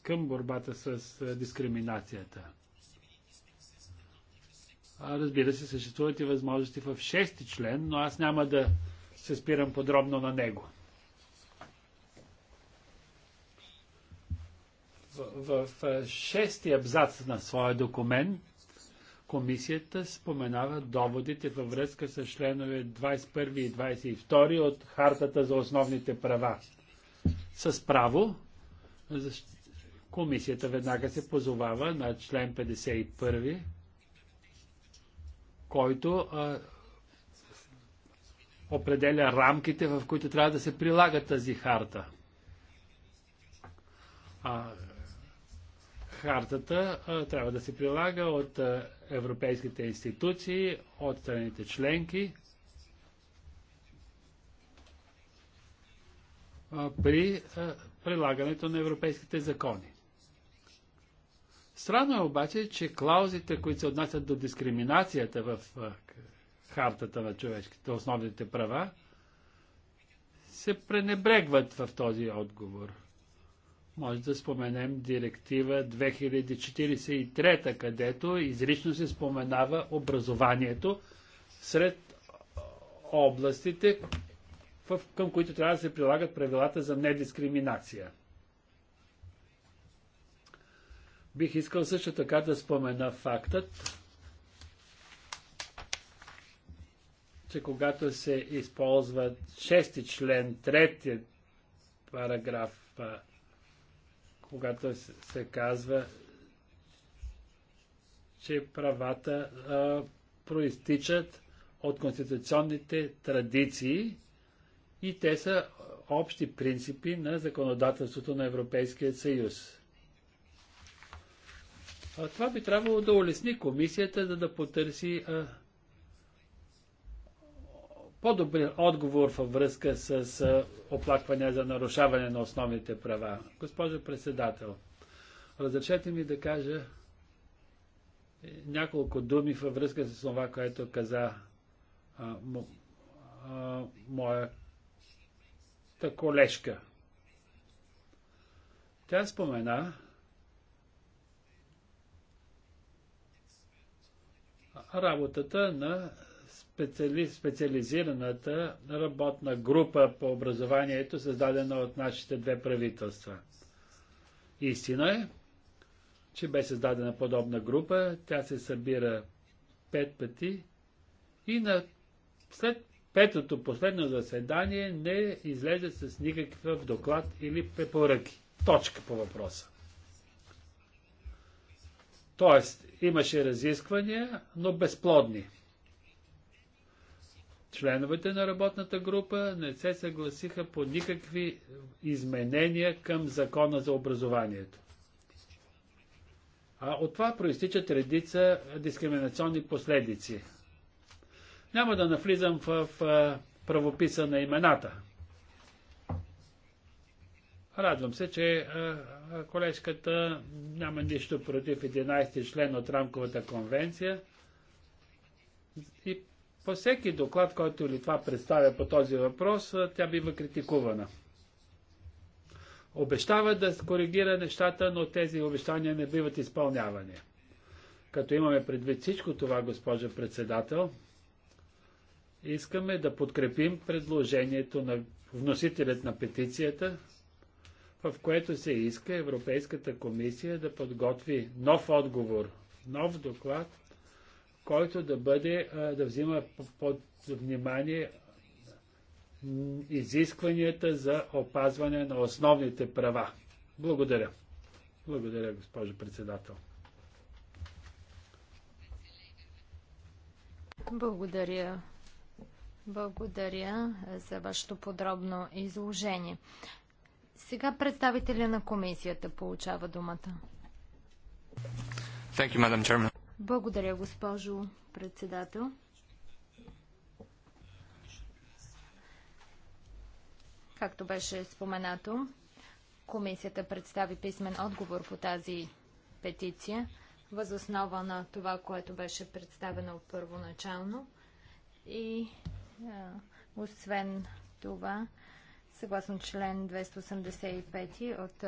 към борбата с дискриминацията. Разбира се, съществуват и възможности в шести член, но аз няма да се спирам подробно на него. В, в шести абзац на своя документ комисията споменава доводите във връзка с членове 21 и 22 от Хартата за основните права. С право, защ... Комисията веднага се позовава на член 51, който а, определя рамките, в които трябва да се прилага тази харта. А, хартата а, трябва да се прилага от а, европейските институции, от страните членки, при прилагането на европейските закони. Странно е обаче, че клаузите, които се отнасят до дискриминацията в хартата на човешките основните права, се пренебрегват в този отговор. Може да споменем директива 2043, където изрично се споменава образованието сред областите, към които трябва да се прилагат правилата за недискриминация. Бих искал също така да спомена фактът, че когато се използва шести член, третия параграф, когато се казва, че правата а, проистичат от конституционните традиции и те са общи принципи на законодателството на Европейския съюз. Това би трябвало да улесни комисията, за да, да потърси по добри отговор във връзка с а, оплаквания за нарушаване на основните права. Госпожо председател, разрешете ми да кажа е, няколко думи във връзка с това, което каза а, а, моята колежка. Тя спомена, работата на специали... специализираната работна група по образованието, създадена от нашите две правителства. Истина е, че бе създадена подобна група, тя се събира пет пъти и на след петото последно заседание не излезе с никакъв доклад или препоръки. Точка по въпроса. Тоест, имаше разисквания, но безплодни. Членовете на работната група не се съгласиха по никакви изменения към закона за образованието. А от това проистичат редица дискриминационни последици. Няма да навлизам в, правописа на имената. Радвам се, че колежката няма нищо против 11 член от рамковата конвенция. И по всеки доклад, който Литва представя по този въпрос, тя бива критикувана. Обещава да коригира нещата, но тези обещания не биват изпълнявани. Като имаме предвид всичко това, госпожа председател, искаме да подкрепим предложението на вносителят на петицията, в което се иска Европейската комисия да подготви нов отговор, нов доклад, който да бъде, да взима под внимание изискванията за опазване на основните права. Благодаря. Благодаря, госпожо председател. Благодаря. Благодаря за вашето подробно изложение. Сега представителя на комисията получава думата. Thank you, Madam Chairman. Благодаря, госпожо председател. Както беше споменато, комисията представи писмен отговор по тази петиция, възоснова на това, което беше представено първоначално. И а, освен това, Съгласно член 285 от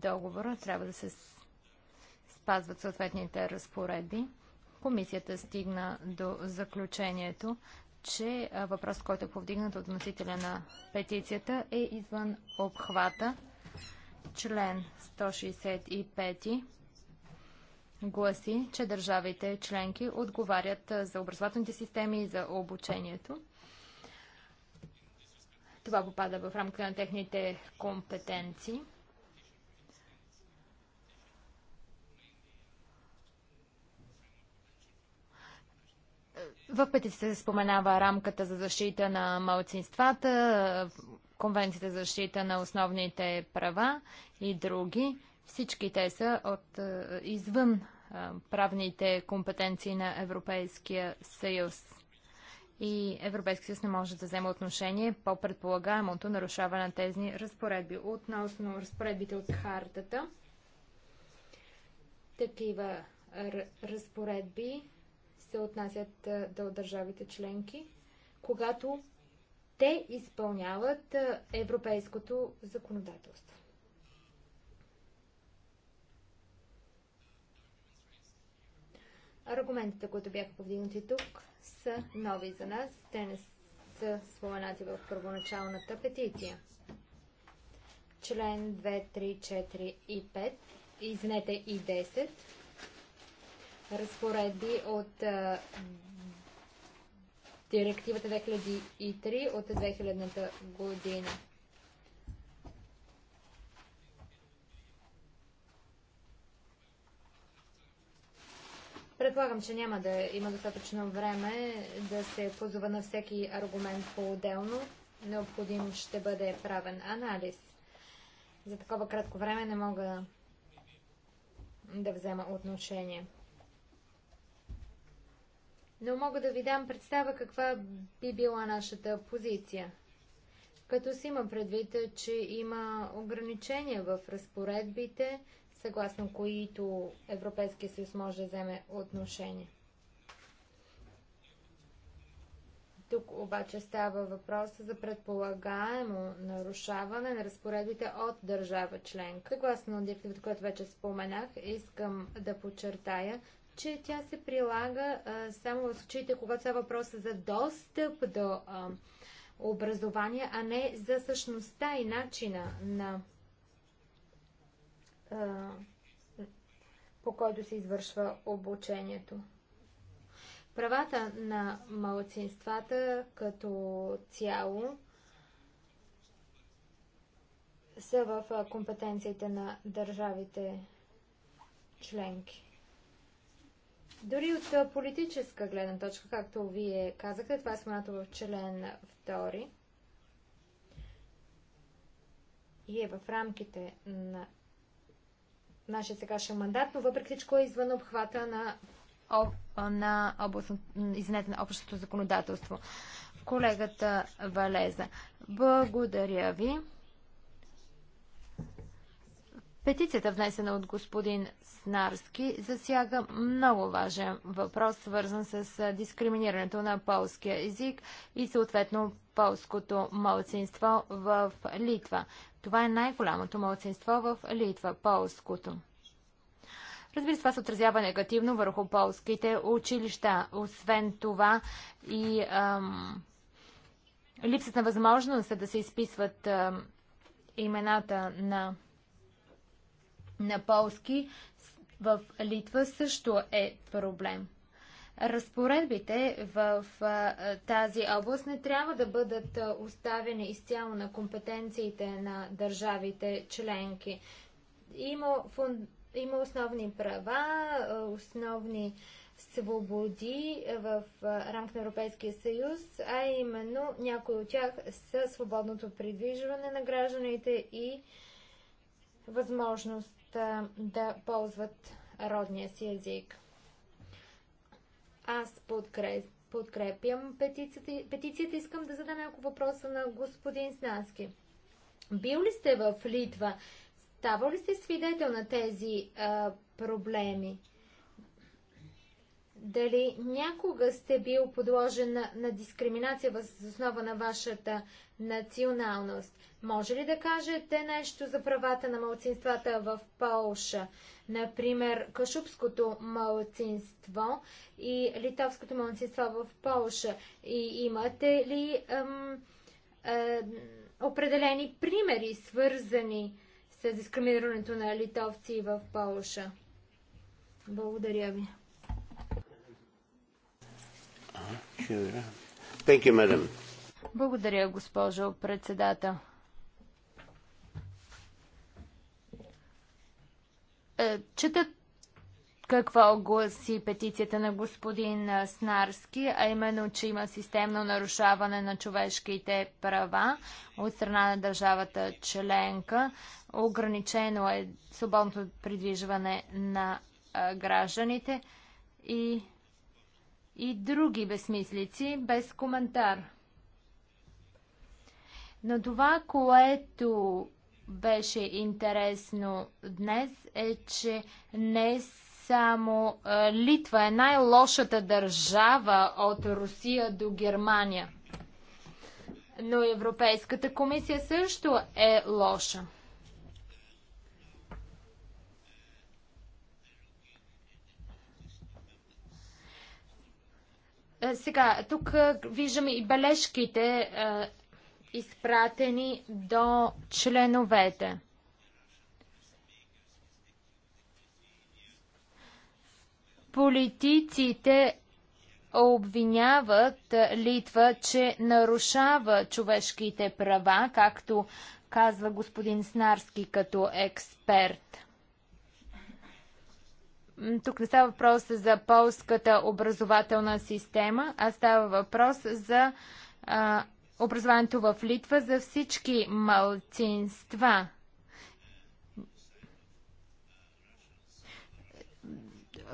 договора трябва да се спазват съответните разпоредби. Комисията стигна до заключението, че въпрос, който е повдигнат от носителя на петицията, е извън обхвата. Член 165 гласи, че държавите членки отговарят за образователните системи и за обучението. Това попада в рамка на техните компетенции. В пъти се споменава рамката за защита на малцинствата, Конвенцията за защита на основните права и други. Всички те са от е, извън е, правните компетенции на Европейския съюз и Европейския съюз не може да взема отношение по предполагаемото нарушаване на тези разпоредби. Относно разпоредбите от хартата, такива разпоредби се отнасят до държавите членки, когато те изпълняват европейското законодателство. Аргументите, които бяха повдигнати тук, са нови за нас. Те не са споменати в първоначалната петиция. Член 2, 3, 4 и 5, извинете и 10, разпоредби от а, директивата 2003 от 2000 година. Предполагам, че няма да има достатъчно време да се позова на всеки аргумент по-отделно. Необходим ще бъде правен анализ. За такова кратко време не мога да взема отношение. Но мога да ви дам представа каква би била нашата позиция. Като си има предвид, че има ограничения в разпоредбите, съгласно които Европейския съюз може да вземе отношение. Тук обаче става въпрос за предполагаемо нарушаване на разпоредите от държава членка. Съгласно директивата, която вече споменах, искам да подчертая, че тя се прилага а, само в случаите, когато става въпрос за достъп до а, образование, а не за същността и начина на по който се извършва обучението. Правата на малцинствата като цяло са в компетенциите на държавите членки. Дори от политическа гледна точка, както вие казахте, това е споменато в член 2 и е в рамките на нашия сегашен мандат, но въпреки всичко е извън обхвата на, об, на, областно, извинете, на общото законодателство. Колегата Валеза. Благодаря ви. Петицията, внесена от господин Снарски, засяга много важен въпрос, свързан с дискриминирането на полския език и съответно полското малцинство в Литва. Това е най-голямото малцинство в Литва, полското. Разбира се, това се отразява негативно върху полските училища. Освен това и ам, липсата на възможност да се изписват ам, имената на, на полски в Литва също е проблем. Разпоредбите в тази област не трябва да бъдат оставени изцяло на компетенциите на държавите членки. Има, фун... има основни права, основни свободи в рамк на Европейския съюз, а именно някои от тях са свободното придвижване на гражданите и възможност да ползват родния си език. Аз подкрепям петицията, петицията. Искам да задам няколко въпроса на господин Снански. Бил ли сте в Литва? Ставал ли сте свидетел на тези а, проблеми? Дали някога сте бил подложен на, на дискриминация въз основа на вашата националност? Може ли да кажете нещо за правата на малцинствата в Полша? Например, Кашубското малцинство и Литовското малцинство в Полша. И имате ли ам, а, определени примери, свързани с дискриминирането на литовци в Полша? Благодаря ви. Благодаря, госпожо председател. Е, чета какво гласи петицията на господин е, Снарски, а именно, че има системно нарушаване на човешките права от страна на държавата членка. Ограничено е свободното придвижване на е, гражданите и, и други безсмислици без коментар. Но това, което беше интересно днес е, че не само Литва е най-лошата държава от Русия до Германия. Но Европейската комисия също е лоша. Е, сега, тук виждаме и бележките изпратени до членовете. Политиците обвиняват Литва, че нарушава човешките права, както казва господин Снарски като експерт. Тук не става въпрос за полската образователна система, а става въпрос за а, образованието в Литва за всички малцинства.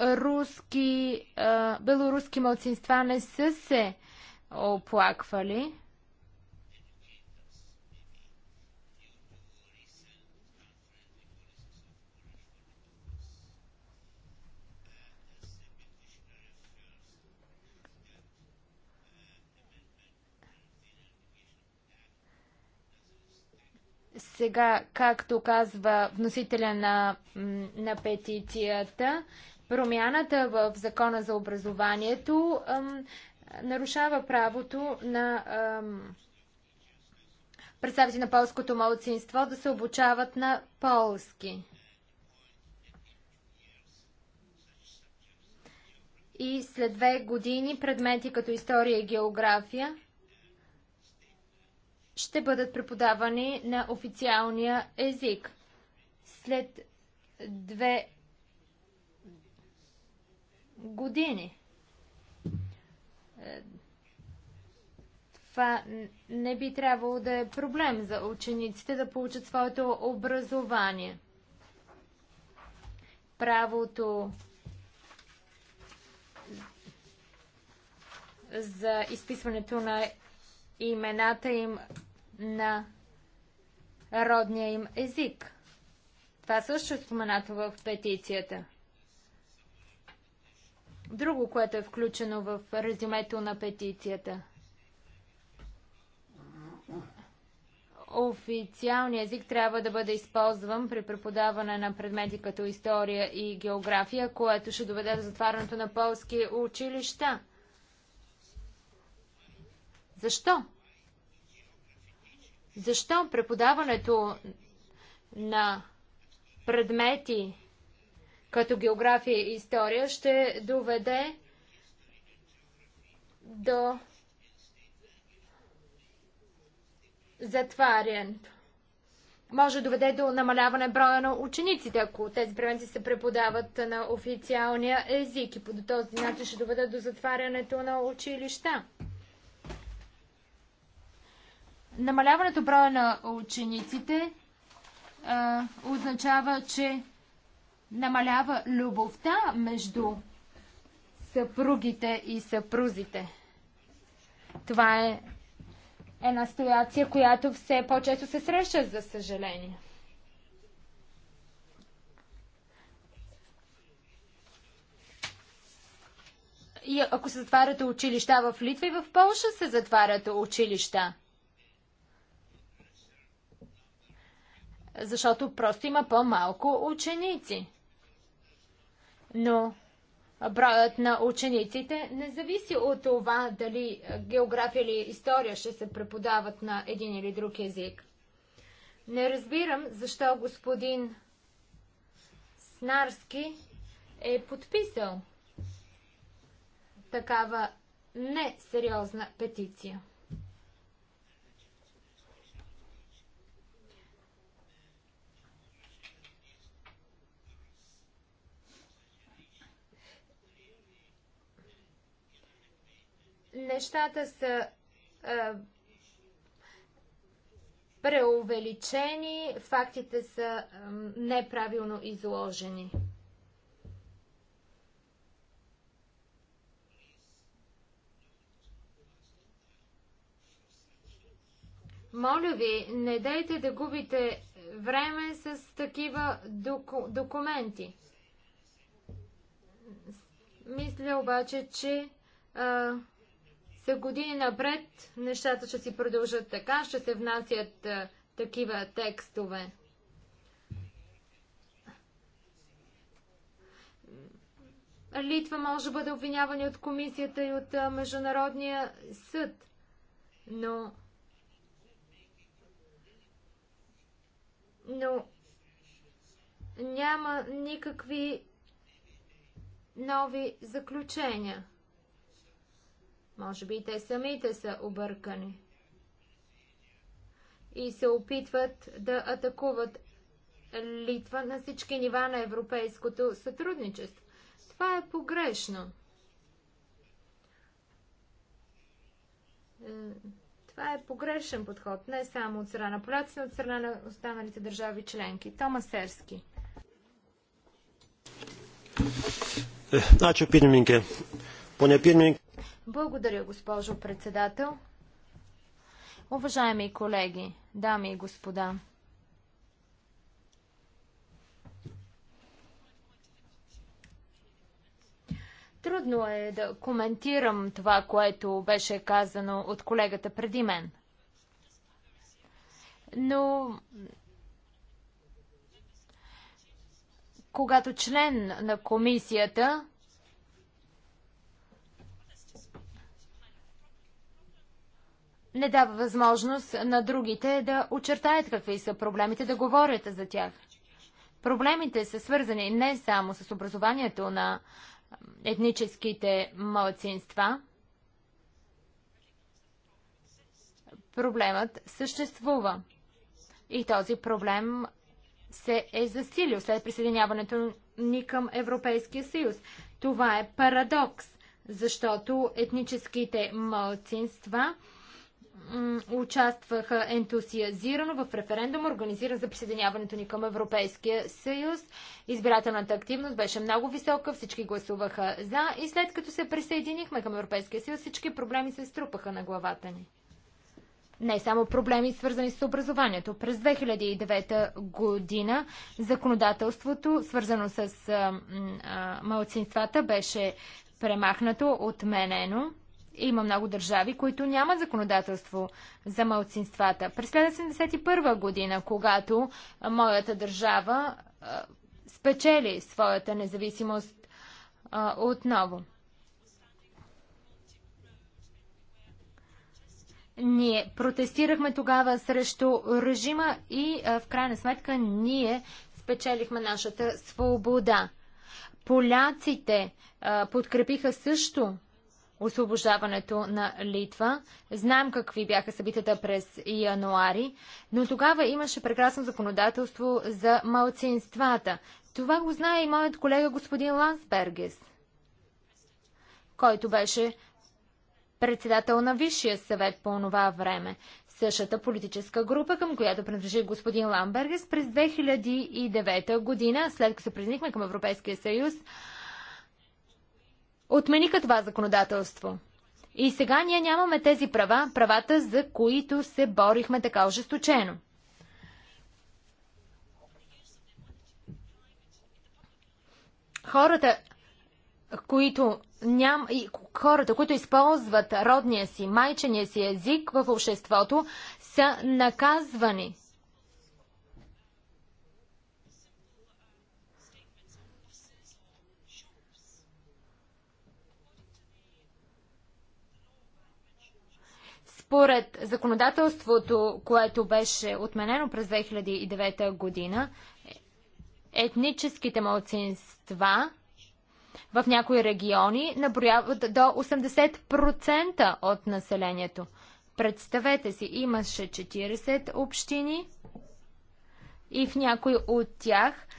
Руски, белоруски малцинства не са се оплаквали. Сега, както казва вносителя на, на петицията, промяната в закона за образованието ам, нарушава правото на представите представители на полското малцинство да се обучават на полски. И след две години предмети като история и география – ще бъдат преподавани на официалния език. След две години. Е, това не би трябвало да е проблем за учениците да получат своето образование. Правото за изписването на имената им на родния им език. Това също е споменато в петицията. Друго, което е включено в резюмето на петицията. Официалният език трябва да бъде използван при преподаване на предмети като история и география, което ще доведе до затварянето на полски училища. Защо? Защо преподаването на предмети като география и история ще доведе до затварянето. Може да доведе до намаляване броя на учениците, ако тези предмети се преподават на официалния език и по този начин ще доведе до затварянето на училища. Намаляването броя на учениците а, означава, че намалява любовта между съпругите и съпрузите. Това е една ситуация, която все по-често се среща, за съжаление. И ако се затварят училища в Литва и в Польша, се затварят училища. защото просто има по-малко ученици. Но броят на учениците не зависи от това дали география или история ще се преподават на един или друг език. Не разбирам защо господин Снарски е подписал такава несериозна петиция. нещата са а, преувеличени, фактите са а, неправилно изложени. Моля ви, не дайте да губите време с такива доку- документи. Мисля обаче, че а, за години напред нещата ще си продължат така, ще се внасят а, такива текстове. Литва може да бъде обвинявани от комисията и от а, Международния съд, но но няма никакви нови заключения. Може би те самите са объркани и се опитват да атакуват Литва на всички нива на европейското сътрудничество. Това е погрешно. Е, това е погрешен подход, не само от страна на поляците, но от страна на останалите държави членки. Тома Серски. Е, значи, pirmininkė. поне pirmininkė. Благодаря, госпожо председател. Уважаеми колеги, дами и господа, Трудно е да коментирам това, което беше казано от колегата преди мен. Но когато член на комисията не дава възможност на другите да очертаят какви са проблемите, да говорят за тях. Проблемите са свързани не само с образованието на етническите малцинства. Проблемът съществува. И този проблем се е засилил след присъединяването ни към Европейския съюз. Това е парадокс, защото етническите малцинства – участваха ентусиазирано в референдум, организиран за присъединяването ни към Европейския съюз. Избирателната активност беше много висока, всички гласуваха за и след като се присъединихме към Европейския съюз, всички проблеми се струпаха на главата ни. Не само проблеми, свързани с образованието. През 2009 година законодателството, свързано с малцинствата, беше премахнато, отменено има много държави, които нямат законодателство за малцинствата. През 1971 година, когато моята държава спечели своята независимост отново. Ние протестирахме тогава срещу режима и в крайна сметка ние спечелихме нашата свобода. Поляците подкрепиха също освобождаването на Литва. Знаем какви бяха събитията през януари, но тогава имаше прекрасно законодателство за малцинствата. Това го знае и моят колега господин Лансбергес, който беше председател на Висшия съвет по това време. Същата политическа група, към която принадлежи господин Ламбергес през 2009 година, след като се признихме към Европейския съюз, отмениха това законодателство. И сега ние нямаме тези права, правата, за които се борихме така ожесточено. Хората, които ням... хората, които използват родния си, майчения си език в обществото, са наказвани. Според законодателството, което беше отменено през 2009 година, етническите малцинства в някои региони наброяват до 80% от населението. Представете си, имаше 40 общини и в някои от тях –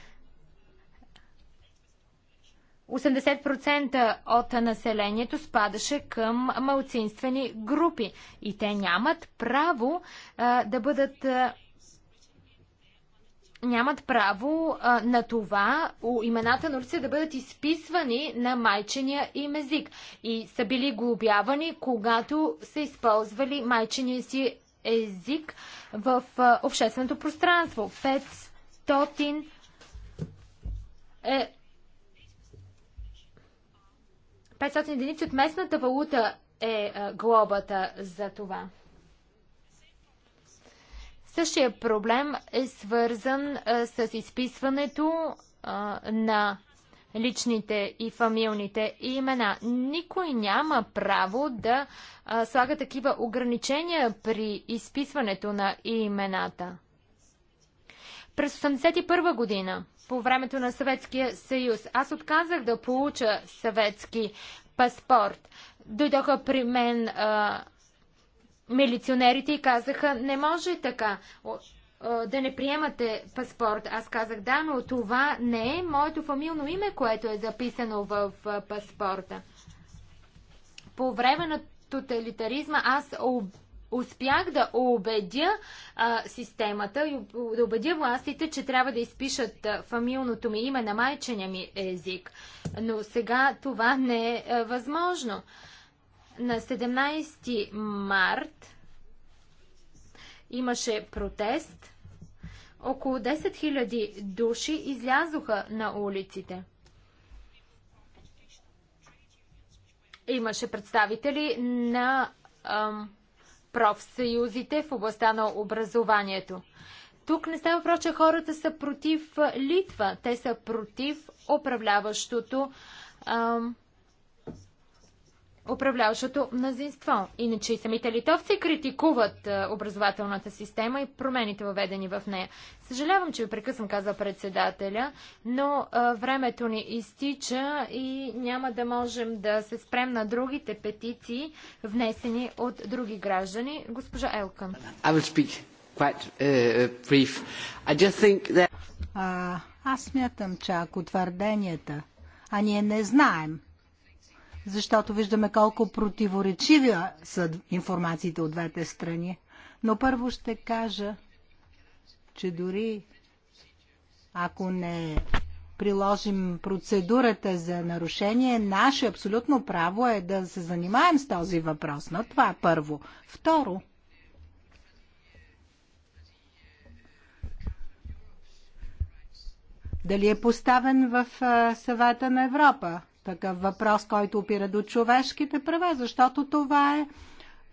80% от населението спадаше към малцинствени групи и те нямат право а, да бъдат а, нямат право а, на това имената на улица да бъдат изписвани на майчения им език и са били глобявани, когато са използвали майчения си език в а, общественото пространство. 500 е, 500 единици от местната валута е, е глобата за това. Същия проблем е свързан е, с изписването е, на личните и фамилните имена. Никой няма право да слага такива ограничения при изписването на имената. През 1981 година, по времето на Съветския съюз, аз отказах да получа съветски паспорт. Дойдоха при мен а, милиционерите и казаха, не може така да не приемате паспорт. Аз казах, да, но това не е моето фамилно име, което е записано в паспорта. По време на тоталитаризма аз успях да убедя а, системата и да убедя властите, че трябва да изпишат фамилното ми име на майчения ми език. Но сега това не е възможно. На 17 март имаше протест. Около 10 000 души излязоха на улиците. Имаше представители на ам, профсъюзите в областта на образованието. Тук не става въпрос, че хората са против Литва. Те са против управляващото ам, управляващото мнозинство. Иначе и самите литовци критикуват е, образователната система и промените въведени в нея. Съжалявам, че ви прекъсвам, каза председателя, но е, времето ни изтича и няма да можем да се спрем на другите петиции, внесени от други граждани. Госпожа Елкан. Е, аз смятам, че ако твърденията, а ние не знаем, защото виждаме колко противоречиви са информациите от двете страни. Но първо ще кажа, че дори ако не приложим процедурата за нарушение, наше абсолютно право е да се занимаем с този въпрос. Но това е първо. Второ, дали е поставен в съвета на Европа? такъв въпрос, който опира до човешките права, защото това е,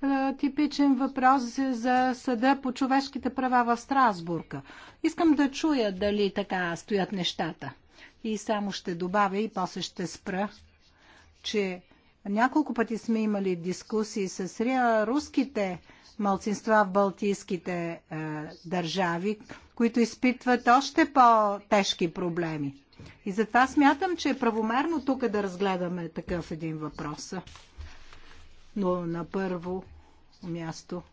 е типичен въпрос за съда по човешките права в Страсбурга. Искам да чуя дали така стоят нещата. И само ще добавя и после ще спра, че няколко пъти сме имали дискусии с руските малцинства в балтийските е, държави, които изпитват още по-тежки проблеми. И затова смятам, че е правомерно тук да разгледаме такъв един въпрос. Но на първо място,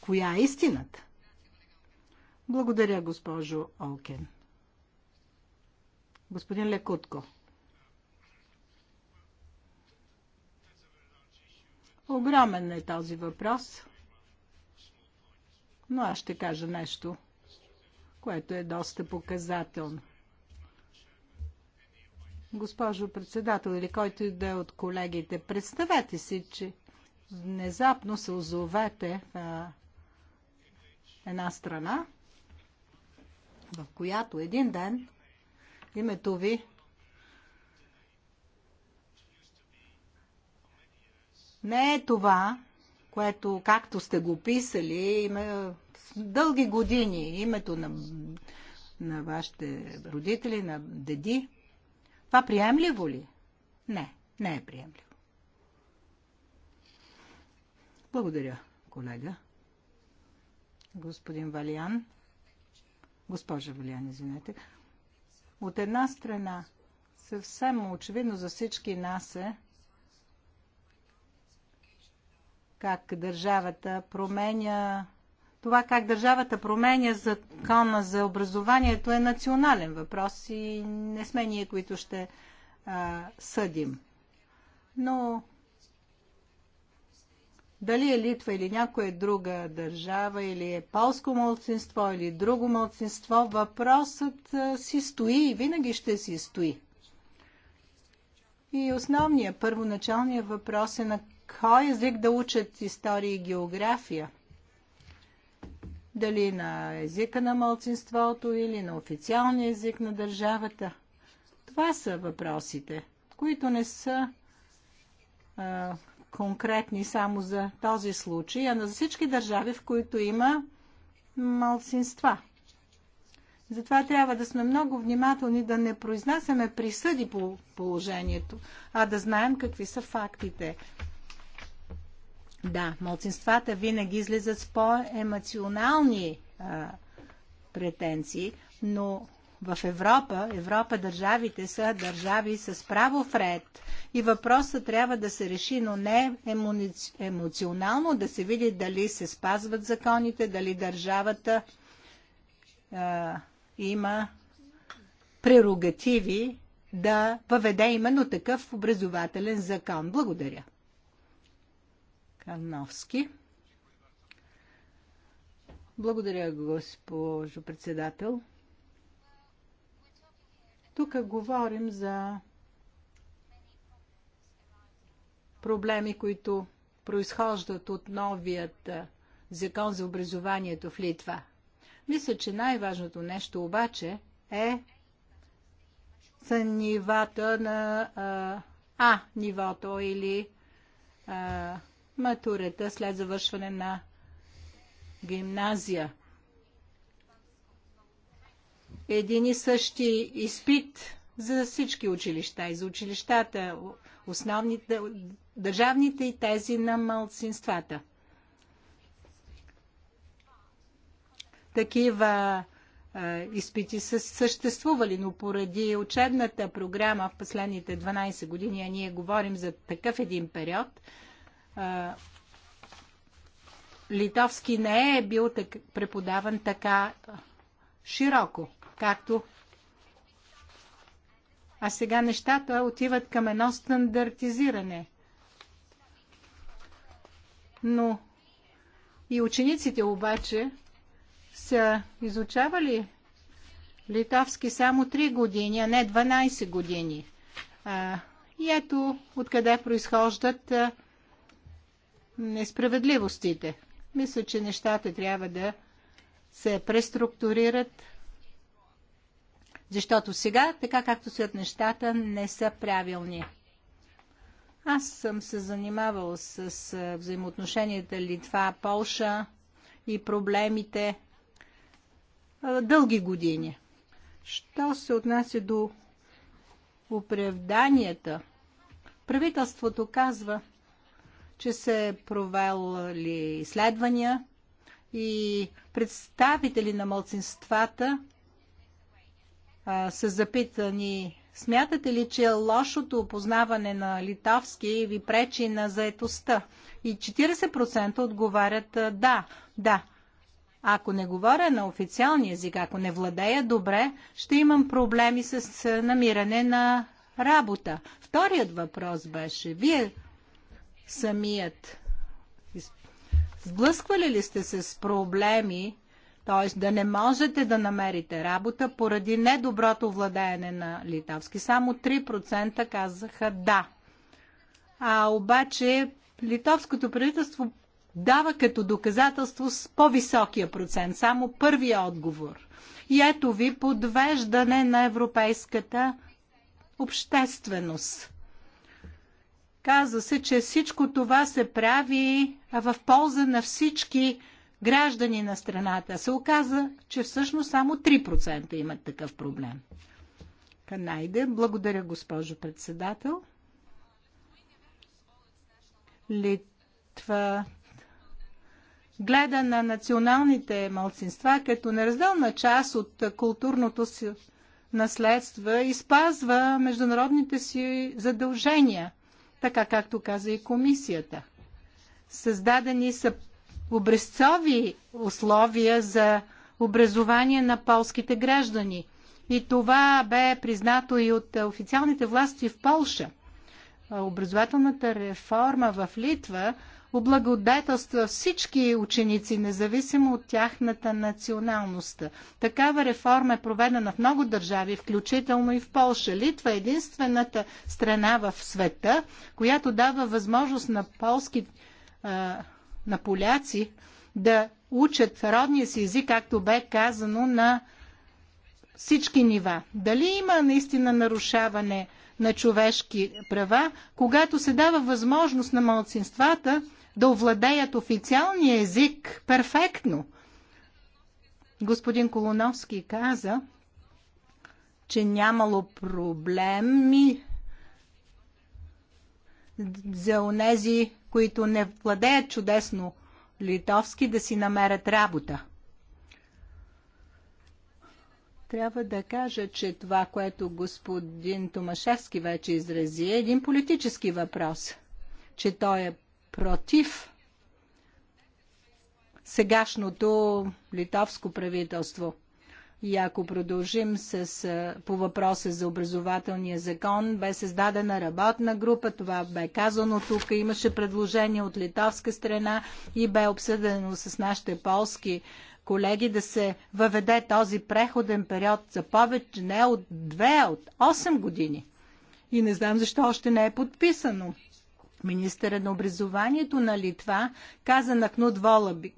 коя е истината? Благодаря, госпожо Олкен. Господин Лекутко. Огромен е този въпрос, но аз ще кажа нещо, което е доста показателно. Госпожо председател или който и да е от колегите, представете си, че внезапно се озовете в а, една страна, в която един ден името ви не е това, което, както сте го писали, има дълги години името на, на вашите родители, на деди, това приемливо ли? Не, не е приемливо. Благодаря, колега. Господин Валиан. Госпожа Валиан, извинете. От една страна, съвсем очевидно за всички нас е как държавата променя това как държавата променя закона за образованието е национален въпрос и не сме ние, които ще а, съдим. Но дали е Литва или някоя друга държава, или е полско младсинство, или друго младсинство, въпросът си стои и винаги ще си стои. И основният, първоначалният въпрос е на кой език да учат история и география дали на езика на мълцинството или на официалния език на държавата. Това са въпросите, които не са а, конкретни само за този случай, а на всички държави, в които има мълцинства. Затова трябва да сме много внимателни да не произнасяме присъди по положението, а да знаем какви са фактите. Да, мълцинствата винаги излизат с по-емоционални претенции, но в Европа, Европа държавите са държави с правов ред и въпросът трябва да се реши, но не емоционално да се види дали се спазват законите, дали държавата а, има прерогативи да въведе именно такъв образователен закон. Благодаря. Новски. Благодаря, госпожо председател. Тук говорим за проблеми, които произхождат от новият закон за образованието в Литва. Мисля, че най-важното нещо обаче е са нивата на а, а нивото или а, матурата след завършване на гимназия. Един и същи изпит за всички училища и за училищата, основните, държавните и тези на малцинствата. Такива е, изпити са съществували, но поради учебната програма в последните 12 години, а ние говорим за такъв един период, литовски не е бил так, преподаван така широко, както. А сега нещата отиват към едно стандартизиране. Но и учениците обаче са изучавали литовски само 3 години, а не 12 години. А, и ето откъде произхождат а, несправедливостите. Мисля, че нещата трябва да се преструктурират, защото сега, така както стоят нещата, не са правилни. Аз съм се занимавал с взаимоотношенията Литва-Полша и проблемите дълги години. Що се отнася до оправданията, правителството казва, че се провели изследвания и представители на младсинствата са запитани Смятате ли, че лошото опознаване на литовски ви пречи на заетостта? И 40% отговарят да, да. Ако не говоря на официалния език, ако не владея добре, ще имам проблеми с намиране на работа. Вторият въпрос беше, вие самият. Сблъсквали ли сте се с проблеми, т.е. да не можете да намерите работа поради недоброто владеене на литовски? Само 3% казаха да. А обаче литовското правителство дава като доказателство с по-високия процент, само първия отговор. И ето ви подвеждане на европейската общественост. Казва се, че всичко това се прави в полза на всички граждани на страната. Се оказа, че всъщност само 3% имат такъв проблем. Канайде, благодаря госпожо председател. Литва гледа на националните малцинства като неразделна част от културното си наследство и спазва международните си задължения така както каза и комисията. Създадени са образцови условия за образование на полските граждани. И това бе признато и от официалните власти в Полша. Образователната реформа в Литва облагодетелства всички ученици, независимо от тяхната националност. Такава реформа е проведена в много държави, включително и в Полша. Литва е единствената страна в света, която дава възможност на полски, на поляци да учат родния си език, както бе казано, на всички нива. Дали има наистина нарушаване на човешки права, когато се дава възможност на малцинствата да овладеят официалния език перфектно. Господин Колоновски каза, че нямало проблеми за онези, които не владеят чудесно литовски, да си намерят работа. Трябва да кажа, че това, което господин Томашевски вече изрази, е един политически въпрос. Че той е против сегашното литовско правителство. И ако продължим с, по въпроса за образователния закон, бе създадена работна група, това бе казано тук, имаше предложение от литовска страна и бе обсъдено с нашите полски колеги да се въведе този преходен период за повече не от 2, а от 8 години. И не знам защо още не е подписано. Министърът на образованието на Литва каза на Кнут Волаби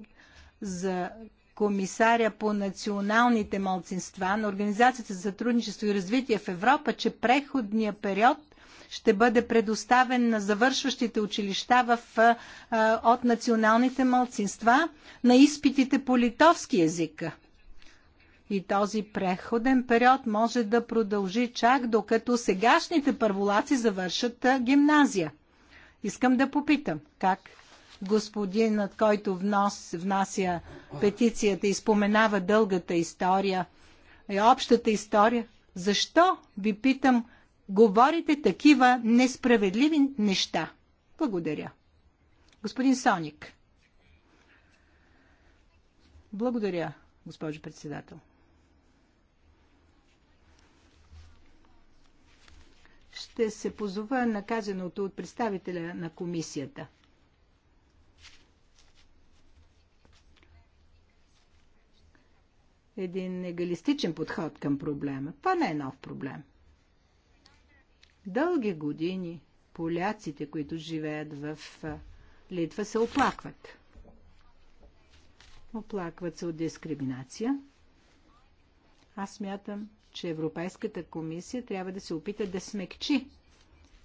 за комисаря по националните малцинства на Организацията за сътрудничество и развитие в Европа, че преходният период ще бъде предоставен на завършващите училища в, а, от националните малцинства на изпитите по литовски язик. И този преходен период може да продължи чак докато сегашните първолаци завършат гимназия. Искам да попитам как господинът, който внос, внася петицията и споменава дългата история и е общата история, защо ви питам, говорите такива несправедливи неща? Благодаря. Господин Соник. Благодаря, госпожо председател. ще се позова на казаното от представителя на комисията. Един егалистичен подход към проблема. Това не е нов проблем. Дълги години поляците, които живеят в Литва, се оплакват. Оплакват се от дискриминация. Аз мятам, че Европейската комисия трябва да се опита да смекчи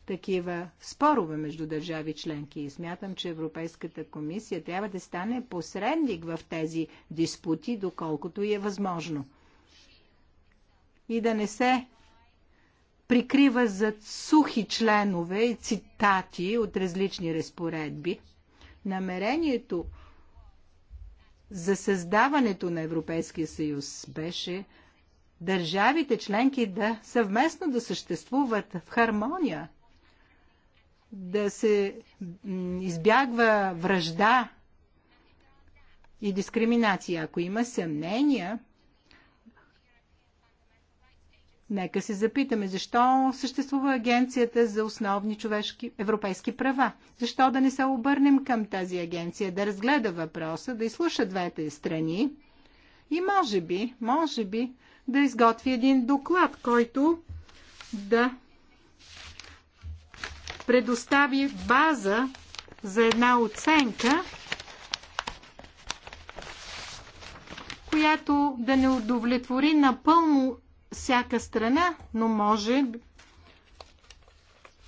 такива спорове между държави членки. И смятам, че Европейската комисия трябва да стане посредник в тези диспути, доколкото и е възможно. И да не се прикрива за сухи членове и цитати от различни разпоредби. Намерението за създаването на Европейския съюз беше държавите членки да съвместно да съществуват в хармония, да се избягва връжда и дискриминация. Ако има съмнения, нека се запитаме защо съществува Агенцията за основни човешки европейски права. Защо да не се обърнем към тази агенция, да разгледа въпроса, да изслуша двете страни и може би, може би да изготви един доклад, който да предостави база за една оценка, която да не удовлетвори напълно всяка страна, но може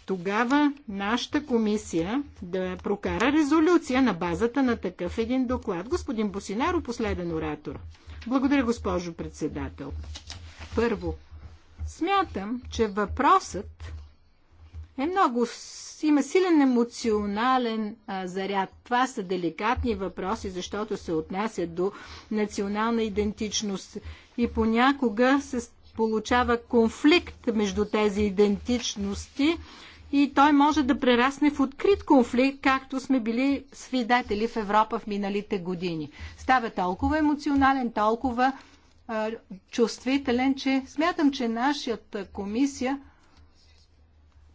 тогава нашата комисия да прокара резолюция на базата на такъв един доклад. Господин Босинаро, последен оратор. Благодаря, госпожо председател. Първо, смятам, че въпросът е много, има силен емоционален а, заряд. Това са деликатни въпроси, защото се отнасят до национална идентичност и понякога се получава конфликт между тези идентичности, и той може да прерасне в открит конфликт, както сме били свидетели в Европа в миналите години. Става толкова емоционален, толкова а, чувствителен, че смятам, че нашата комисия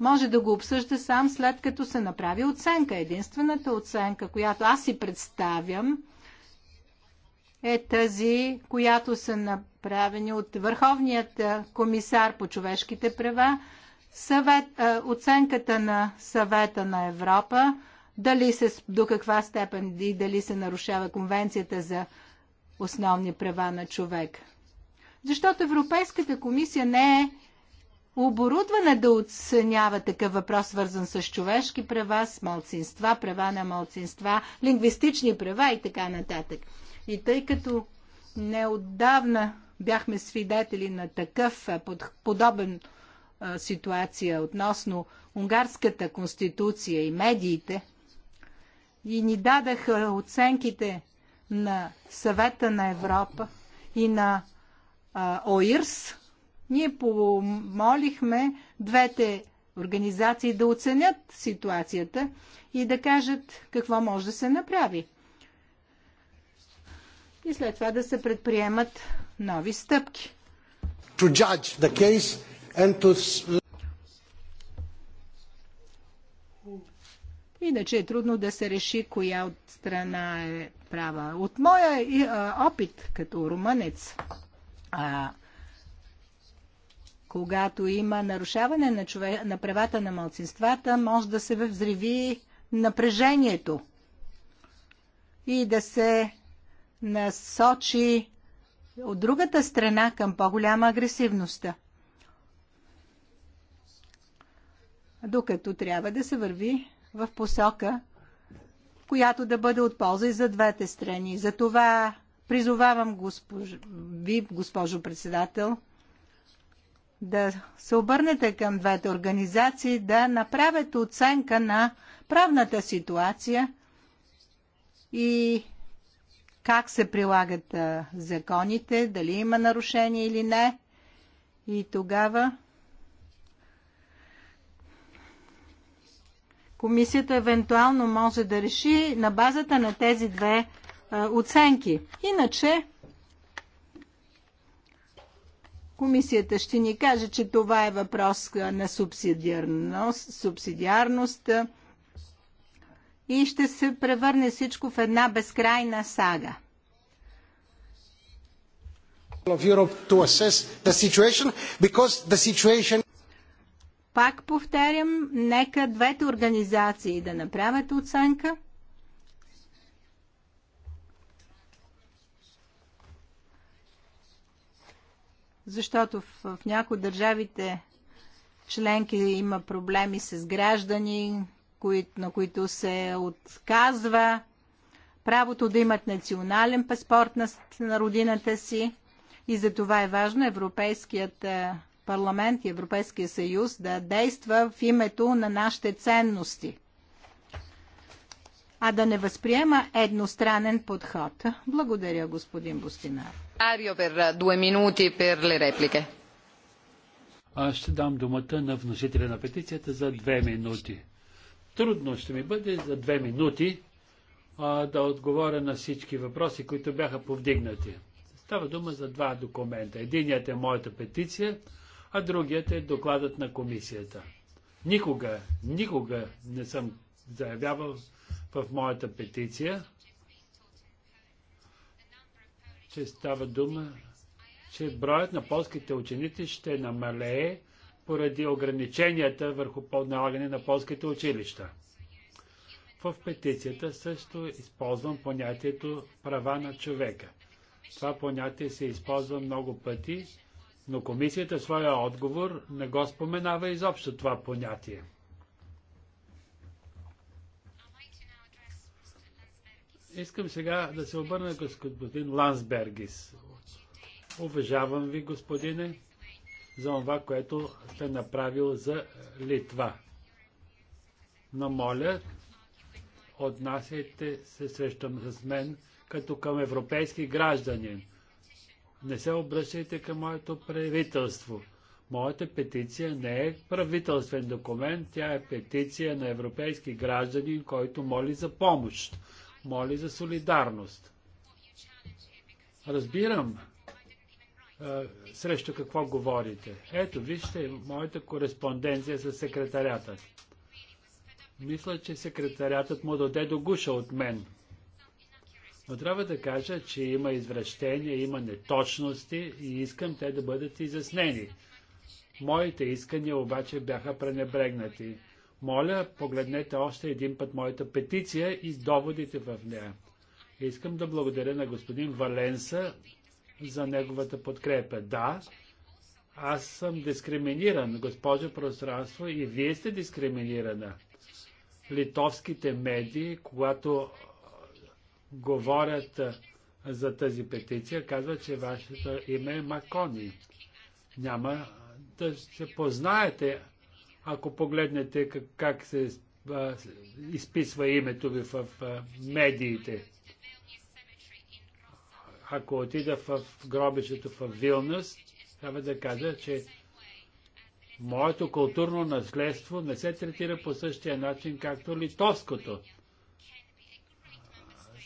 може да го обсъжда сам след като се направи оценка. Единствената оценка, която аз си представям, е тази, която са направени от Върховният комисар по човешките права съвет, оценката на съвета на Европа, дали се, до каква степен и дали се нарушава конвенцията за основни права на човек. Защото Европейската комисия не е оборудвана да оценява такъв въпрос, свързан с човешки права, с малцинства, права на малцинства, лингвистични права и така нататък. И тъй като неотдавна бяхме свидетели на такъв подобен ситуация относно унгарската конституция и медиите и ни дадаха оценките на съвета на Европа и на а, ОИРС, ние помолихме двете организации да оценят ситуацията и да кажат какво може да се направи. И след това да се предприемат нови стъпки. To judge the case and to... Иначе е трудно да се реши коя от страна е права. От моя опит като румънец, а, когато има нарушаване на, чове... на правата на малцинствата, може да се взриви напрежението и да се насочи от другата страна към по-голяма агресивността. докато трябва да се върви в посока, която да бъде от полза и за двете страни. Затова призовавам госпож... ви, госпожо председател, да се обърнете към двете организации, да направят оценка на правната ситуация и как се прилагат законите, дали има нарушение или не. И тогава комисията евентуално може да реши на базата на тези две е, оценки. Иначе комисията ще ни каже, че това е въпрос е, на субсидиарност, субсидиарност е, и ще се превърне всичко в една безкрайна сага. Of Europe to assess the situation because the situation пак повтарям, нека двете организации да направят оценка. Защото в, в някои държавите членки има проблеми с граждани, кои, на които се отказва правото да имат национален паспорт на, на родината си. И за това е важно Европейският е, парламент и Европейския съюз да действа в името на нашите ценности, а да не възприема едностранен подход. Благодаря, господин Бустинар. Арио пер две минути пер ле реплике. Аз ще дам думата на вносителя на петицията за две минути. Трудно ще ми бъде за две минути а, да отговоря на всички въпроси, които бяха повдигнати. Става дума за два документа. Единият е моята петиция, а другият е докладът на комисията. Никога, никога не съм заявявал в моята петиция, че става дума, че броят на полските ученици ще намалее поради ограниченията върху налагане на полските училища. В петицията също използвам понятието права на човека. Това понятие се използва много пъти но комисията в своя отговор не го споменава изобщо това понятие. Искам сега да се обърна към господин Лансбергис. Уважавам ви, господине, за това, което сте направил за Литва. Но моля, отнасяйте се срещу с мен като към европейски граждани не се обръщайте към моето правителство. Моята петиция не е правителствен документ, тя е петиция на европейски гражданин, който моли за помощ, моли за солидарност. Разбирам е, срещу какво говорите. Ето, вижте моята кореспонденция с секретарятът. Мисля, че секретарятът му даде до гуша от мен. Но трябва да кажа, че има извращения, има неточности и искам те да бъдат изяснени. Моите искания обаче бяха пренебрегнати. Моля, погледнете още един път моята петиция и доводите в нея. Искам да благодаря на господин Валенса за неговата подкрепа. Да, аз съм дискриминиран, госпожо Пространство, и вие сте дискриминирана. Литовските медии, когато говорят за тази петиция, казват, че вашето име е Макони. Няма да се познаете, ако погледнете как, как се а, изписва името ви в а, медиите. Ако отида в гробището в Вилнус, трябва да кажа, че моето културно наследство не се третира по същия начин, както литовското.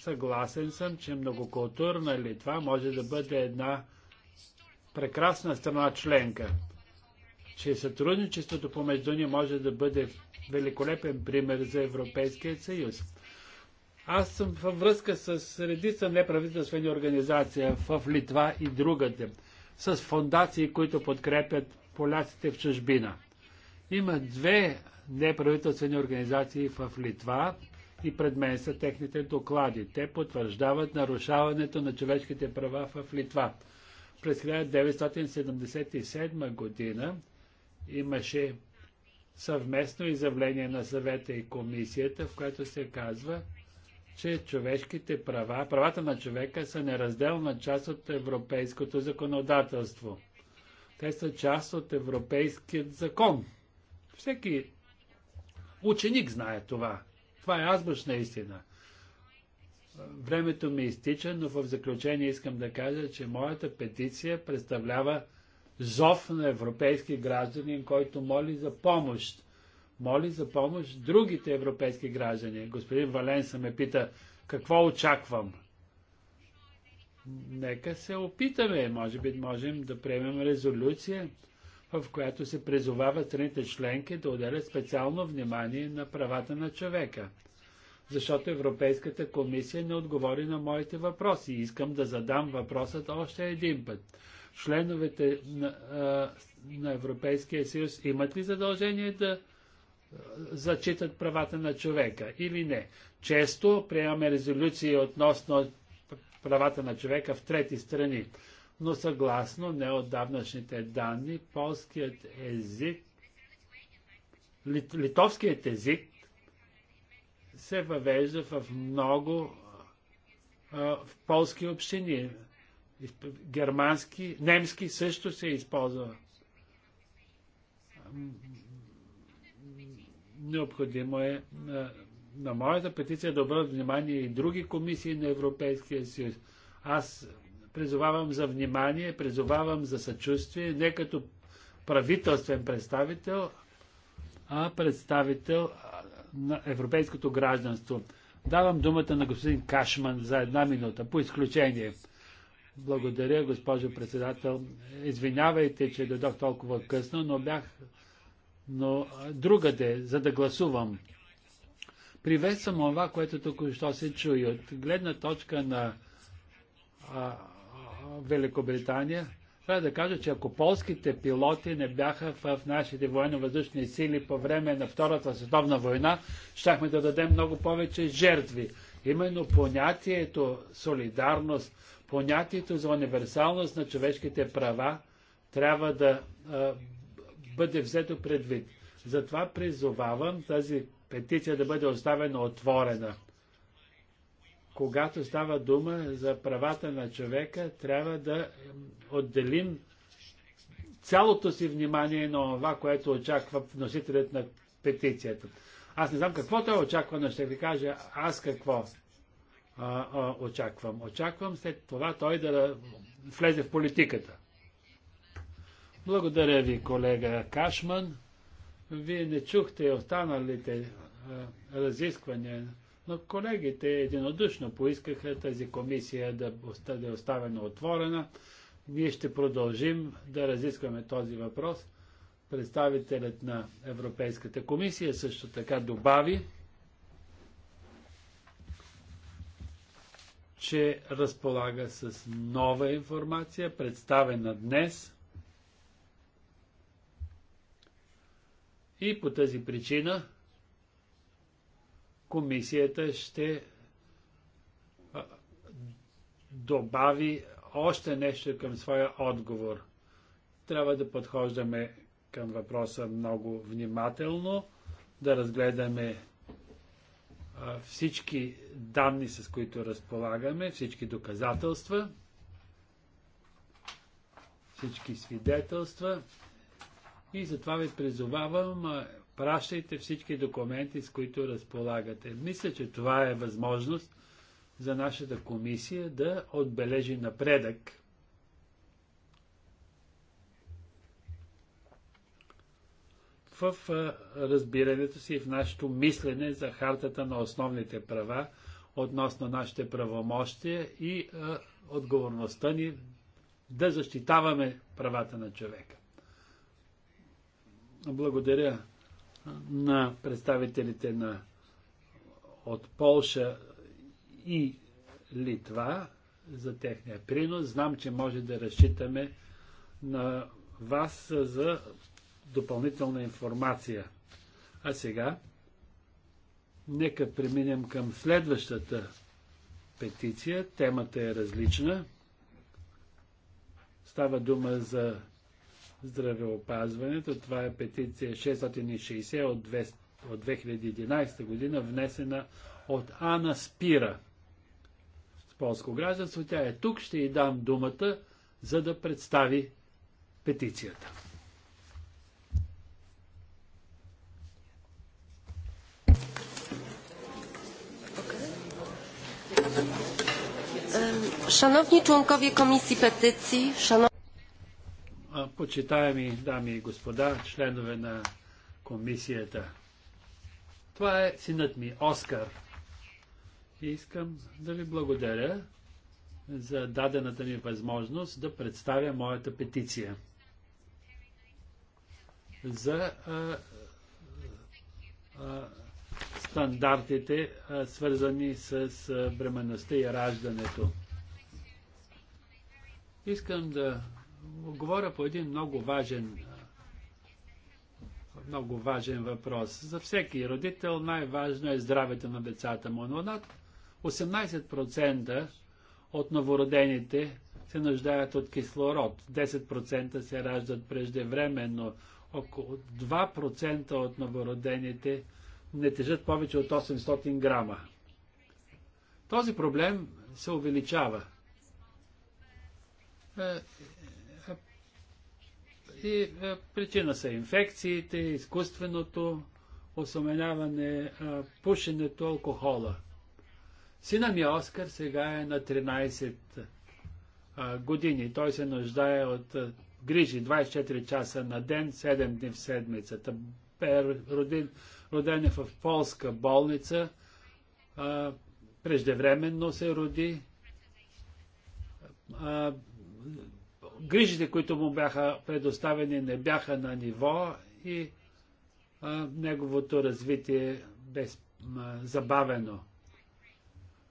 Съгласен съм, че многокултурна Литва може да бъде една прекрасна страна членка, че сътрудничеството помежду ни може да бъде великолепен пример за Европейския съюз. Аз съм във връзка с редица неправителствени организации в Литва и другата, с фондации, които подкрепят поляците в чужбина. Има две неправителствени организации в Литва, и пред мен са техните доклади. Те потвърждават нарушаването на човешките права в Литва. През 1977 година имаше съвместно изявление на съвета и комисията, в което се казва, че човешките права, правата на човека са неразделна част от европейското законодателство. Те са част от европейският закон. Всеки ученик знае това. Това е азбучна истина. Времето ми изтича, но в заключение искам да кажа, че моята петиция представлява зов на европейски гражданин, който моли за помощ. Моли за помощ другите европейски граждани. Господин Валенса ме пита, какво очаквам? Нека се опитаме. Може би можем да приемем резолюция в която се призовава страните членки да отделят специално внимание на правата на човека. Защото Европейската комисия не отговори на моите въпроси. Искам да задам въпросът още един път. Членовете на, а, на Европейския съюз имат ли задължение да зачитат правата на човека или не? Често приемаме резолюции относно правата на човека в трети страни но съгласно неотдавнашните данни, полският език, лит, литовският език се въвежда в много а, в полски общини. Германски, немски също се използва. Необходимо е на, на моята петиция да обърнат внимание и други комисии на Европейския съюз. Аз призовавам за внимание, призовавам за съчувствие, не като правителствен представител, а представител на европейското гражданство. Давам думата на господин Кашман за една минута, по изключение. Благодаря, госпожо председател. Извинявайте, че дойдох толкова късно, но бях но другаде, за да гласувам. Приветствам това, което тук що се чуи. От гледна точка на а, Великобритания, трябва да кажа, че ако полските пилоти не бяха в нашите военно-въздушни сили по време на Втората световна война, щяхме да дадем много повече жертви. Именно понятието солидарност, понятието за универсалност на човешките права трябва да а, бъде взето предвид. Затова призовавам тази петиция да бъде оставена отворена когато става дума за правата на човека, трябва да отделим цялото си внимание на това, което очаква носителят на петицията. Аз не знам какво той очаква, но ще ви кажа аз какво а, а, очаквам. Очаквам след това той да влезе в политиката. Благодаря ви, колега Кашман. Вие не чухте останалите а, разисквания. Но колегите единодушно поискаха тази комисия да бъде оставена отворена. Ние ще продължим да разискваме този въпрос. Представителят на Европейската комисия също така добави, че разполага с нова информация, представена днес. И по тази причина комисията ще добави още нещо към своя отговор. Трябва да подхождаме към въпроса много внимателно, да разгледаме всички данни, с които разполагаме, всички доказателства, всички свидетелства. И затова ви призовавам пращайте всички документи, с които разполагате. Мисля, че това е възможност за нашата комисия да отбележи напредък. в разбирането си и в нашето мислене за хартата на основните права относно нашите правомощия и а, отговорността ни да защитаваме правата на човека. Благодаря на представителите на, от Полша и Литва за техния принос. Знам, че може да разчитаме на вас за допълнителна информация. А сега, нека преминем към следващата петиция. Темата е различна. Става дума за здравеопазването. Това е петиция 660 от, 200, от 2011 година, внесена от Ана Спира с полско гражданство. Тя е тук, ще й дам думата, за да представи петицията. Szanowni członkowie Komisji Petycji, szanowni почитаеми дами и господа, членове на комисията. Това е синът ми, Оскар. И искам да ви благодаря за дадената ми възможност да представя моята петиция за а, а, стандартите, а, свързани с бременността и раждането. Искам да говоря по един много важен много важен въпрос. За всеки родител най-важно е здравето на децата му, но над 18% от новородените се нуждаят от кислород, 10% се раждат преждевременно, около 2% от новородените не тежат повече от 800 грама. Този проблем се увеличава. Е, поради е, причина са инфекциите, изкуственото осъменяване, е, пушенето, алкохола. Сина ми Оскар сега е на 13 е, години. Той се нуждае от грижи 24 часа на ден, 7 дни в седмицата. Е роден, роден е в полска болница. преждевременно се роди грижите, които му бяха предоставени, не бяха на ниво и а, неговото развитие бе забавено.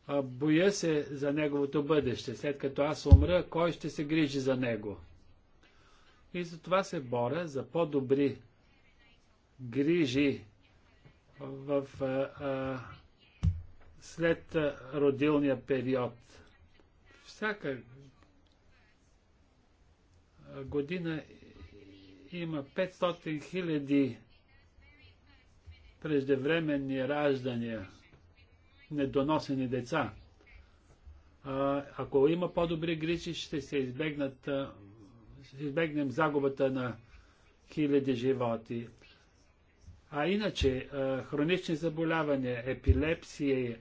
А, боя се за неговото бъдеще. След като аз умра, кой ще се грижи за него? И за това се боря за по-добри грижи в, а, а, след родилния период. Всяка година има 500 хиляди преждевременни раждания, недоносени деца. Ако има по-добри грижи, ще се избегнат, ще избегнем загубата на хиляди животи. А иначе, хронични заболявания, епилепсии,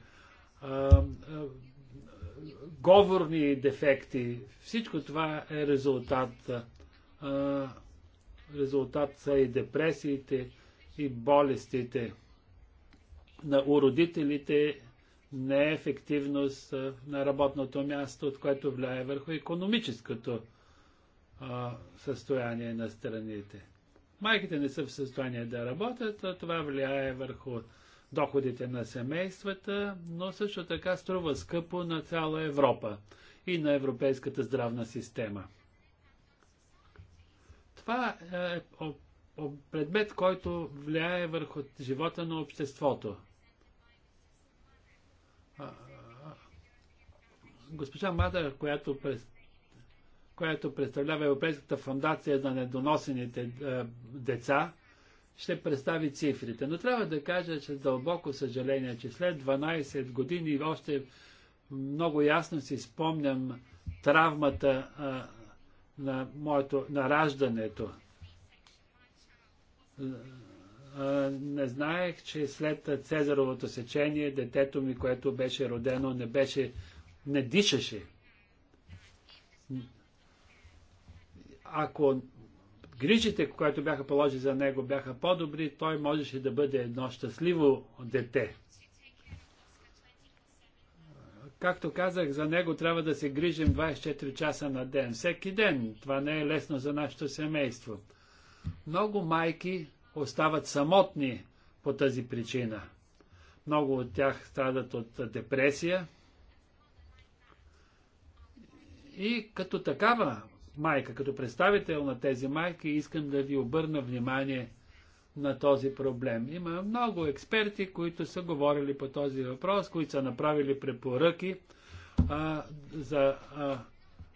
говорни дефекти. Всичко това е резултат. А, резултат са и депресиите, и болестите на уродителите, неефективност на работното място, от което влияе върху економическото а, състояние на страните. Майките не са в състояние да работят, а това влияе върху доходите на семействата, но също така струва скъпо на цяла Европа и на европейската здравна система. Това е предмет, който влияе върху живота на обществото. Госпожа Мада, която, която представлява Европейската фундация за недоносените деца, ще представи цифрите. Но трябва да кажа, че дълбоко съжаление, че след 12 години още много ясно си спомням травмата а, на, моето, нараждането. не знаех, че след Цезаровото сечение детето ми, което беше родено, не беше, не дишаше. Ако грижите, които бяха положени за него, бяха по-добри, той можеше да бъде едно щастливо дете. Както казах, за него трябва да се грижим 24 часа на ден. Всеки ден. Това не е лесно за нашето семейство. Много майки остават самотни по тази причина. Много от тях страдат от депресия. И като такава майка. Като представител на тези майки искам да ви обърна внимание на този проблем. Има много експерти, които са говорили по този въпрос, които са направили препоръки а, за а,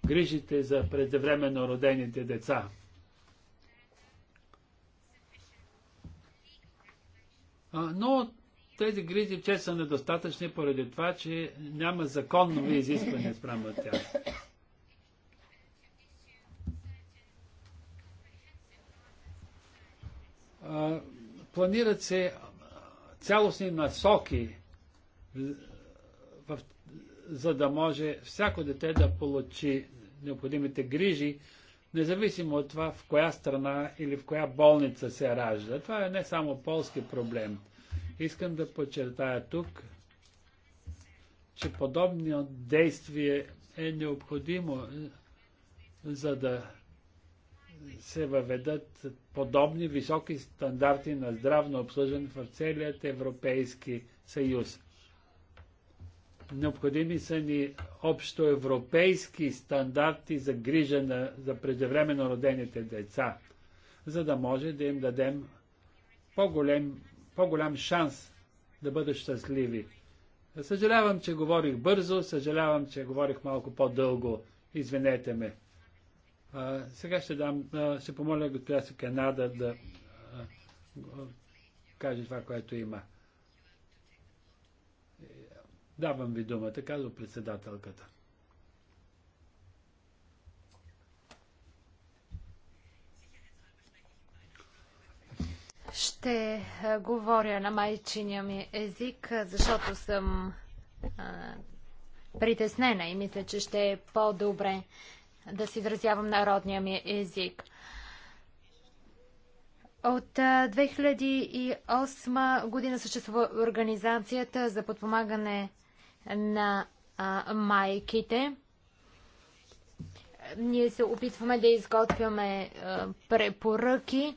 грижите за преждевременно родените деца. А, но тези грижи че са недостатъчни поради това, че няма законно изискване спрямо тях. планират се цялостни насоки, в, за да може всяко дете да получи необходимите грижи, независимо от това в коя страна или в коя болница се ражда. Това е не само полски проблем. Искам да подчертая тук, че подобно действие е необходимо, за да се въведат подобни високи стандарти на здравно обслужване в целият Европейски съюз. Необходими са ни общоевропейски стандарти за грижа на, за преждевременно родените деца, за да може да им дадем по-голям, по-голям шанс да бъдат щастливи. Съжалявам, че говорих бързо, съжалявам, че говорих малко по-дълго. Извинете ме сега ще дам, а, ще помоля госпожа Канада да а, а, каже това, което има. Давам ви думата, казва председателката. Ще говоря на майчиния ми език, защото съм а, притеснена и мисля, че ще е по-добре да се изразявам народния ми език. От 2008 година съществува Организацията за подпомагане на майките ние се опитваме да изготвяме а, е, препоръки,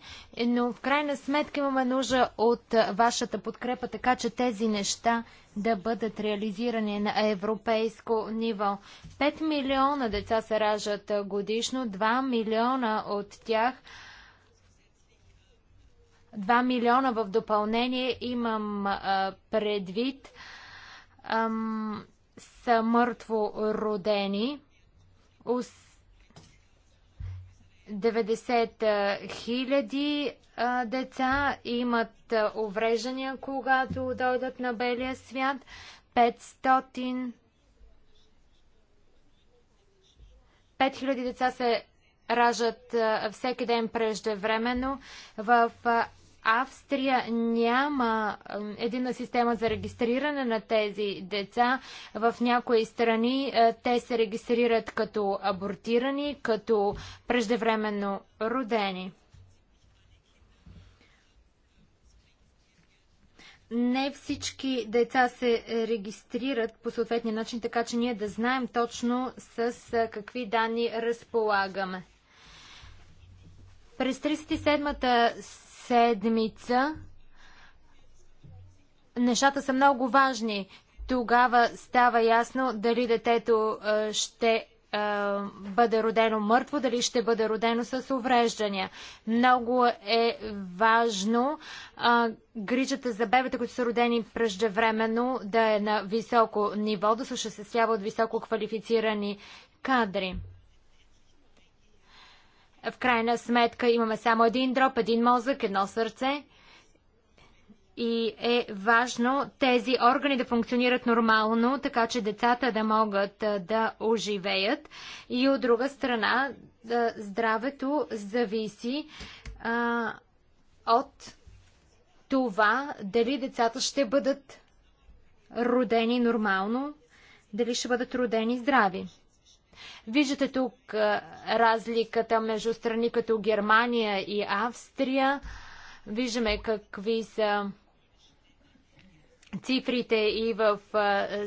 но в крайна сметка имаме нужда от е, вашата подкрепа, така че тези неща да бъдат реализирани на европейско ниво. 5 милиона деца се раждат годишно, 2 милиона от тях 2 милиона в допълнение имам а, е, предвид а, са мъртво родени. 90 хиляди деца имат увреждания, когато дойдат на белия свят. 500 5000 деца се раждат всеки ден преждевременно. В Австрия няма едина система за регистриране на тези деца. В някои страни те се регистрират като абортирани, като преждевременно родени. не всички деца се регистрират по съответния начин, така че ние да знаем точно с какви данни разполагаме. През 37-та седмица нещата са много важни. Тогава става ясно дали детето ще бъде родено мъртво, дали ще бъде родено с увреждания. Много е важно а, грижата за бебета, които са родени преждевременно, да е на високо ниво, да се осъществява от високо квалифицирани кадри. В крайна сметка имаме само един дроб, един мозък, едно сърце. И е важно тези органи да функционират нормално, така че децата да могат да оживеят. И от друга страна, здравето зависи а, от това дали децата ще бъдат родени нормално, дали ще бъдат родени здрави. Виждате тук разликата между страни като Германия и Австрия. Виждаме какви са цифрите и в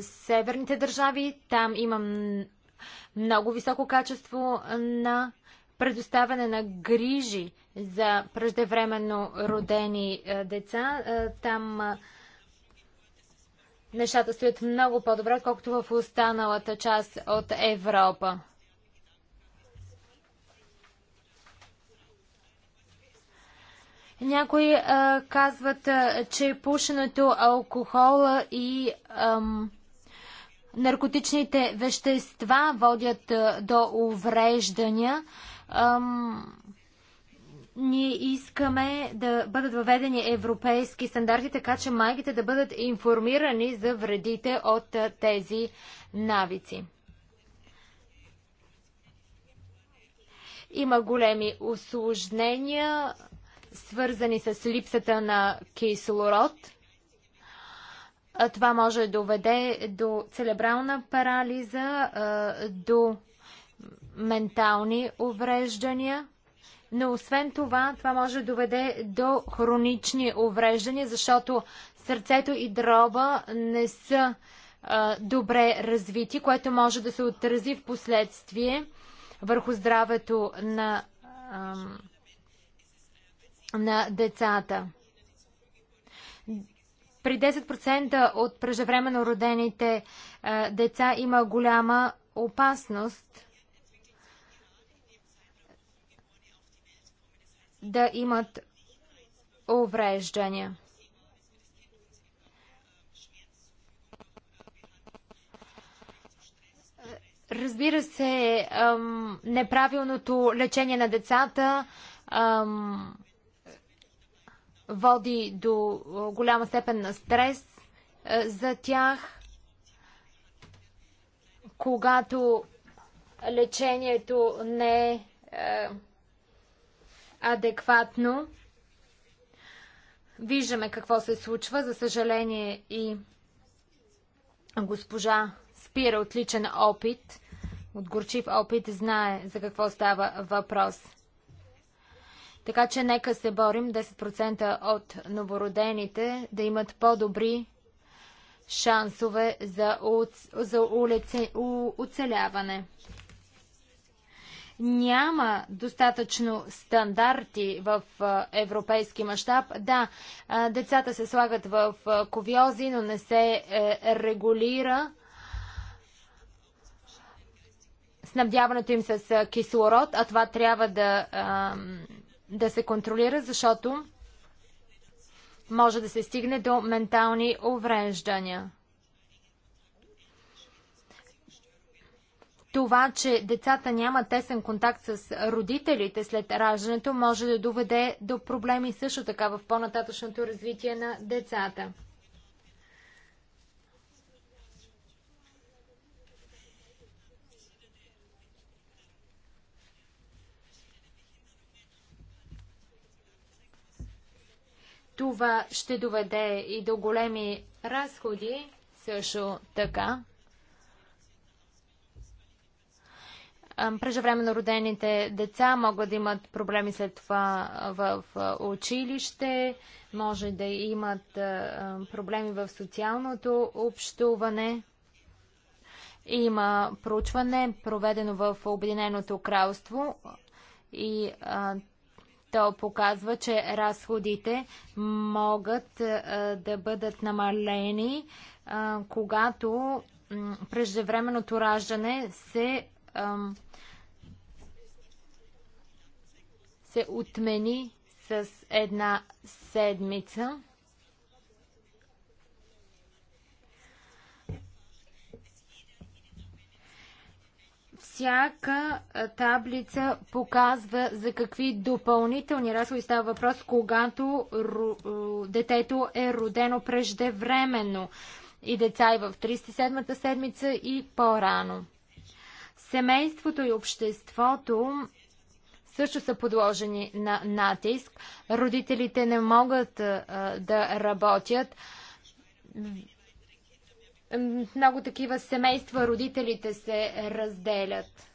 северните държави. Там има много високо качество на предоставяне на грижи за преждевременно родени деца. Там нещата стоят много по-добре, колкото в останалата част от Европа. Някои а, казват, а, че пушенето, алкохола и ам, наркотичните вещества водят а, до увреждания. Ам, ние искаме да бъдат въведени европейски стандарти, така че майките да бъдат информирани за вредите от тези навици. Има големи осложнения, свързани с липсата на кислород. Това може да доведе до целебрална парализа, до ментални увреждания. Но освен това, това може да доведе до хронични увреждания, защото сърцето и дроба не са а, добре развити, което може да се отрази в последствие върху здравето на, а, на децата. При 10% от преждевременно родените а, деца има голяма опасност да имат увреждания. Разбира се, неправилното лечение на децата води до голяма степен на стрес за тях. Когато лечението не е адекватно. Виждаме какво се случва. За съжаление и госпожа Спира отличен опит, от горчив опит, знае за какво става въпрос. Така че нека се борим 10% от новородените да имат по-добри шансове за, у... за улице, у... оцеляване няма достатъчно стандарти в европейски мащаб. Да, децата се слагат в ковиози, но не се е, регулира снабдяването им с кислород, а това трябва да, да се контролира, защото може да се стигне до ментални увреждания. Това, че децата нямат тесен контакт с родителите след раждането, може да доведе до проблеми също така в по-нататъчното развитие на децата. Това ще доведе и до големи разходи също така. Преждевременно родените деца могат да имат проблеми след това в училище, може да имат проблеми в социалното общуване. Има проучване, проведено в Обединеното кралство и то показва, че разходите могат да бъдат намалени, когато преждевременното раждане се се отмени с една седмица. всяка таблица показва за какви допълнителни разходи става въпрос, когато детето е родено преждевременно и деца и в 37-та седмица и по-рано. Семейството и обществото също са подложени на натиск. Родителите не могат а, да работят. Много такива семейства родителите се разделят.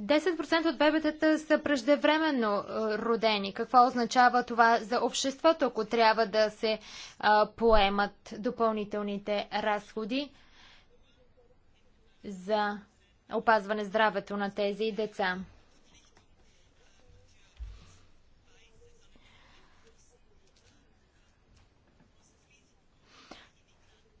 10% от бебетата са преждевременно е, родени. Какво означава това за обществото, ако трябва да се а, е, поемат допълнителните разходи за опазване здравето на тези деца?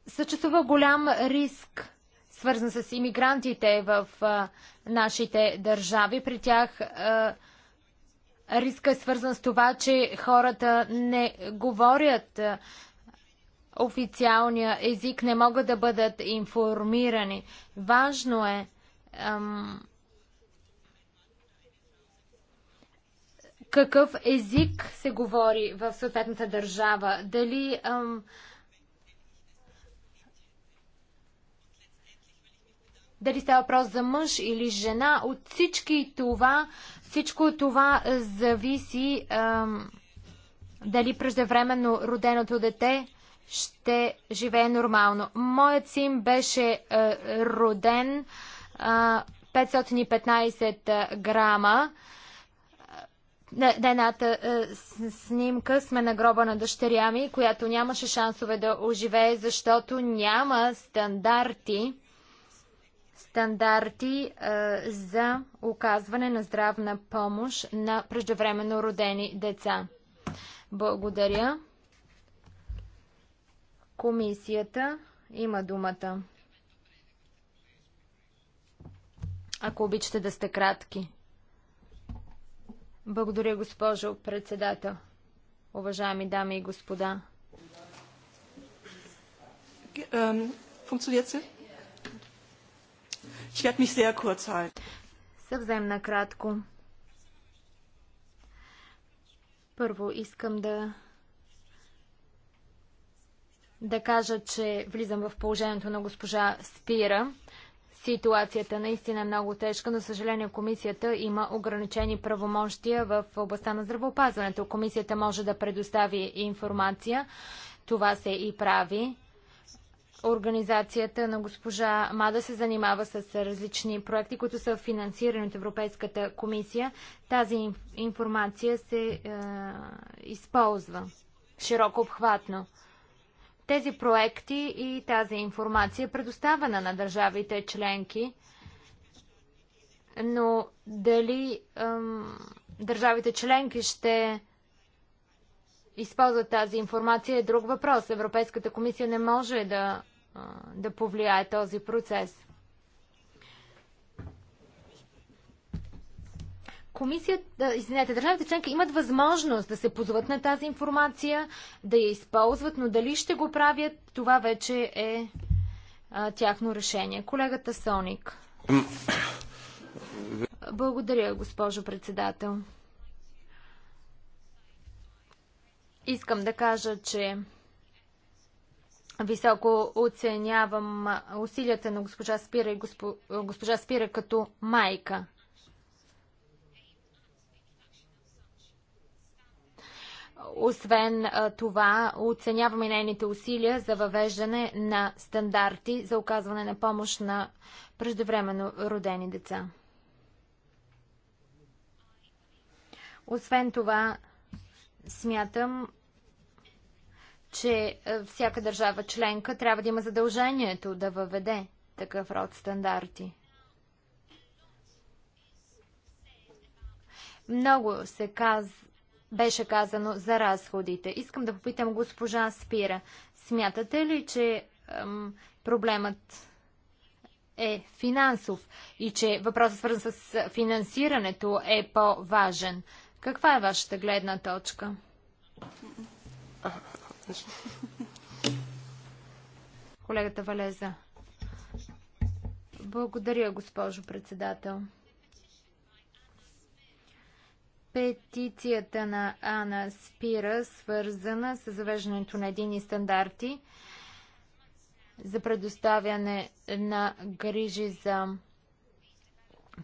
Съществува голям риск, свързан с иммигрантите в е, нашите държави. При тях е, риска е свързан с това, че хората не говорят е, официалния език, не могат да бъдат информирани. Важно е какъв език се говори в съответната държава. Дали ам, дали става въпрос за мъж или жена, от всички това, всичко това зависи ам, дали преждевременно роденото дете ще живее нормално. Моят син беше а, е, роден а, 515 грама. На едната е, снимка сме на гроба на дъщеря ми, която нямаше шансове да оживее, защото няма стандарти стандарти а, за оказване на здравна помощ на преждевременно родени деца. Благодаря. Комисията има думата. Ако обичате да сте кратки. Благодаря, госпожо председател. Уважаеми дами и господа. Функционират се? Ich werde mich sehr kurz halten. Съвсем накратко. Първо искам да да кажа, че влизам в положението на госпожа Спира. Ситуацията наистина е много тежка, но съжаление комисията има ограничени правомощия в областта на здравеопазването. Комисията може да предостави информация. Това се и прави. Организацията на госпожа Мада се занимава с различни проекти, които са финансирани от Европейската комисия. Тази информация се е, използва широко обхватно. Тези проекти и тази информация е предоставена на държавите членки, но дали е, държавите членки ще използват тази информация е друг въпрос. Европейската комисия не може да да повлияе този процес. Комисията, извинете, държавите членки имат възможност да се позват на тази информация, да я използват, но дали ще го правят, това вече е а, тяхно решение. Колегата Соник. Благодаря, госпожо председател. Искам да кажа, че Високо оценявам усилията на госпожа Спира и госпо... госпожа Спира като майка. Освен това, оценяваме нейните усилия за въвеждане на стандарти за оказване на помощ на преждевременно родени деца. Освен това, смятам, че е, всяка държава членка трябва да има задължението да въведе такъв род стандарти. Много се каз... беше казано за разходите. Искам да попитам госпожа Спира. Смятате ли, че ем, проблемът е финансов и че въпросът свързан с финансирането е по-важен? Каква е вашата гледна точка? Колегата Валеза. Благодаря, госпожо председател. Петицията на Ана Спира, свързана с завеждането на едини стандарти за предоставяне на грижи за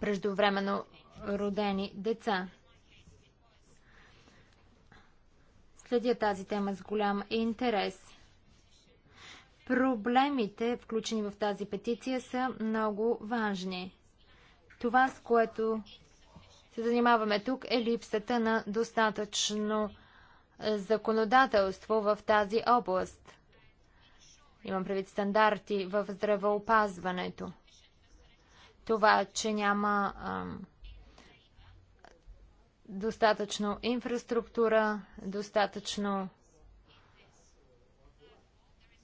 преждовременно родени деца. Следя тази тема с голям интерес. Проблемите, включени в тази петиция, са много важни. Това, с което се занимаваме тук, е липсата на достатъчно законодателство в тази област. Имам предвид стандарти в здравеопазването. Това, че няма ам, достатъчно инфраструктура, достатъчно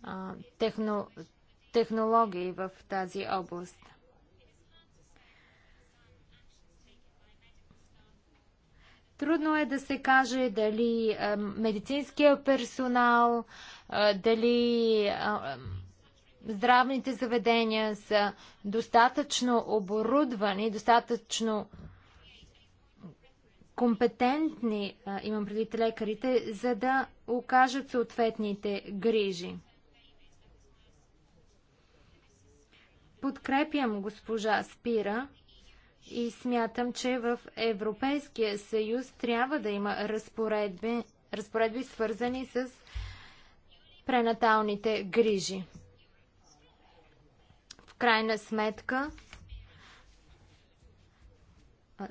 а, техно, технологии в тази област. Трудно е да се каже дали а, медицинския персонал, а, дали здравните заведения са достатъчно оборудвани, достатъчно компетентни, имам предвид лекарите, за да окажат съответните грижи. Подкрепям госпожа Спира и смятам, че в Европейския съюз трябва да има разпоредби, разпоредби свързани с пренаталните грижи. В крайна сметка,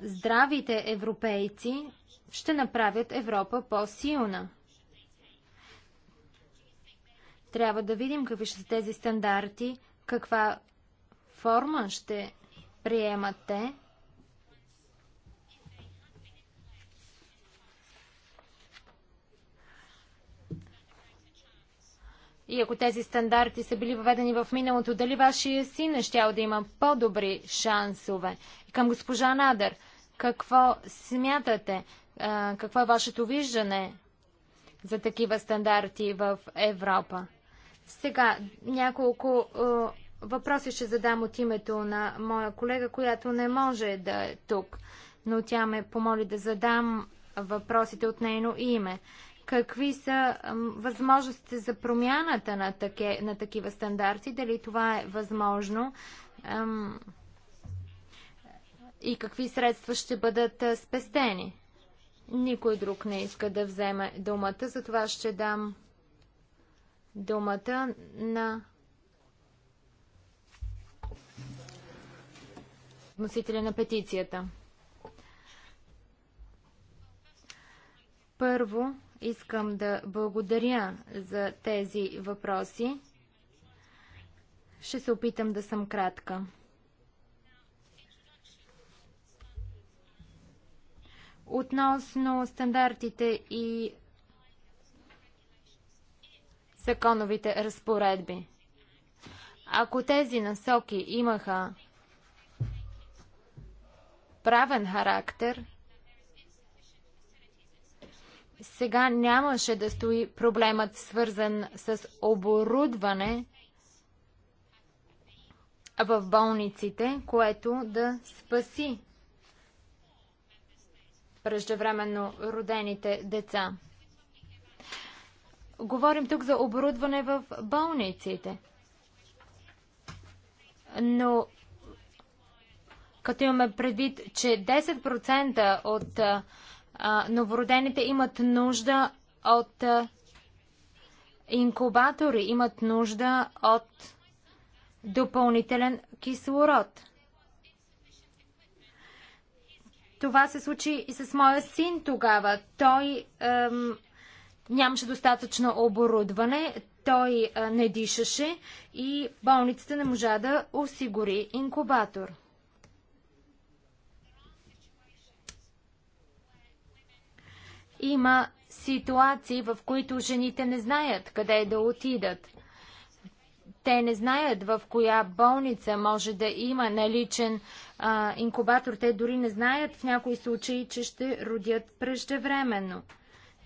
здравите европейци ще направят Европа по-силна. Трябва да видим какви ще са тези стандарти, каква форма ще приемат те. И ако тези стандарти са били въведени в миналото, дали вашия син не щял да има по-добри шансове? И към госпожа Надър, какво смятате? какво е вашето виждане за такива стандарти в Европа? Сега няколко въпроси ще задам от името на моя колега, която не може да е тук, но тя ме помоли да задам въпросите от нейно име. Какви са възможностите за промяната на, таке, на такива стандарти? Дали това е възможно? Ам, и какви средства ще бъдат спестени. Никой друг не иска да вземе думата, затова ще дам думата на вносителя на петицията. Първо, искам да благодаря за тези въпроси. Ще се опитам да съм кратка. Относно стандартите и законовите разпоредби. Ако тези насоки имаха правен характер, сега нямаше да стои проблемът свързан с оборудване в болниците, което да спаси преждевременно родените деца. Говорим тук за оборудване в болниците. Но като имаме предвид, че 10% от а, новородените имат нужда от а, инкубатори, имат нужда от допълнителен кислород. Това се случи и с моя син тогава. Той ем, нямаше достатъчно оборудване, той е, не дишаше и болницата не можа да осигури инкубатор. Има ситуации, в които жените не знаят къде да отидат. Те не знаят в коя болница може да има наличен а, инкубатор. Те дори не знаят в някои случаи, че ще родят преждевременно.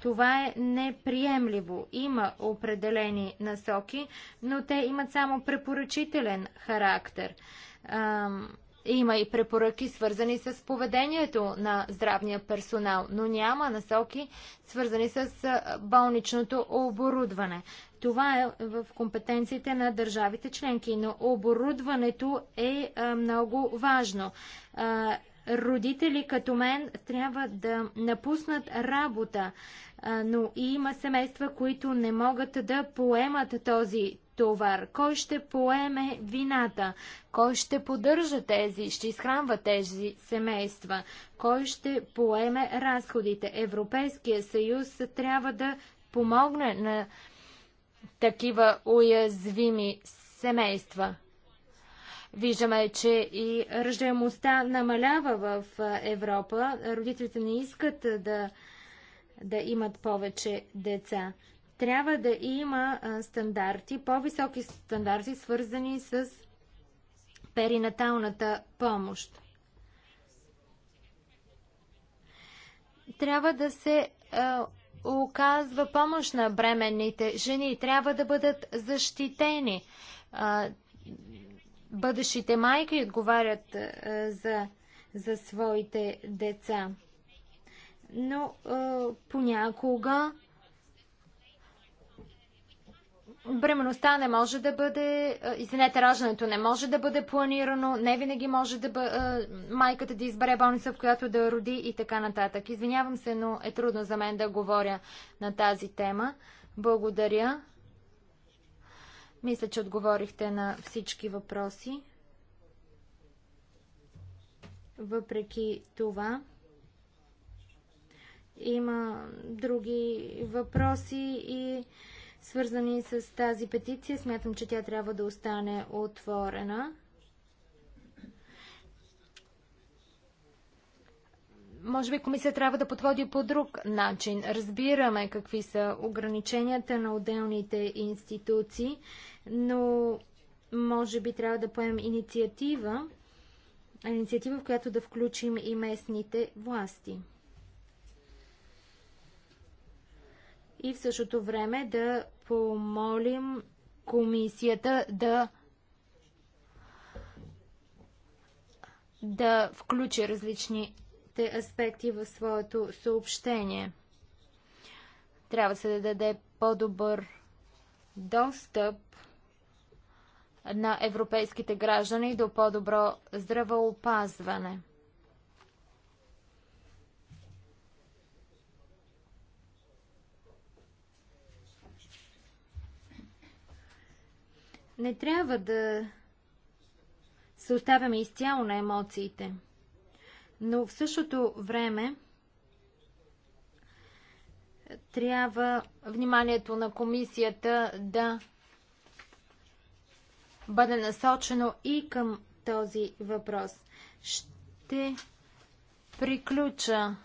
Това е неприемливо. Има определени насоки, но те имат само препоръчителен характер. А, има и препоръки, свързани с поведението на здравния персонал, но няма насоки, свързани с болничното оборудване. Това е в компетенциите на държавите членки, но оборудването е много важно. Родители като мен трябва да напуснат работа, но и има семейства, които не могат да поемат този товар? Кой ще поеме вината? Кой ще поддържа тези, ще изхранва тези семейства? Кой ще поеме разходите? Европейския съюз трябва да помогне на такива уязвими семейства. Виждаме, че и ръждаемостта намалява в Европа. Родителите не искат да, да имат повече деца. Трябва да има стандарти, по-високи стандарти, свързани с перинаталната помощ. Трябва да се оказва помощ на бременните жени. Трябва да бъдат защитени. Бъдещите майки отговарят за, за своите деца. Но понякога Бременността не може да бъде, извинете, раждането не може да бъде планирано, не винаги може да бъ... майката да избере болница, в която да роди и така нататък. Извинявам се, но е трудно за мен да говоря на тази тема. Благодаря. Мисля, че отговорихте на всички въпроси. Въпреки това, има други въпроси и свързани с тази петиция. Смятам, че тя трябва да остане отворена. Може би комисия трябва да подходи по друг начин. Разбираме какви са ограниченията на отделните институции, но може би трябва да поемем инициатива, инициатива, в която да включим и местните власти. и в същото време да помолим комисията да да включи различните аспекти в своето съобщение. Трябва да даде по-добър достъп на европейските граждани до по-добро здравеопазване. Не трябва да се оставяме изцяло на емоциите, но в същото време трябва вниманието на комисията да бъде насочено и към този въпрос. Ще приключа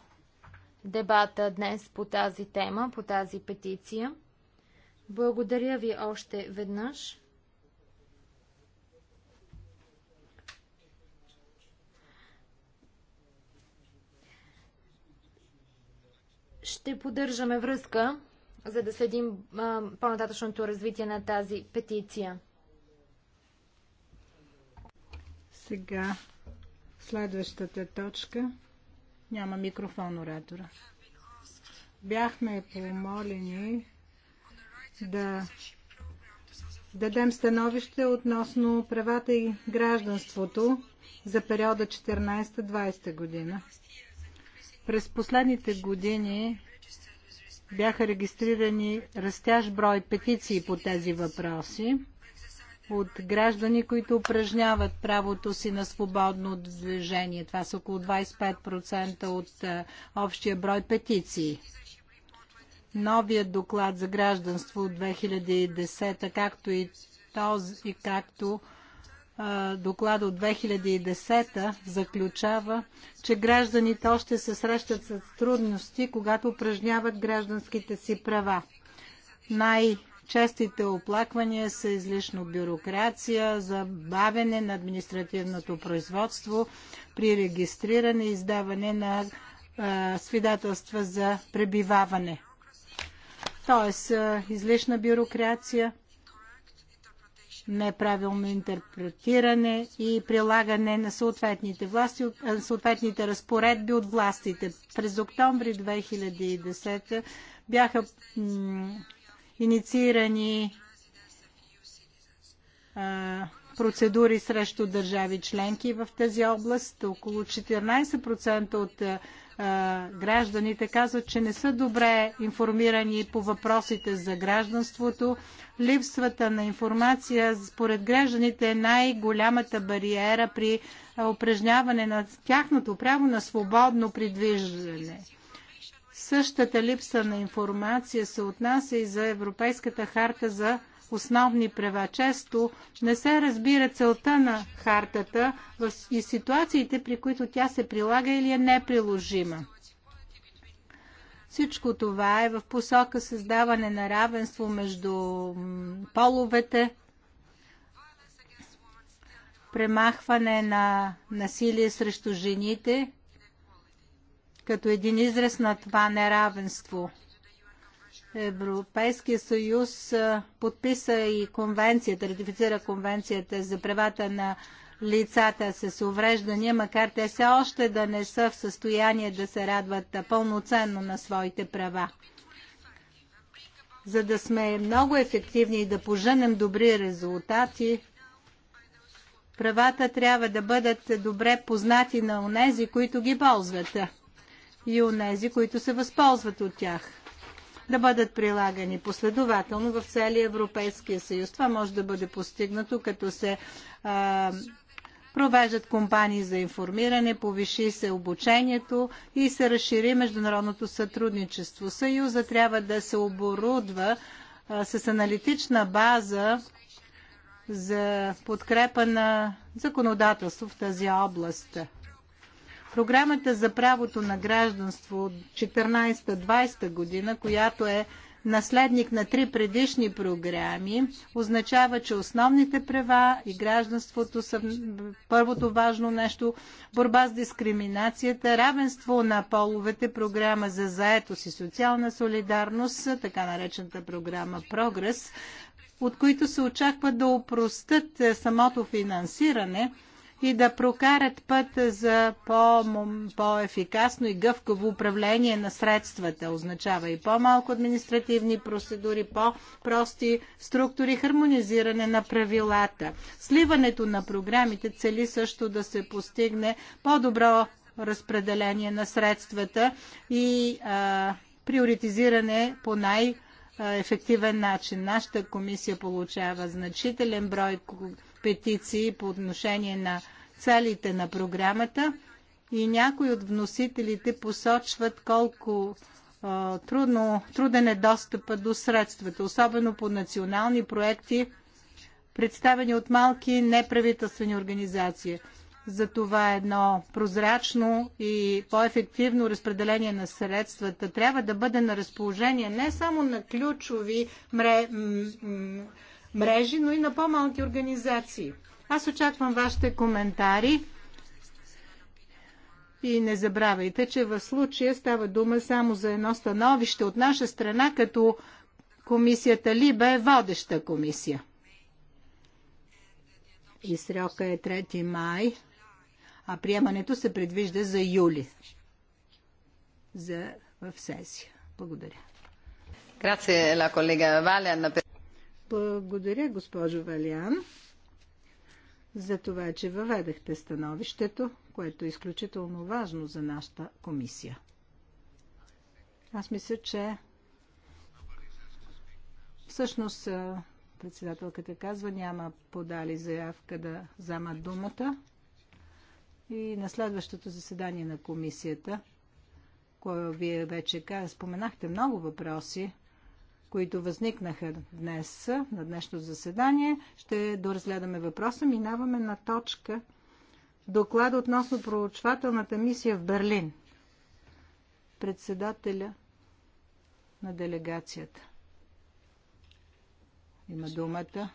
дебата днес по тази тема, по тази петиция. Благодаря ви още веднъж. Ще поддържаме връзка, за да следим по-нататъчното развитие на тази петиция. Сега следващата точка. Няма микрофон оратора. Бяхме помолени да дадем становище относно правата и гражданството за периода 14-20 година. През последните години бяха регистрирани растящ брой петиции по тези въпроси от граждани, които упражняват правото си на свободно движение. Това са около 25% от общия брой петиции. Новият доклад за гражданство от 2010, както и този, и както доклада от 2010 заключава, че гражданите още се срещат с трудности, когато упражняват гражданските си права. Най-честите оплаквания са излишно бюрокрация, забавене на административното производство при регистриране и издаване на е, свидетелства за пребиваване. Тоест, излишна бюрокрация – неправилно интерпретиране и прилагане на съответните, власти, съответните разпоредби от властите. През октомври 2010 бяха инициирани а, процедури срещу държави членки в тази област. Около 14% от гражданите казват, че не са добре информирани по въпросите за гражданството. Липсвата на информация според гражданите е най-голямата бариера при упражняване на тяхното право на свободно придвижване. Същата липса на информация се отнася и за Европейската харта за основни права. Често не се разбира целта на хартата и ситуациите, при които тя се прилага или е неприложима. Всичко това е в посока създаване на равенство между половете, премахване на насилие срещу жените като един израз на това неравенство – Европейския съюз подписа и конвенцията, ратифицира конвенцията за правата на лицата с увреждания, макар те все още да не са в състояние да се радват пълноценно на своите права. За да сме много ефективни и да поженем добри резултати, правата трябва да бъдат добре познати на онези, които ги ползват и онези, които се възползват от тях да бъдат прилагани последователно в целия Европейския съюз. Това може да бъде постигнато, като се а, провеждат компании за информиране, повиши се обучението и се разшири международното сътрудничество. Съюза трябва да се оборудва а, с аналитична база за подкрепа на законодателство в тази област. Програмата за правото на гражданство от 14-20 година, която е наследник на три предишни програми, означава, че основните права и гражданството са първото важно нещо, борба с дискриминацията, равенство на половете, програма за заетост и социална солидарност, така наречената програма Прогрес, от които се очаква да опростат самото финансиране – и да прокарат път за по-ефикасно и гъвкаво управление на средствата. Означава и по-малко административни процедури, по-прости структури, хармонизиране на правилата. Сливането на програмите цели също да се постигне по-добро разпределение на средствата и а, приоритизиране по най- ефективен начин. Нашата комисия получава значителен брой петиции по отношение на целите на програмата и някои от вносителите посочват колко трудно, труден е достъпа до средствата, особено по национални проекти, представени от малки неправителствени организации. За това едно прозрачно и по-ефективно разпределение на средствата трябва да бъде на разположение не само на ключови мре, мрежи, но и на по-малки организации. Аз очаквам вашите коментари. И не забравяйте, че в случая става дума само за едно становище от наша страна, като комисията Либа е водеща комисия. И срока е 3 май, а приемането се предвижда за юли. За в сесия. Благодаря. Grazie la collega Valean благодаря, госпожо Валиан, за това, че въведахте становището, което е изключително важно за нашата комисия. Аз мисля, че всъщност председателката казва, няма подали заявка да взема думата. И на следващото заседание на комисията, което вие вече споменахте много въпроси, които възникнаха днес на днешното заседание. Ще доразгледаме въпроса. Минаваме на точка доклада относно проучвателната мисия в Берлин. Председателя на делегацията. Има думата.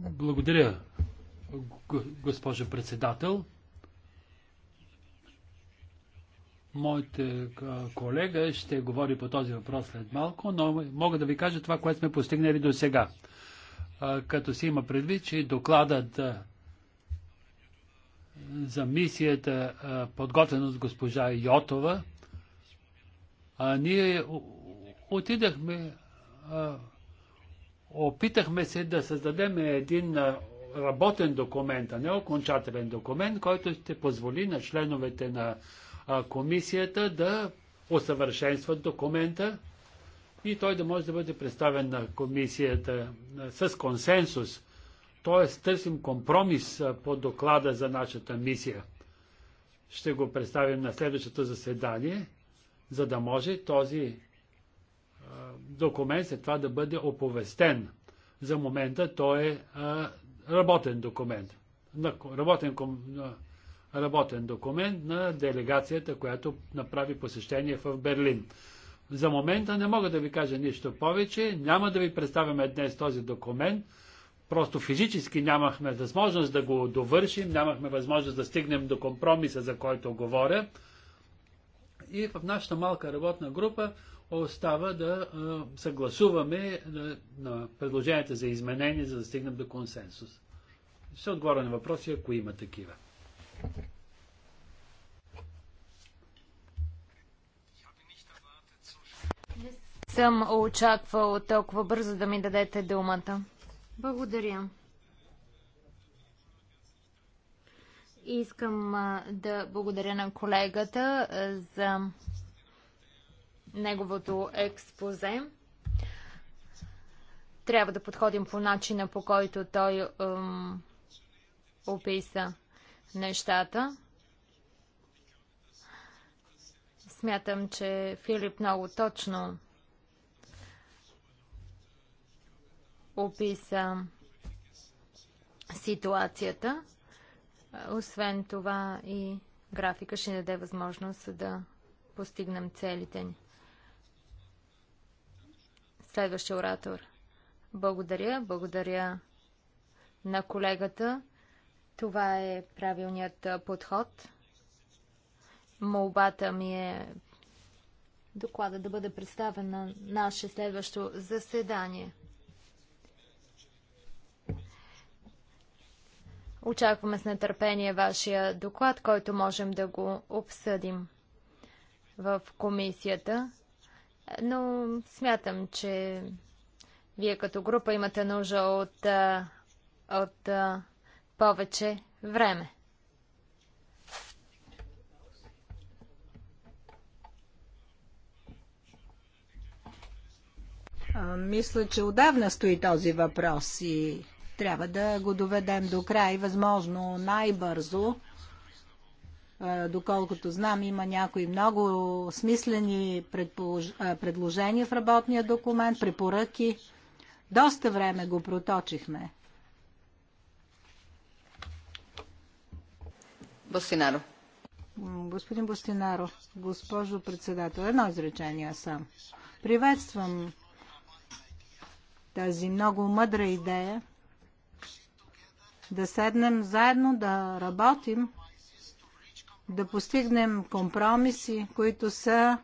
Благодаря, госпожо председател. Моят е, колега ще говори по този въпрос след малко, но мога да ви кажа това, което сме постигнали до сега. Като си има предвид, че докладът за мисията, подготвен от госпожа Йотова, ние отидахме, опитахме се да създадем един работен документ, а не окончателен документ, който ще позволи на членовете на комисията да усъвършенства документа и той да може да бъде представен на комисията с консенсус. Т.е. търсим компромис по доклада за нашата мисия. Ще го представим на следващото заседание, за да може този документ след това да бъде оповестен. За момента той е а, работен документ. На, работен документ работен документ на делегацията, която направи посещение в Берлин. За момента не мога да ви кажа нищо повече. Няма да ви представяме днес този документ. Просто физически нямахме възможност да го довършим, нямахме възможност да стигнем до компромиса, за който говоря. И в нашата малка работна група остава да съгласуваме на предложенията за изменение, за да стигнем до консенсус. Ще отговоря на въпроси, ако има такива. Не съм очаквал толкова бързо да ми дадете думата. Благодаря. Искам да благодаря на колегата за неговото експозе. Трябва да подходим по начина, по който той ем, описа нещата. Смятам, че Филип много точно описа ситуацията. Освен това и графика ще даде възможност да постигнем целите ни. Следващия оратор. Благодаря. Благодаря на колегата. Това е правилният подход. Молбата ми е доклада да бъде представен на наше следващо заседание. Очакваме с нетърпение вашия доклад, който можем да го обсъдим в комисията. Но смятам, че вие като група имате нужда от, от повече време. Мисля, че отдавна стои този въпрос и трябва да го доведем до край, възможно най-бързо. Доколкото знам, има някои много смислени предполож... предложения в работния документ, препоръки. Доста време го проточихме. Бостинаро. Господин Бостинаро, госпожо председател, едно изречение сам. Приветствам тази много мъдра идея да седнем заедно, да работим, да постигнем компромиси, които са,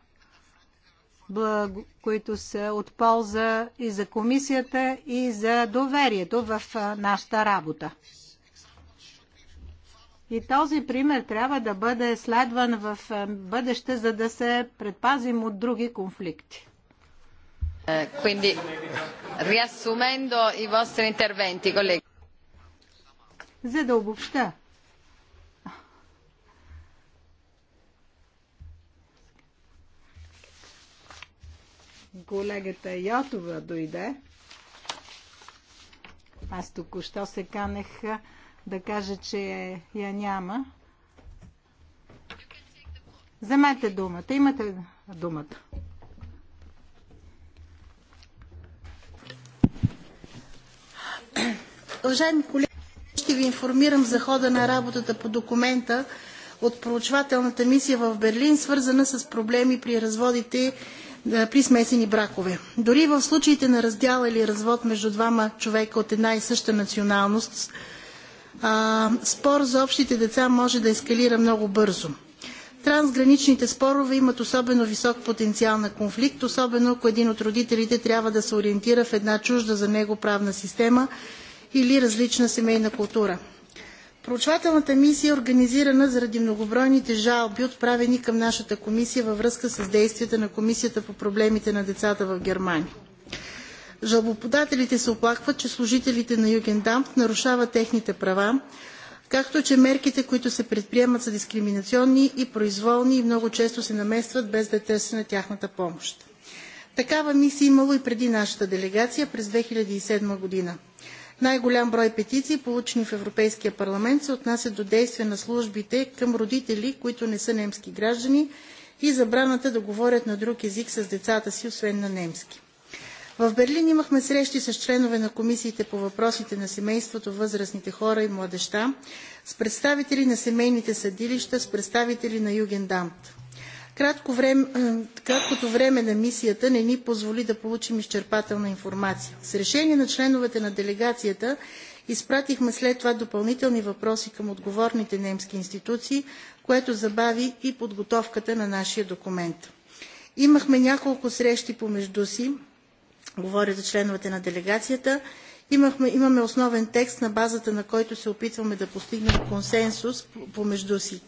благо, които са от полза и за комисията, и за доверието в нашата работа. И този пример трябва да бъде следван в е, бъдеще, за да се предпазим от други конфликти. Е, quindi, riassumendo i vostri interventi, colleghi. За да обобща. Колегата Йотова дойде. Аз току-що се канех да каже, че я няма. Вземете думата. Имате думата. Уважаеми колеги, ще ви информирам за хода на работата по документа от проучвателната мисия в Берлин, свързана с проблеми при разводите при смесени бракове. Дори в случаите на раздял или развод между двама човека от една и съща националност – а, спор за общите деца може да ескалира много бързо. Трансграничните спорове имат особено висок потенциал на конфликт, особено ако един от родителите трябва да се ориентира в една чужда за него правна система или различна семейна култура. Проучвателната мисия е организирана заради многобройните жалби, отправени към нашата комисия във връзка с действията на Комисията по проблемите на децата в Германия. Жалбоподателите се оплакват, че служителите на Югендамт нарушават техните права, както че мерките, които се предприемат, са дискриминационни и произволни и много често се наместват без да е търсена тяхната помощ. Такава мисия е имало и преди нашата делегация през 2007 година. Най-голям брой петиции, получени в Европейския парламент, се отнасят до действия на службите към родители, които не са немски граждани и забраната да говорят на друг език с децата си, освен на немски. В Берлин имахме срещи с членове на комисиите по въпросите на семейството, възрастните хора и младеща, с представители на семейните съдилища, с представители на Югендамт. Кратко време, е, краткото време на мисията не ни позволи да получим изчерпателна информация. С решение на членовете на делегацията изпратихме след това допълнителни въпроси към отговорните немски институции, което забави и подготовката на нашия документ. Имахме няколко срещи помежду си, говоря за членовете на делегацията, имахме, имаме основен текст, на базата на който се опитваме да постигнем консенсус помежду си.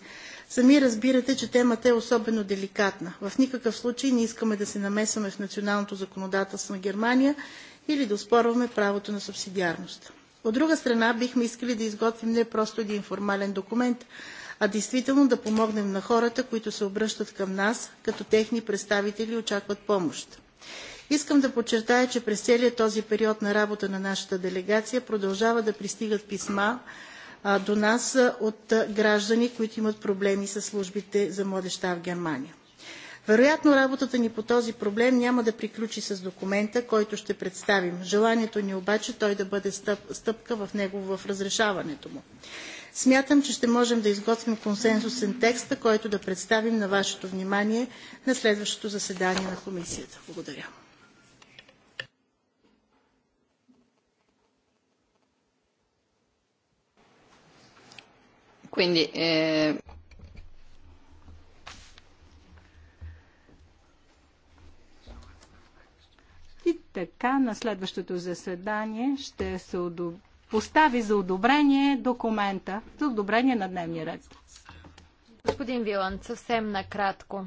Сами разбирате, че темата е особено деликатна. В никакъв случай не искаме да се намесваме в националното законодателство на Германия или да спорваме правото на субсидиарност. От друга страна, бихме искали да изготвим не просто един формален документ, а действително да помогнем на хората, които се обръщат към нас, като техни представители и очакват помощ. Искам да подчертая, че през целия този период на работа на нашата делегация продължава да пристигат писма до нас от граждани, които имат проблеми с службите за младеща в Германия. Вероятно работата ни по този проблем няма да приключи с документа, който ще представим. Желанието ни обаче той да бъде стъп, стъпка в него в разрешаването му. Смятам, че ще можем да изготвим консенсусен текст, който да представим на вашето внимание на следващото заседание на комисията. Благодаря. Quindi, eh... И така на следващото заседание ще се удов... постави за одобрение документа, за одобрение на дневния ред. Господин Вилан, съвсем накратко.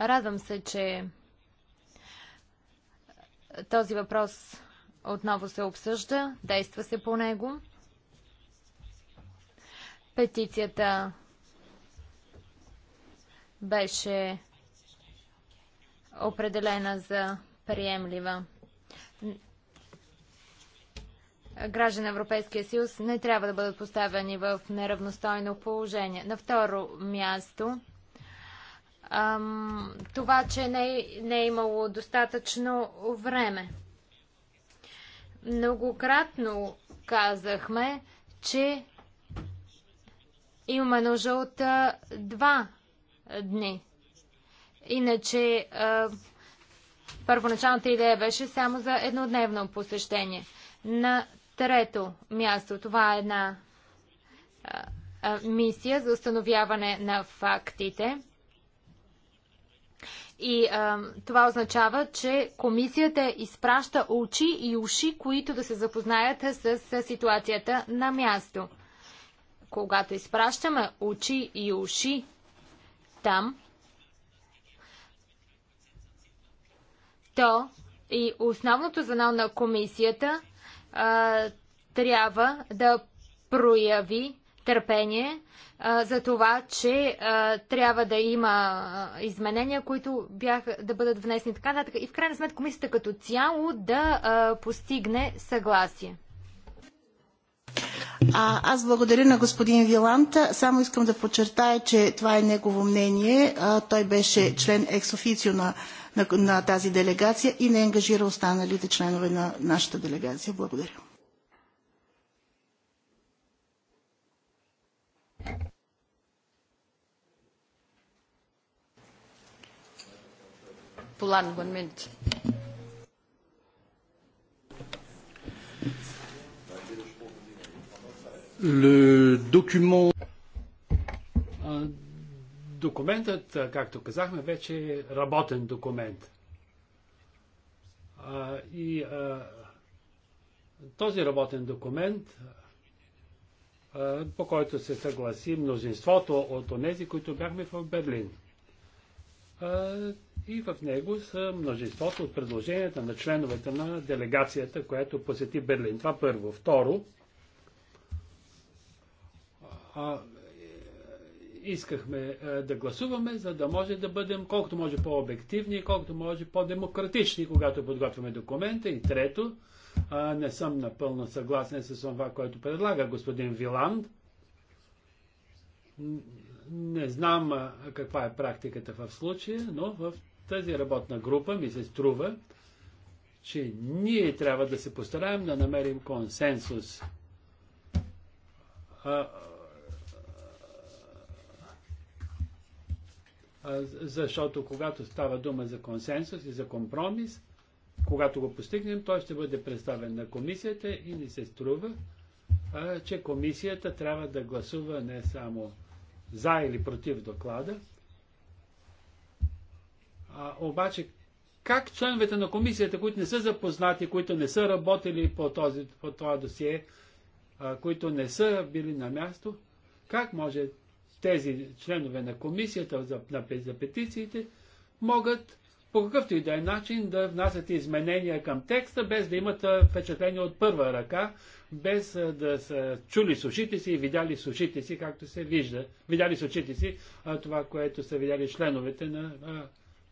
Радвам се, че този въпрос отново се обсъжда, действа се по него. Петицията беше определена за приемлива. Граждан на Европейския съюз не трябва да бъдат поставени в неравностойно положение. На второ място, това, че е, не е имало достатъчно време. Многократно казахме, че имаме нужда от а, два дни. Иначе а, първоначалната идея беше само за еднодневно посещение. На трето място това е една а, мисия за установяване на фактите. И а, това означава, че комисията изпраща очи и уши, които да се запознаят с, с ситуацията на място. Когато изпращаме очи и уши там, то и основното звено на комисията а, трябва да прояви търпение а, за това, че а, трябва да има изменения, които бяха да бъдат внесени така нататък. И в крайна сметка комисията като цяло да а, постигне съгласие. А, аз благодаря на господин Вилант, Само искам да подчертая, че това е негово мнение. А, той беше член ексофицио на, на, на тази делегация и не ангажира останалите членове на нашата делегация. Благодаря. one minute. Le document... Документът, както казахме, вече е работен документ. А, и а, този работен документ, а, по който се съгласи мнозинството от онези, които бяхме в Берлин. И в него са множеството от предложенията на членовете на делегацията, която посети Берлин. Това първо. Второ, а, е, искахме а, е, да гласуваме, за да може да бъдем колкото може по-обективни, колкото може по-демократични, когато подготвяме документа. И трето, а, не съм напълно съгласен с това, което предлага господин Виланд. Не знам каква е практиката в случая, но в тази работна група ми се струва, че ние трябва да се постараем да намерим консенсус. А, а, защото когато става дума за консенсус и за компромис, когато го постигнем, той ще бъде представен на комисията и ни се струва, а, че комисията трябва да гласува не само за или против доклада, а, обаче, как членовете на комисията, които не са запознати, които не са работили по, този, по това досие, а, които не са били на място, как може тези членове на комисията за, на, за петициите могат по какъвто и да е начин да внасят изменения към текста, без да имат впечатление от първа ръка, без да са чули с ушите си и видяли с ушите си, както се вижда, видяли с ушите си това, което са видяли членовете на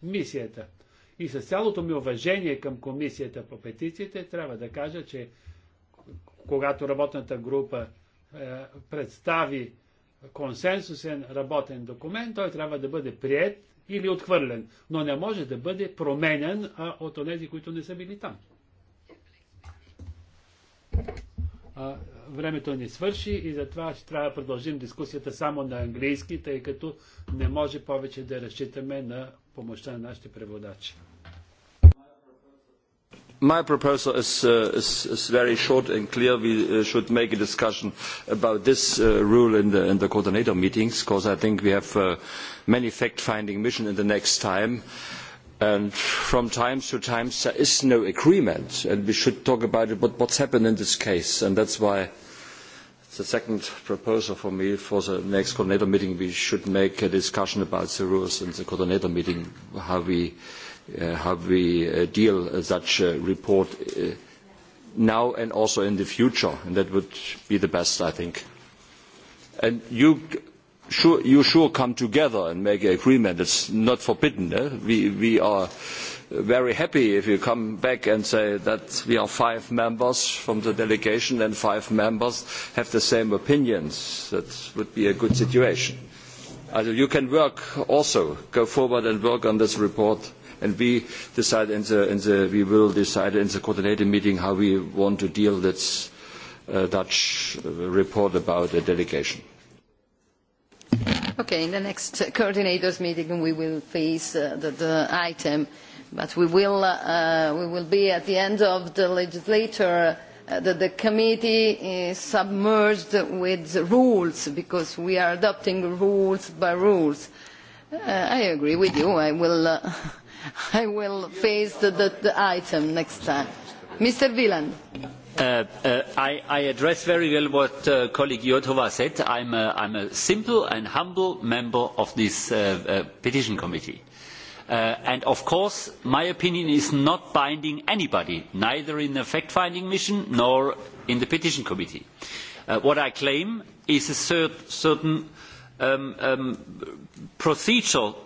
мисията. И с цялото ми уважение към комисията по петициите, трябва да кажа, че когато работната група е, представи консенсусен работен документ, той трябва да бъде прият или отхвърлен, но не може да бъде променен а, от онези, които не са били там. А, времето ни свърши и затова ще трябва да продължим дискусията само на английски, тъй като не може повече да разчитаме на помощта на нашите преводачи. My proposal is, uh, is, is very short and clear. We uh, should make a discussion about this uh, rule in the, in the coordinator meetings because I think we have uh, many fact-finding missions in the next time and from time to time there is no agreement and we should talk about it but what's happened in this case and that's why the second proposal for me for the next coordinator meeting we should make a discussion about the rules in the coordinator meeting how we how we deal with such a report now and also in the future and that would be the best i think and you you sure come together and make an agreement. It's not forbidden. We, we are very happy if you come back and say that we are five members from the delegation and five members have the same opinions. That would be a good situation. you can work also, go forward and work on this report. And we, decide in the, in the, we will decide in the coordinated meeting how we want to deal with this Dutch report about the delegation. Okay, in the next coordinators meeting we will face uh, the, the item, but we will, uh, we will be at the end of the legislature that the committee is submerged with rules because we are adopting rules by rules. I agree with you. I will, uh, I will face the, the, the item next time. Mr. Wieland. I, address very well what colleague iotov said. I am a simple and humble member of this petition committee. and of course, my opinion is not binding anybody, neither in the fact-finding mission nor in the petition committee. what I claim is a certain procedural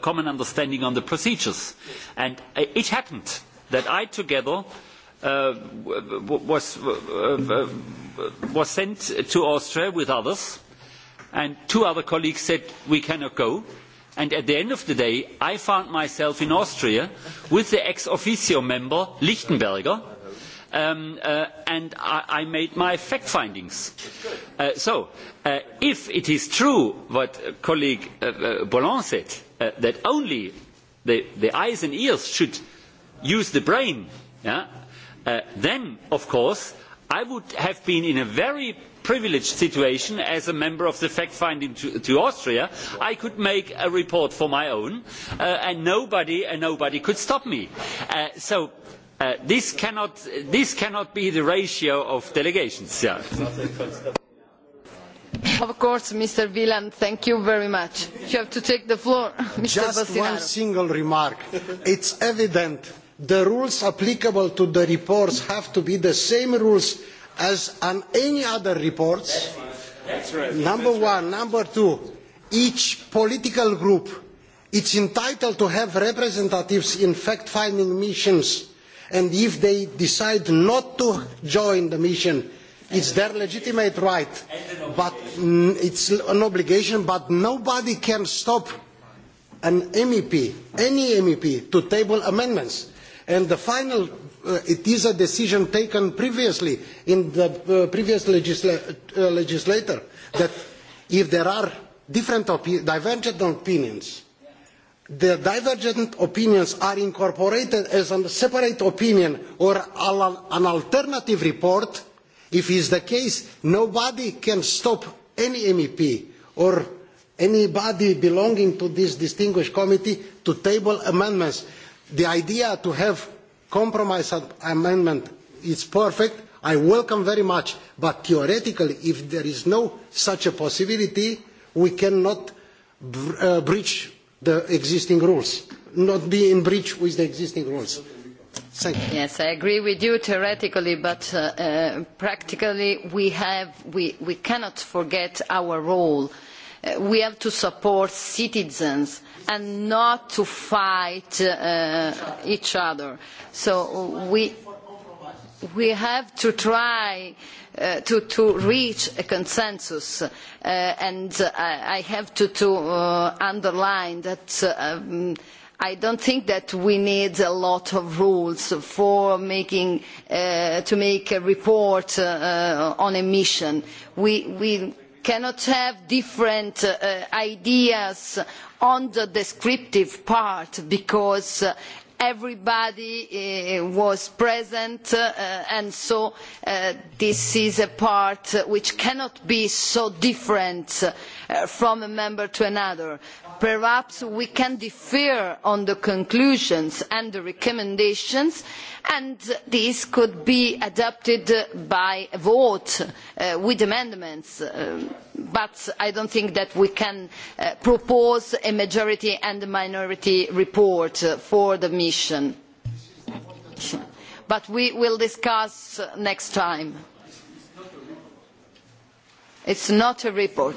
common understanding on the procedures. And it happened that I, together was sent to Austria with others, and two other colleagues said, we cannot go. And at the end of the day, I found myself in Austria with the ex officio member, Lichtenberger, and I made my fact findings. so, if it is true what colleague Bolland said, that only the eyes and ears should use the brain, then of course i would have been in a very privileged situation as a member of the fact finding to austria i could make a report of my own and nobody could stop me. so this cannot be the ratio of delegations. Of course, Mr. Wieland, thank you very much. You have to take the floor, Just one single remark. is evident the rules applicable to the reports have to be the same rules as on any other reports. Number one. Number two, each political group is entitled to have representatives in fact finding missions and if they decide not to join the mission it is their legitimate right but it is an obligation but nobody can stop an mep any mep from tabling amendments And the final, it is a decision taken previously in the previous legislator that if there are different, divergent opinions, the divergent opinions are incorporated as a separate opinion or an alternative report. If is the case, nobody can stop any MEP or anybody belonging to this distinguished committee to table amendments the idea to have compromise amendment is perfect. I welcome very much, but theoretically, if there is no such a possibility, we cannot breach the existing rules, not be in breach with the existing rules. Yes, I agree with you theoretically, but practically we, have, we, we cannot forget our role. we have to support citizens and not to fight uh, each other. So we, we have to try uh, to, to reach a consensus uh, and I, I have to, to uh, underline that um, I don't think that we need a lot of rules for making, uh, to make a report uh, on mission. We, we cannot have different ideas on the descriptive part because everybody was present and so this is a part which cannot be so different from a member to another. Perhaps we can differ on the conclusions and the recommendations and these could be adopted by a vote with amendments. but I do not think that we can propose a majority and a minority report for the mission. But we will discuss next time. It is not a report.